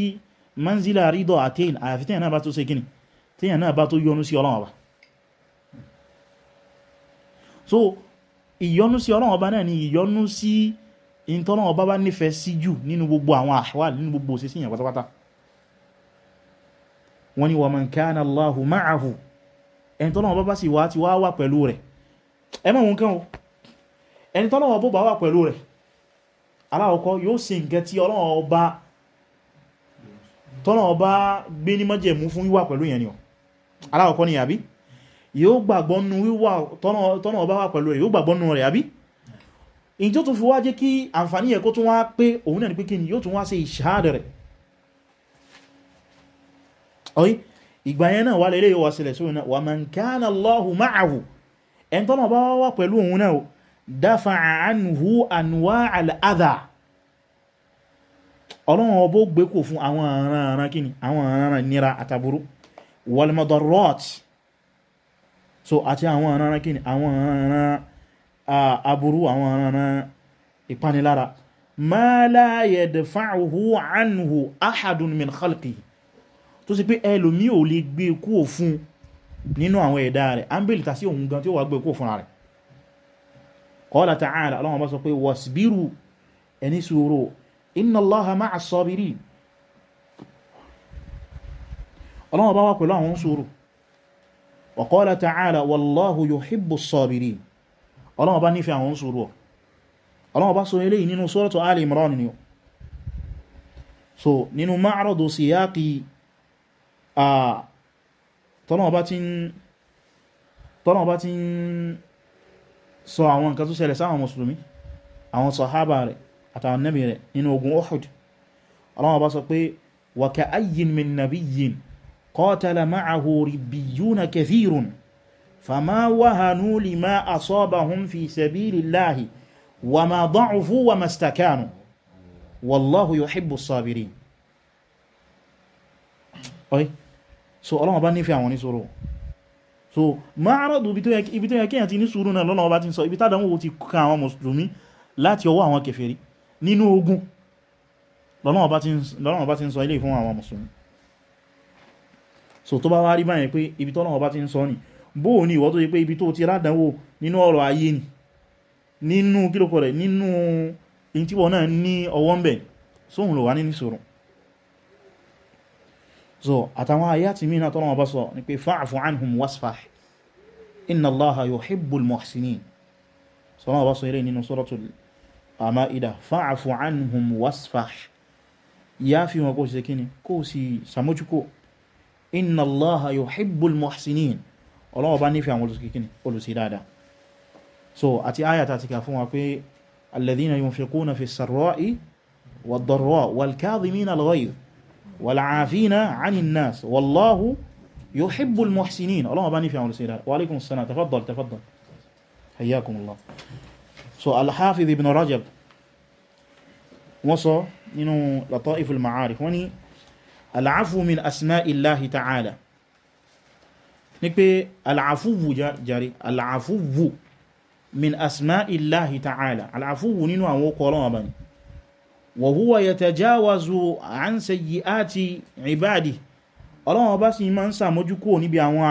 manzila rídọ̀ àtẹ́yìn àyàfi tẹ́yìn náà bá tó ṣe gini tẹ́yìn náà bá tó yọ́nú sí Ọlọ́run Ọba so ìyọ́nú sí Ọlọ́run Ọba náà ni ìyọ́nú sí ìntọ́lọ́run Ọba bá nífẹ̀ẹ́ sí jù nínú gbogbo àwọn àhwà nínú gbogbo òṣèṣì yẹn pátápátá wọ́n ni wa man kana Allahu ma'ahu ẹ̀ntọ́lọ́run Ọba bá sì wá ti wá wà pẹ̀lú rẹ̀ ẹ mọ̀ wọn kan o ẹni tọ́lọ́wọ́ bó bá wà pẹ̀lú rẹ̀ aláwọ̀kọ́ yóò ṣe nǹkan tí Ọlọ́run bá tọ́lọ́wọ́ bá gbé ní májẹ̀mú fún wíwà pẹ̀lú yẹn ni ọ aláwọ̀kọ́ ni àbí yóò gbàgbọ́ nú wíwà tọ́lọ́wọ́ bá wà pẹ̀lú rẹ̀ yóò gbàgbọ́ nú rẹ̀ àbí in tó tún fi wá jẹ́ kí àǹfààní yẹ kó tún wá pé òun náà ni pé kí ni yóò tún wá ṣe ìṣáàdẹ̀ rẹ̀ ọ̀yí ìgbà náà wà lélẹ́ yóò wá sílẹ̀ sóhun náà wà man kana Allahu ma'ahu ẹni tọ́lọ́wọ́ bá wà pẹ̀lú òun náà dáfàá anhu anwa al'adha ọlọ́run ọbọ̀ gbé kò fún àwọn àrán kíni àwọn àrán nira àtàbúrú walmadarrot so àti àwọn àrán kíni àwọn àrán aburú àwọn àrán ìpanilára ma la yadfa'uhu anhu ahadun min khalqihi tó sì pé ẹlòmí ò lè gbé kò fún nínú àwọn ẹ̀dá rẹ̀ ambilita sí ohun gan tí ó wà gbé kò fún rẹ̀ qala ta'ala ọlọ́wọ́n bá sọ pé wasbiru ẹni sùúrù inna Allaha ma'a as-sabirin ọlọ́wọ́n bá wà pẹ̀lú àwọn sùúrù wa qala ta'ala wallahu yuhibbu as-sabirin ọlọ́wọ́n bá nífẹ̀ẹ́ àwọn sùúrù ọlọ́wọ́n bá sọ eléyìí nínú suratu Ali Imran ni so nínú ma'radu siyaqi ah, tọ́lọ́wọ́n bá ti ń sọ àwọn nǹkan tó ṣẹlẹ̀ sáwọn mùsùlùmí àwọn sọ̀hábà rẹ̀ àtàwọn nẹ́bì rẹ̀ nínú ogun Uhud Allah bá sọ pé wa ka'ayyin min nabiyyin qatala ma'ahu ribbiyuna kathirun fama wahanu lima asabahum fi sabilillahi wa ma da'ufu wa mastakanu wallahu yuhibbu as-sabirin ọ̀yí so Allah bá nífẹ̀ẹ́ àwọn oníṣòro so ma'aradu ibi tó yẹ kíyàn ti ní sùúrù náà lọ́nà ọba ti ń sọ ibi tádàmù ti kan àwọn mùsùlùmí láti ọwọ́ àwọn kèfèrí nínú ogun lọ́nà ọba ti sọ ilé fún àwọn mùsùlùmí so tó bá wá rí báyìí pé ibi tọ́nà ọba ti sọ ni bóò ní ìwọ tó yẹ pé ibi tó ti rádánwò nínú ọ̀rọ̀ ayé ni nínú kílòkọ̀ rẹ̀ nínú ìtíwọ̀ náà ní ọwọ́ so àtàwọn àyá ti mìíràn tọ́nà ọba sọ ní pé fa'fu anhum wasfah inna allaha yuhibbul muhsinin sọ́nà ọba sọ eré nínú suratul Ma'idah fa'fu anhum wasfah ya fi wọn kó ṣe kíni kó sì sàmójúkó inna allaha yuhibbul muhsinin ọlọ́wọ́ bá nífẹ̀ẹ́ àwọn olùsí kíni olùsí dáadáa so àti ayata ti kà fún wa pé alladhina yunfiquna fi sarra'i wad-dharra'i wal-kadhimina al-ghayz والعافين عن الناس والله يحب المحسنين اللهم باني في عمر السيدة وعليكم السلام تفضل تفضل حياكم الله so الحافظ ابن رجب وصى إنه لطائف المعارف وني العفو من أسماء الله تعالى نكبي العفو جاري العفو من أسماء الله تعالى العفو نينو أموك ولو أباني wọ̀húwà yatajawazu an sayyiati ibadi ọlọ́run ọba sì máa ń sàmójúkò níbi àwọn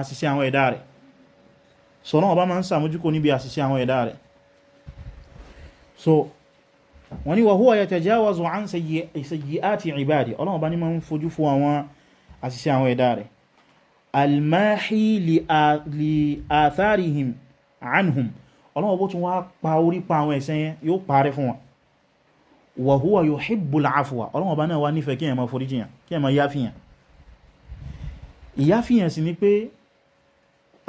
àṣìṣe àwọn ẹ̀dá rẹ̀ sọ̀rọ̀ ọba máa ń sàmójúkò níbi àṣìṣe àwọn ẹ̀dá rẹ̀ so wọ́n ni wọ̀húwà yatajawazu an sayyiati ibadi ọlọ́run ọba ní máa ń fojú fún àwọn àṣìṣe àwọn ẹ̀dá rẹ̀ almahi li atharihim anhum ọlọ́run ọba tún wá wa huwa yuhibbul afwa ọlọ́run ọba náà wá nífẹ̀ẹ́ kí ẹ máa forí jìyàn kí ẹ máa yáfìyàn ìyáfìyàn sì ni pé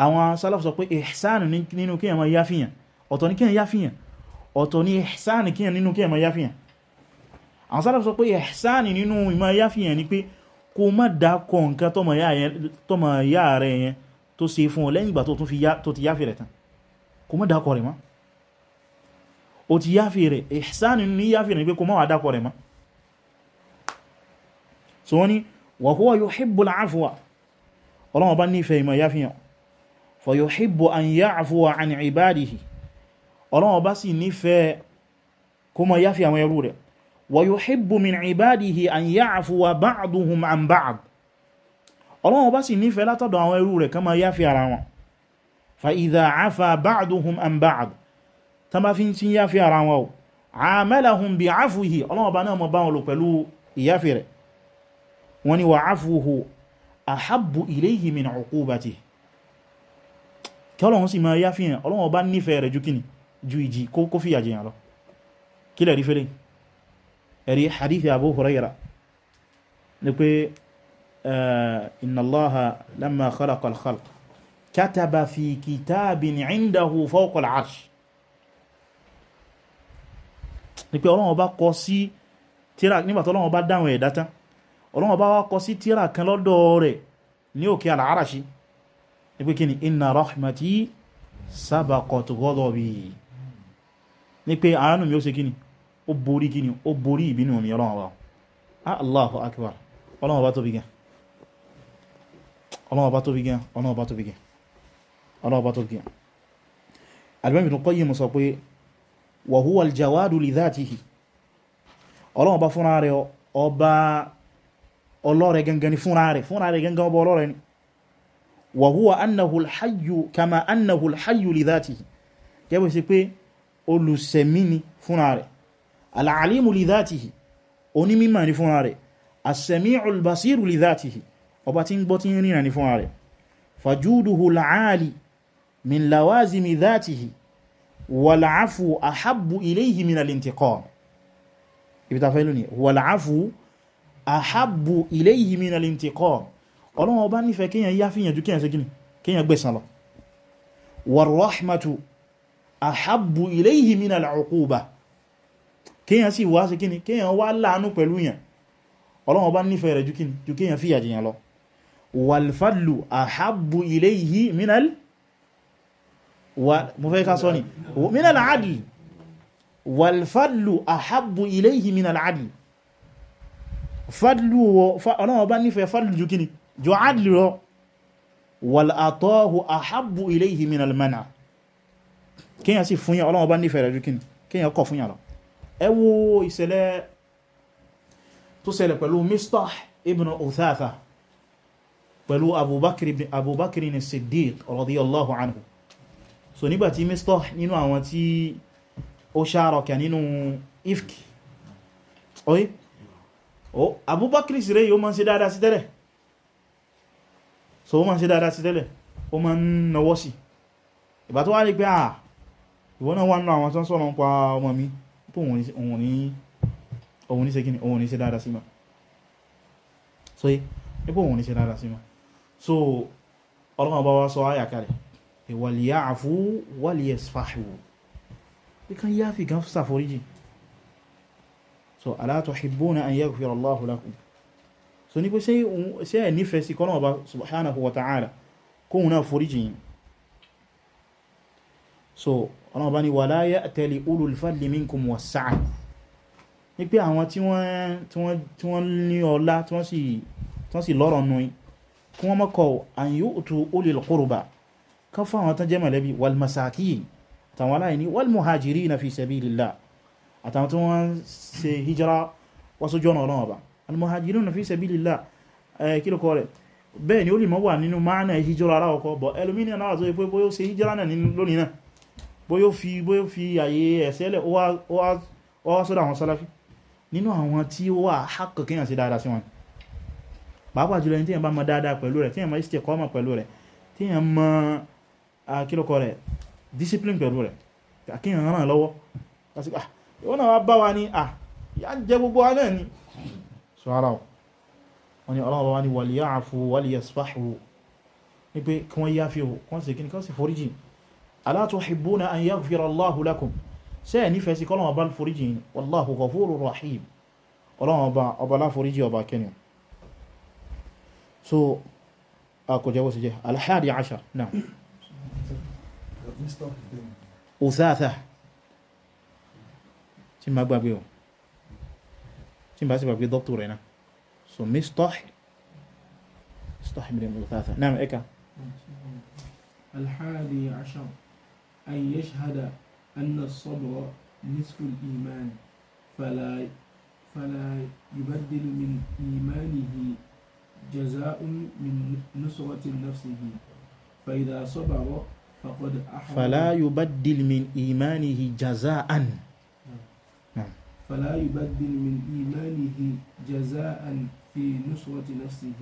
àwọn salaf sọ pé ihsan nínú kí ẹ máa yáfìyàn ọ̀tọ̀ ní kí ẹ yáfìyàn ọ̀tọ̀ ní ihsan kí ẹ nínú kí ẹ máa yáfìyàn àwọn salaf sọ pé ihsan nínú ìmọ̀ yáfìyàn ni pé o ti yáfì rẹ̀ ihsan ní yáfì rẹ̀ pé kó máa dákọ̀ rẹ̀ ma so wọ́n ni wa huwa yuhibbu al-afwa ọlọ́wọ́ bá nífẹ̀ẹ́ ìmọ̀ yáfihàn fa yuhibbu an ya'fuwa an ibadihi ọlọ́wọ́ bá sì nífẹ̀ẹ́ kó máa yáfì àwọn ẹrú rẹ̀ wa yuhibbu min ibadihi an ya'fuwa ba'duhum an ba'd ọlọ́wọ́ bá sì tán bá fi ń tí yáfẹ́ ara wọn o amalahum bi afuhi ọlọ́wọ́ bá náà mọ̀ bá wọn lò pẹ̀lú ìyáfẹ́ rẹ̀ wọ́n ni wà afuhu ahabbu ilayhi min uqubati kí ọlọ́wọ́n sì máa yáfẹ́ yẹn ọlọ́wọ́ bá rẹ̀ ju kíni ju ìjì kó fìyà jẹyàn lọ kí lẹ̀ rí fẹ́lẹ̀ ẹ̀rí hadithi Abu Hurairah ni pé inna Allaha lamma khalaqa al-khalq kataba fi kitabin indahu fawqa al-arsh ni pé ọlọ́run ọba kọ sí tíra nígbà tó ọlọ́run ọba dáhùn ẹ̀dá tán ọlọ́run ọba wá kọ sí tíra kan lọ́dọ̀ rẹ̀ ní òkè àlàáràṣí ni pé kí ni inna rahmati sabaqat ghadabi ni pé àánú mi ó ṣe kí ni ó borí kí ni ó borí ìbínú mi ọlọ́run ọba ah, Allahu akbar ọlọ́run ọba tóbi gan ọlọ́run ọba tóbi gan ọlọ́run ọba tóbi gan ọlọ́run ọba tóbi gan Al-Imam Ibn sọ pé wa huwa al-jawadu li dhatihi ọlọ́run bá fúnra rẹ̀ ọba ọlọ́rẹ̀ gangan ni fúnra rẹ̀ fúnra rẹ̀ gangan ọba ọlọ́rẹ̀ ni wa huwa annahu al-hayyu kama annahu al-hayyu li dhatihi gẹ́bẹ̀ sí pé olùsẹ̀mí ni fúnra rẹ̀ al-alimu li dhatihi onímímọ̀ ni fúnra rẹ̀ as-sami'u li dhatihi ọba tí ń gbọ́ tí ń rìnà ni fúnra rẹ̀ fajuduhu al min lawazimi dhatihi wàlàáfù ahabbu ilayhi min al-intiqam ibi ta fẹ́ lónìí wàlàáfù ahabbu ilayhi min al-intiqam ọlọ́run ọba nífẹ̀ẹ́ kíyàn yá fíyàn jù kíyàn sí gíní kíyàn gbẹ̀sàn lọ warrahmatu ahabbu ilayhi min al-uquba kíyàn sì wá sí gíní kíyàn wá láàánú pẹ̀lú yàn ọlọ́run ọba mo fẹ́ ká sọ ní mina al-adl wal-fadlu ahabbu ilayhi mina al-adl fadlu ọ̀nà ọba nífẹ̀ẹ́ fadlu jù kíni jù adl rọ wal-atahu ahabbu ilayhi mina al-mana kíyàn sí fún yàn ọlọ́run ọba nífẹ̀ẹ́ rẹ̀ jù kíni kíyàn kọ̀ fún yàn lọ ẹ wo tó ṣẹlẹ̀ pẹ̀lú Mistah ibn Uthatha pẹ̀lú Abu ibn siddiq radiyallahu anhu so nígbàtí Mistah nínú àwọn tí ó ṣáraka nínú ifk oye o Abubakar sí rẹ̀ yíó ma ń ṣe dáadáa sí tẹ́lẹ̀ so ó ma ń ṣe dáadáa sí tẹ́lẹ̀ ó ma ń nawọ́ sí ìbá tó wá rí pé à ìwọ náà wà nínú àwọn tó ń sọ̀rọ̀ pa ọmọ mi so yí pé òun ní ṣe dáadáa sí ma wàlìyàáfú wàlìyàsfáhù bí kan yá fi gan sàforíjì so ala tuhibbuna an yaghfira Allahu lakum so ní pé ṣé ẹ̀ nífẹ̀ẹ́ sí kọ́nà ọba subhanahu wa ta'ala kóhun náà foríjì yìí so ọ̀nà ọba ni wala ya'tali ulul fadli minkum was-sa'a ní pé àwọn tí wọ́n ní kan fún àwọn tán jẹ́ mọ̀lẹ́bí wal masakin àtàwọn aláìní wal muhajirina fi sabilillah àtàwọn tí wọ́n ṣe hijira wọ́sọ́ jọ́nà ọlọ́run ọba al muhajirina fi sabilillah kílùkọ́ rẹ̀ bẹ́ẹ̀ ni ó lè mọ́ wà nínú máàna hijira ara ọkọ̀ bọ̀ ẹlòmínì náà tó pé bóyó ṣe hijira náà lónìí náà bóyó fi bóyó fi àyè ẹ̀sẹ́lẹ̀ ó wá sọ́dọ̀ àwọn sálafí nínú àwọn tí ó wà hákọ̀ kéèyàn sí dáadáa sí wọn pàápàá jùlọ ní téèyàn bá mọ dáadáa pẹ̀lú rẹ̀ téèyàn mọ ìsìtẹ̀kọ́ mọ̀ pẹ̀lú rẹ̀ téèyàn mọ kílòkọ rẹ̀ discipline pẹ̀lú rẹ̀ àkíyàn ràn lọ́wọ́ lásìkò ìwọ́n náà wá bá wa ní à yá jẹ gbogbo wa náà ni so ara ọ̀ wọ́n ni ọlọ́wọ́ wa ni waliya'fu waliyasfahu ní pé kí wọ́n yáfi o kọ́n sì kíni kọ́n sì foríjì ala tuhibbuna an yaghfira Allahu lakum ṣé ẹ̀ nífẹ̀ẹ́ sí kọ́lọ́wọ́ bá foríjì ọba òsáàsá tí ma gbàgbé o tí ma sì gbàgbé dọ́kítọ̀ rẹ̀ náà so mistah mistah ibn ẹka الحادي عشر أن يشهد أن الصبر نصف الإيمان فلا فلا يبدل من إيمانه جزاء من نصرة نفسه فإذا صبر فلا يبدل من إيمانه جزاء نعم فلا يبدل من إيمانه جزاء في نصرة نفسه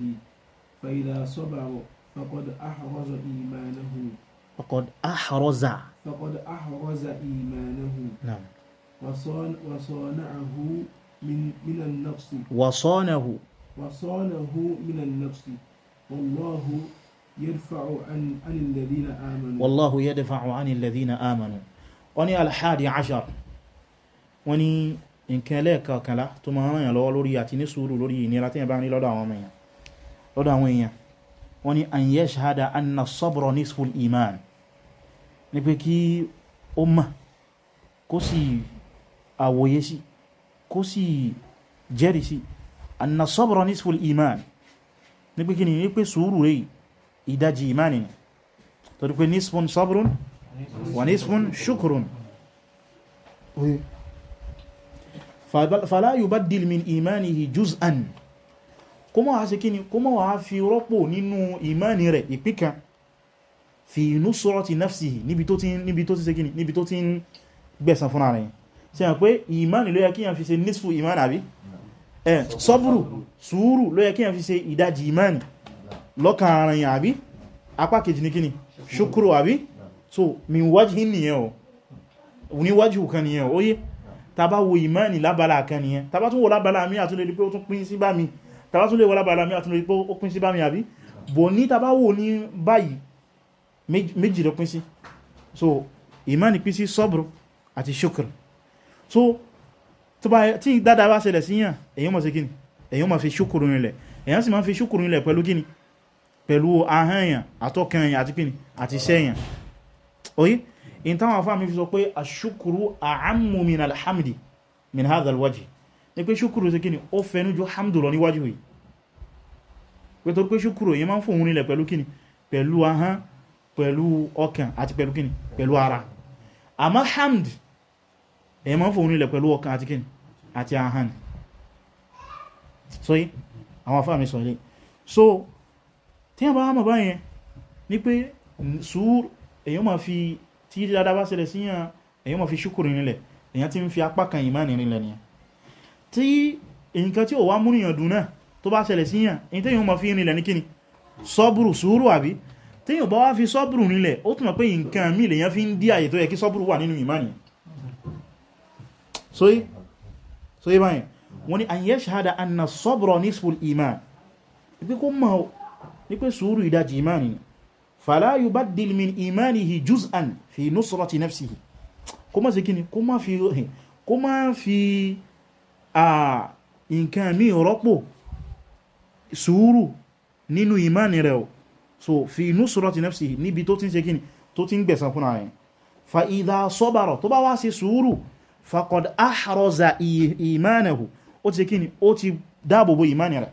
فإذا صبر فقد أحرز إيمانه فقد أحرز فقد أحرز إيمانه نعم وصان وصانعه من من النفس وصانه وصانه من النفس والله يدفع عن عن الذين آمنوا والله يدفع عن الذين آمنوا وني الحادي عشر وني nǹkan ẹlẹ́ẹ̀kọ̀ọ̀kànlá tó máa ràn yàn lọ́wọ́ lórí àti ní sùúrù lórí ìnira tí yàn bá ní lọ́dọ̀ àwọn èèyàn lọ́dọ̀ àwọn èèyàn wọ́n ní an yashhada anna sabra nisful iman ní pé kí ó mọ̀ kó sì àwòye sí kó sì jẹ́rìí sí anna sabra nisful iman ní pé kí ni ní pé sùúrù rèé ìdajì ìmáni ni torí pé nisfun sabrun wà nisfun shukurun fala yubaddil min imanihi juz'an kó mọ́ wá sí kí ni kó mọ́ wá fi rọ́pò nínú ìmáni rẹ̀ ìpíkan fi nusrati nafsihi níbi tó ti níbi tó ti ṣe kí ni níbi tó ti ń gbẹ̀san fúnra rẹ̀ ṣe hàn pé ìmáni ló yẹ kí yàn fi ṣe nisfu ìmáni àbí ẹ̀ sọ́bùrù sùúrù ló yẹ kí yàn fi ṣe ìdajì ìmáni lọ́kàn ara yàn àbí apá kejì ní kíni ṣúkúrò àbí so min wájì nìyẹn o ní wájì kan nìyẹn ó yé tàbá wo ìmáàni lábala kan nìyẹn tàbá tún wo lábala mi àtúnlẹ̀ pé ó tún pín sí bá mi tàbá tún lè wo lábala mi àtúnlẹ̀ pé ó pín sí bá mi àbí bò ní tàbá wo ní báyìí méjì ló pín sí so ìmáàni pín sí sọ́bùrù àti ṣúkúrò so tí dáadáa bá ṣẹlẹ̀ síyàn èyàn mọ̀ sí kíni èyàn mọ̀ fi ṣúkúrò nílẹ̀ èyàn sì máa fi ṣúkúrò nílẹ̀ pẹ̀lú kíni pẹ̀lú ahányàn àtọ́kẹ̀yàn àti kíni àti sẹ́yàn oyi in táwọn afá mi fi sọ pé aṣúkúrú a'ammu min alhamdi min hadha alwaji ni pé ṣúkúrú sí kíni ó fẹ́nu jù hamdu lọ níwájú yìí pé torí pé ṣúkúrú yìí máa ń fòun nílẹ̀ pẹ̀lú kíni pẹ̀lú ahán pẹ̀lú ọkàn àti pẹ̀lú kíni pẹ̀lú ara àmọ́ hamd èyí máa ń fòun nílẹ̀ pẹ̀lú ọkàn àti kíni àti ahán so yí àwọn afá mi sọ ilé so tí a bá mọ̀ báyẹn ní pé sùúr èyàn ma fi tí dáadáa bá ṣẹlẹ̀ sí yàn èyàn ma fi ṣúkúrù nílẹ̀ èyàn ti ń fi apá kan ìmánì nílẹ̀ nìyàn tí nǹkan tí ò wá múnìyàn dùn náà tó bá ṣẹlẹ̀ sí yàn wọ́n ni an yashhada anna sabra nisful iman ìpínkó mọ̀ ní pé sùúrù ìdajì ìmáni ni fala yubaddil min imanihi juz'an fi nusrati nafsihi kó má ṣe kíni kó má fi eh, kó má fi à nǹkan mí rọ́pò sùúrù nínú ìmáni rẹ̀ so fi nusrati nafsihi níbi tó ti ń ṣe kíni tó ti ń gbẹ̀san fún ààrẹ fa idha sabara tó bá wá ṣe sùúrù faqad ahraza imanahu ó ti kíni ó ti dáàbòbò ìmáni rẹ̀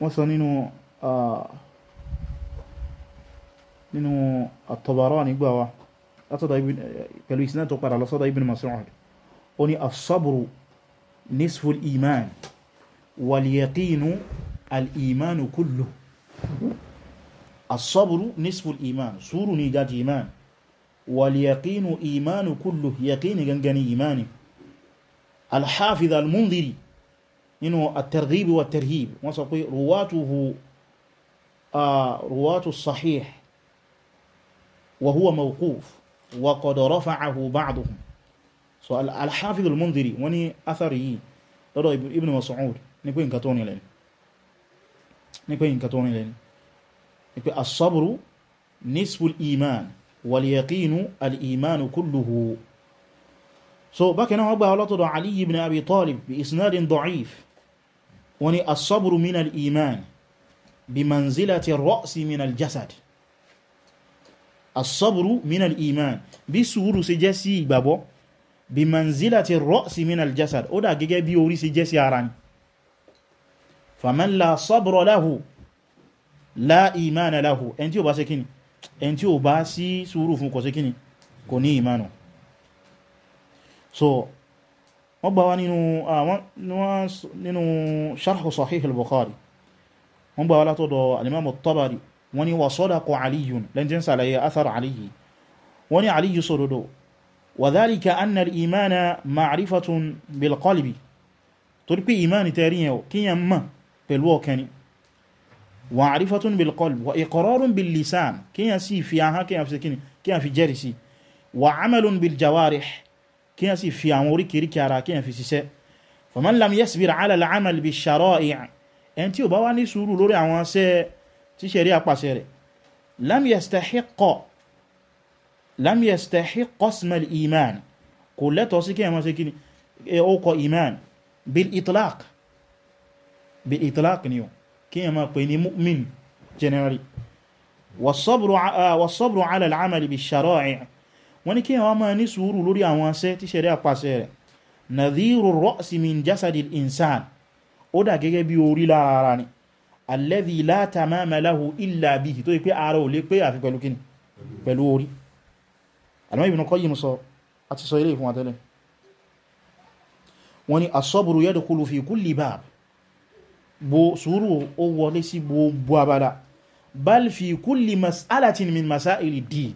مثلا انه آه انه الطبراني بوا اتضى ابن قالوا يسنات وقال على صدى ابن مسعود اني الصبر نصف الايمان واليقين الايمان كله الصبر نصف الايمان صور نجاج ايمان واليقين ايمان كله يقين جنجني ايماني الحافظ المنذري nínú at-targhib wa at-tarhib wọ́n sọ pé ruwatuhu ruwatu sahih wa huwa mawquf wa qad rafa'ahu ba'duhum so al-hafiz al-mundhiri wọ́n ní athari yìí lọ́dọ̀ ibn mas'ud ní pé nǹkan tó ní lẹ́ni ní pé nǹkan tó ní lẹ́ni ní pé as-sabru nisful iman wal yaqinu al-iman kulluhu so bákan gbà ọlọ́tọ̀dọ̀ ali ibn abi talib bi isnadin da'if wọ́n ni asọ́bùrù minal iman bí manzilati rọ́ọ̀sí minal jasad asọ́bùrù minal iman bí sùúrù sí jẹ́ sí ìgbàgbọ́ bí manzilati rọ́ọ̀sí minal jasad ó dà gẹ́gẹ́ bí orí sí jẹ́ sí ara ni faman la sọ́bùrọ̀ láhù la láhù ẹn tí ó bá ṣe kíni ẹn tí ó bá sí sùúrù fún kò ṣe kíni kò ní ìmánu so wọ́n gbà wá nínú sharhu sahih al-bukhari wọ́n gbà wá látọ̀dọ̀ alimamu tabari wọ́n ni wà sadaqa aliyun lẹ́ntín sàlàyé athar aliyi wọ́n ni aliyu sódodo wa dhalika anna al-imana ma'rifatun bil-qalbi torí pé imani tẹ́rí yẹn kíyàn mọ̀ pẹ̀lú ọkẹni wa ma'rifatun bil kí yẹn sì fi àwọn oríkèríkè ara kí yẹn fi ṣiṣẹ́ faman lam yasbir ala al-amal bish-shara'i' ẹni tí ò bá wá ní sùúrù lórí àwọn ṣẹ́ tí ṣe rí apàṣẹ rẹ̀ lam yastahiqqa lam yastahiqqa ism al-iman kò wọ́n ní kí wọ́n máa ní sùúrù lórí àwọn iṣẹ́ tí ṣẹ̀rẹ́ àpàṣẹ rẹ̀ nadhiru rọ́ọ̀sì min jasadil insan ó dà gẹ́gẹ́ bí orí lára ara ni alladhi la tamama lahu illa bihi tó yí pé ara ò lè pé àfi pẹ̀lú kíni pẹ̀lú orí Al-Imam Ibn Qayyim sọ àti sọ ilé ìfún àtẹ́lẹ̀ wọ́n ni as-sabru yadkhulu fi kulli bab bo sùúrù ó wọlé sí gbogbo abala bal fi kulli mas'alatin min masaili din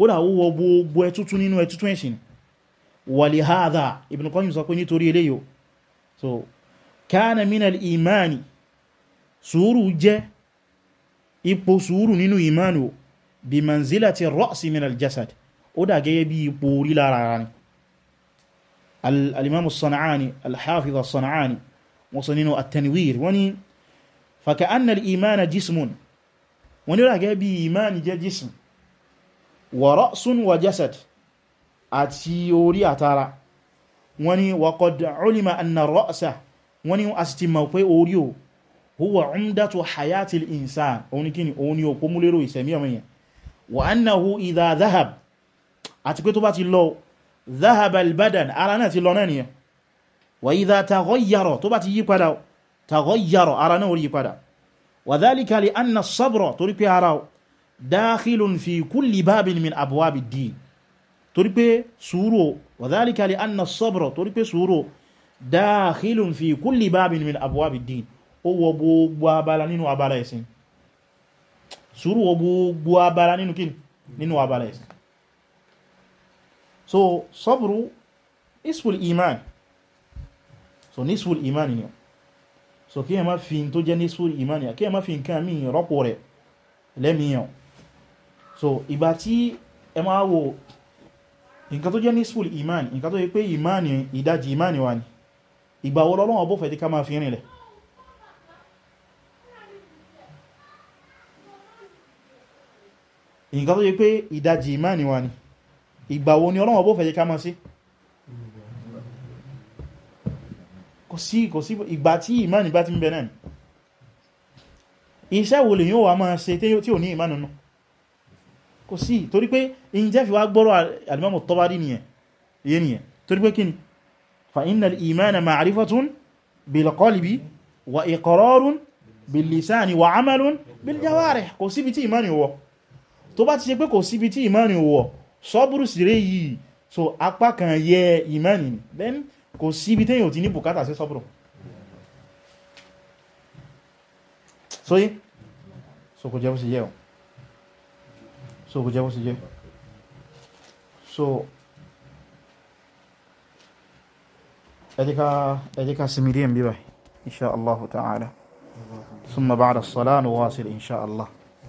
kódà ó wọ gbogbo ẹtútú nínú ẹtútú ẹ̀sìn wàlìháàdà Ibn Qayyim sọ pé nítorí eléyò so kana minal imani sùúrù jẹ́ ipò sùúrù nínú imani o bí manzilati rọ́ọ̀sì minal jasad ó dà gẹ́gẹ́ bí ipò orí lára ara ni al-imam as-sana'ani al-hafiz as-sana'ani wa ra'sun wa jasad àti orí àtara wọ́n ni wa qad ulima anna ra'sa wọ́n ni a sì ti mọ̀ pé orí o huwa umdatu hayatil insan òun ni kíni òun ni òpó múlérò ìsẹ̀mí ọmọ èèyàn wa annahu idha dhahab àti pé tó bá ti lọ dhahaba albadan ara náà ti lọ náà nìyẹn wa idha taghayyara tó bá ti yí padà taghayyara ara náà orí yí padà wa dhalika li anna sabra torí pé ara dáhìlùn fi kulli bábin min abwabi din torí pé sùúrù wa dhalika li anna sabra torí pé sùúrù dáhìlùn fi kulli bábin min abwabi din ó wọ gbogbo abala nínú abala ẹ̀sìn sùúrù wọ gbogbo abala nínú kí nínú abala ẹ̀sìn so sabru isful iman so nisful iman ni so kí ẹ má fi tó jẹ́ nisful iman ni kí ẹ má fi nǹkan mí rọ́pò rẹ̀ lẹ́mìíyàn so ìgbà tí ẹ máa wo nǹkan tó jẹ́ nisful iman nǹkan tó yẹ pé imani ìdajì imani wa ni ìgbà wo lọ́lọ́wọ́ bó fẹ́ tí ká máa fi rìnlẹ̀ nǹkan tó yẹ pé ìdajì imani wa ni ìgbà wo ni ọlọ́wọ́ bó fẹ́ tí ká máa sí iṣẹ́ wo lè yóò wà máa ṣe tí ò ní imani náà kò sí torí pé in jẹ́ fi wá gbọ́rọ̀ alimamu Tabari nìyẹn yé nìyẹn torí pé kíni fa innal imana ma'rifatun bil qalbi wa iqrarun bil lisani wa amalun bil jawarih kò síbi so apá kan yẹ imani then kò síbi tí yóò ti ní so yí so jẹ́ bó ṣe yẹ o so kò jẹ́ bó ṣe jẹ́ so ẹ jẹ́ ká sinmi díẹ̀ bí báyìí inṣáàlá ta'ala ثم بعد الصلاة نواصل إن شاء الله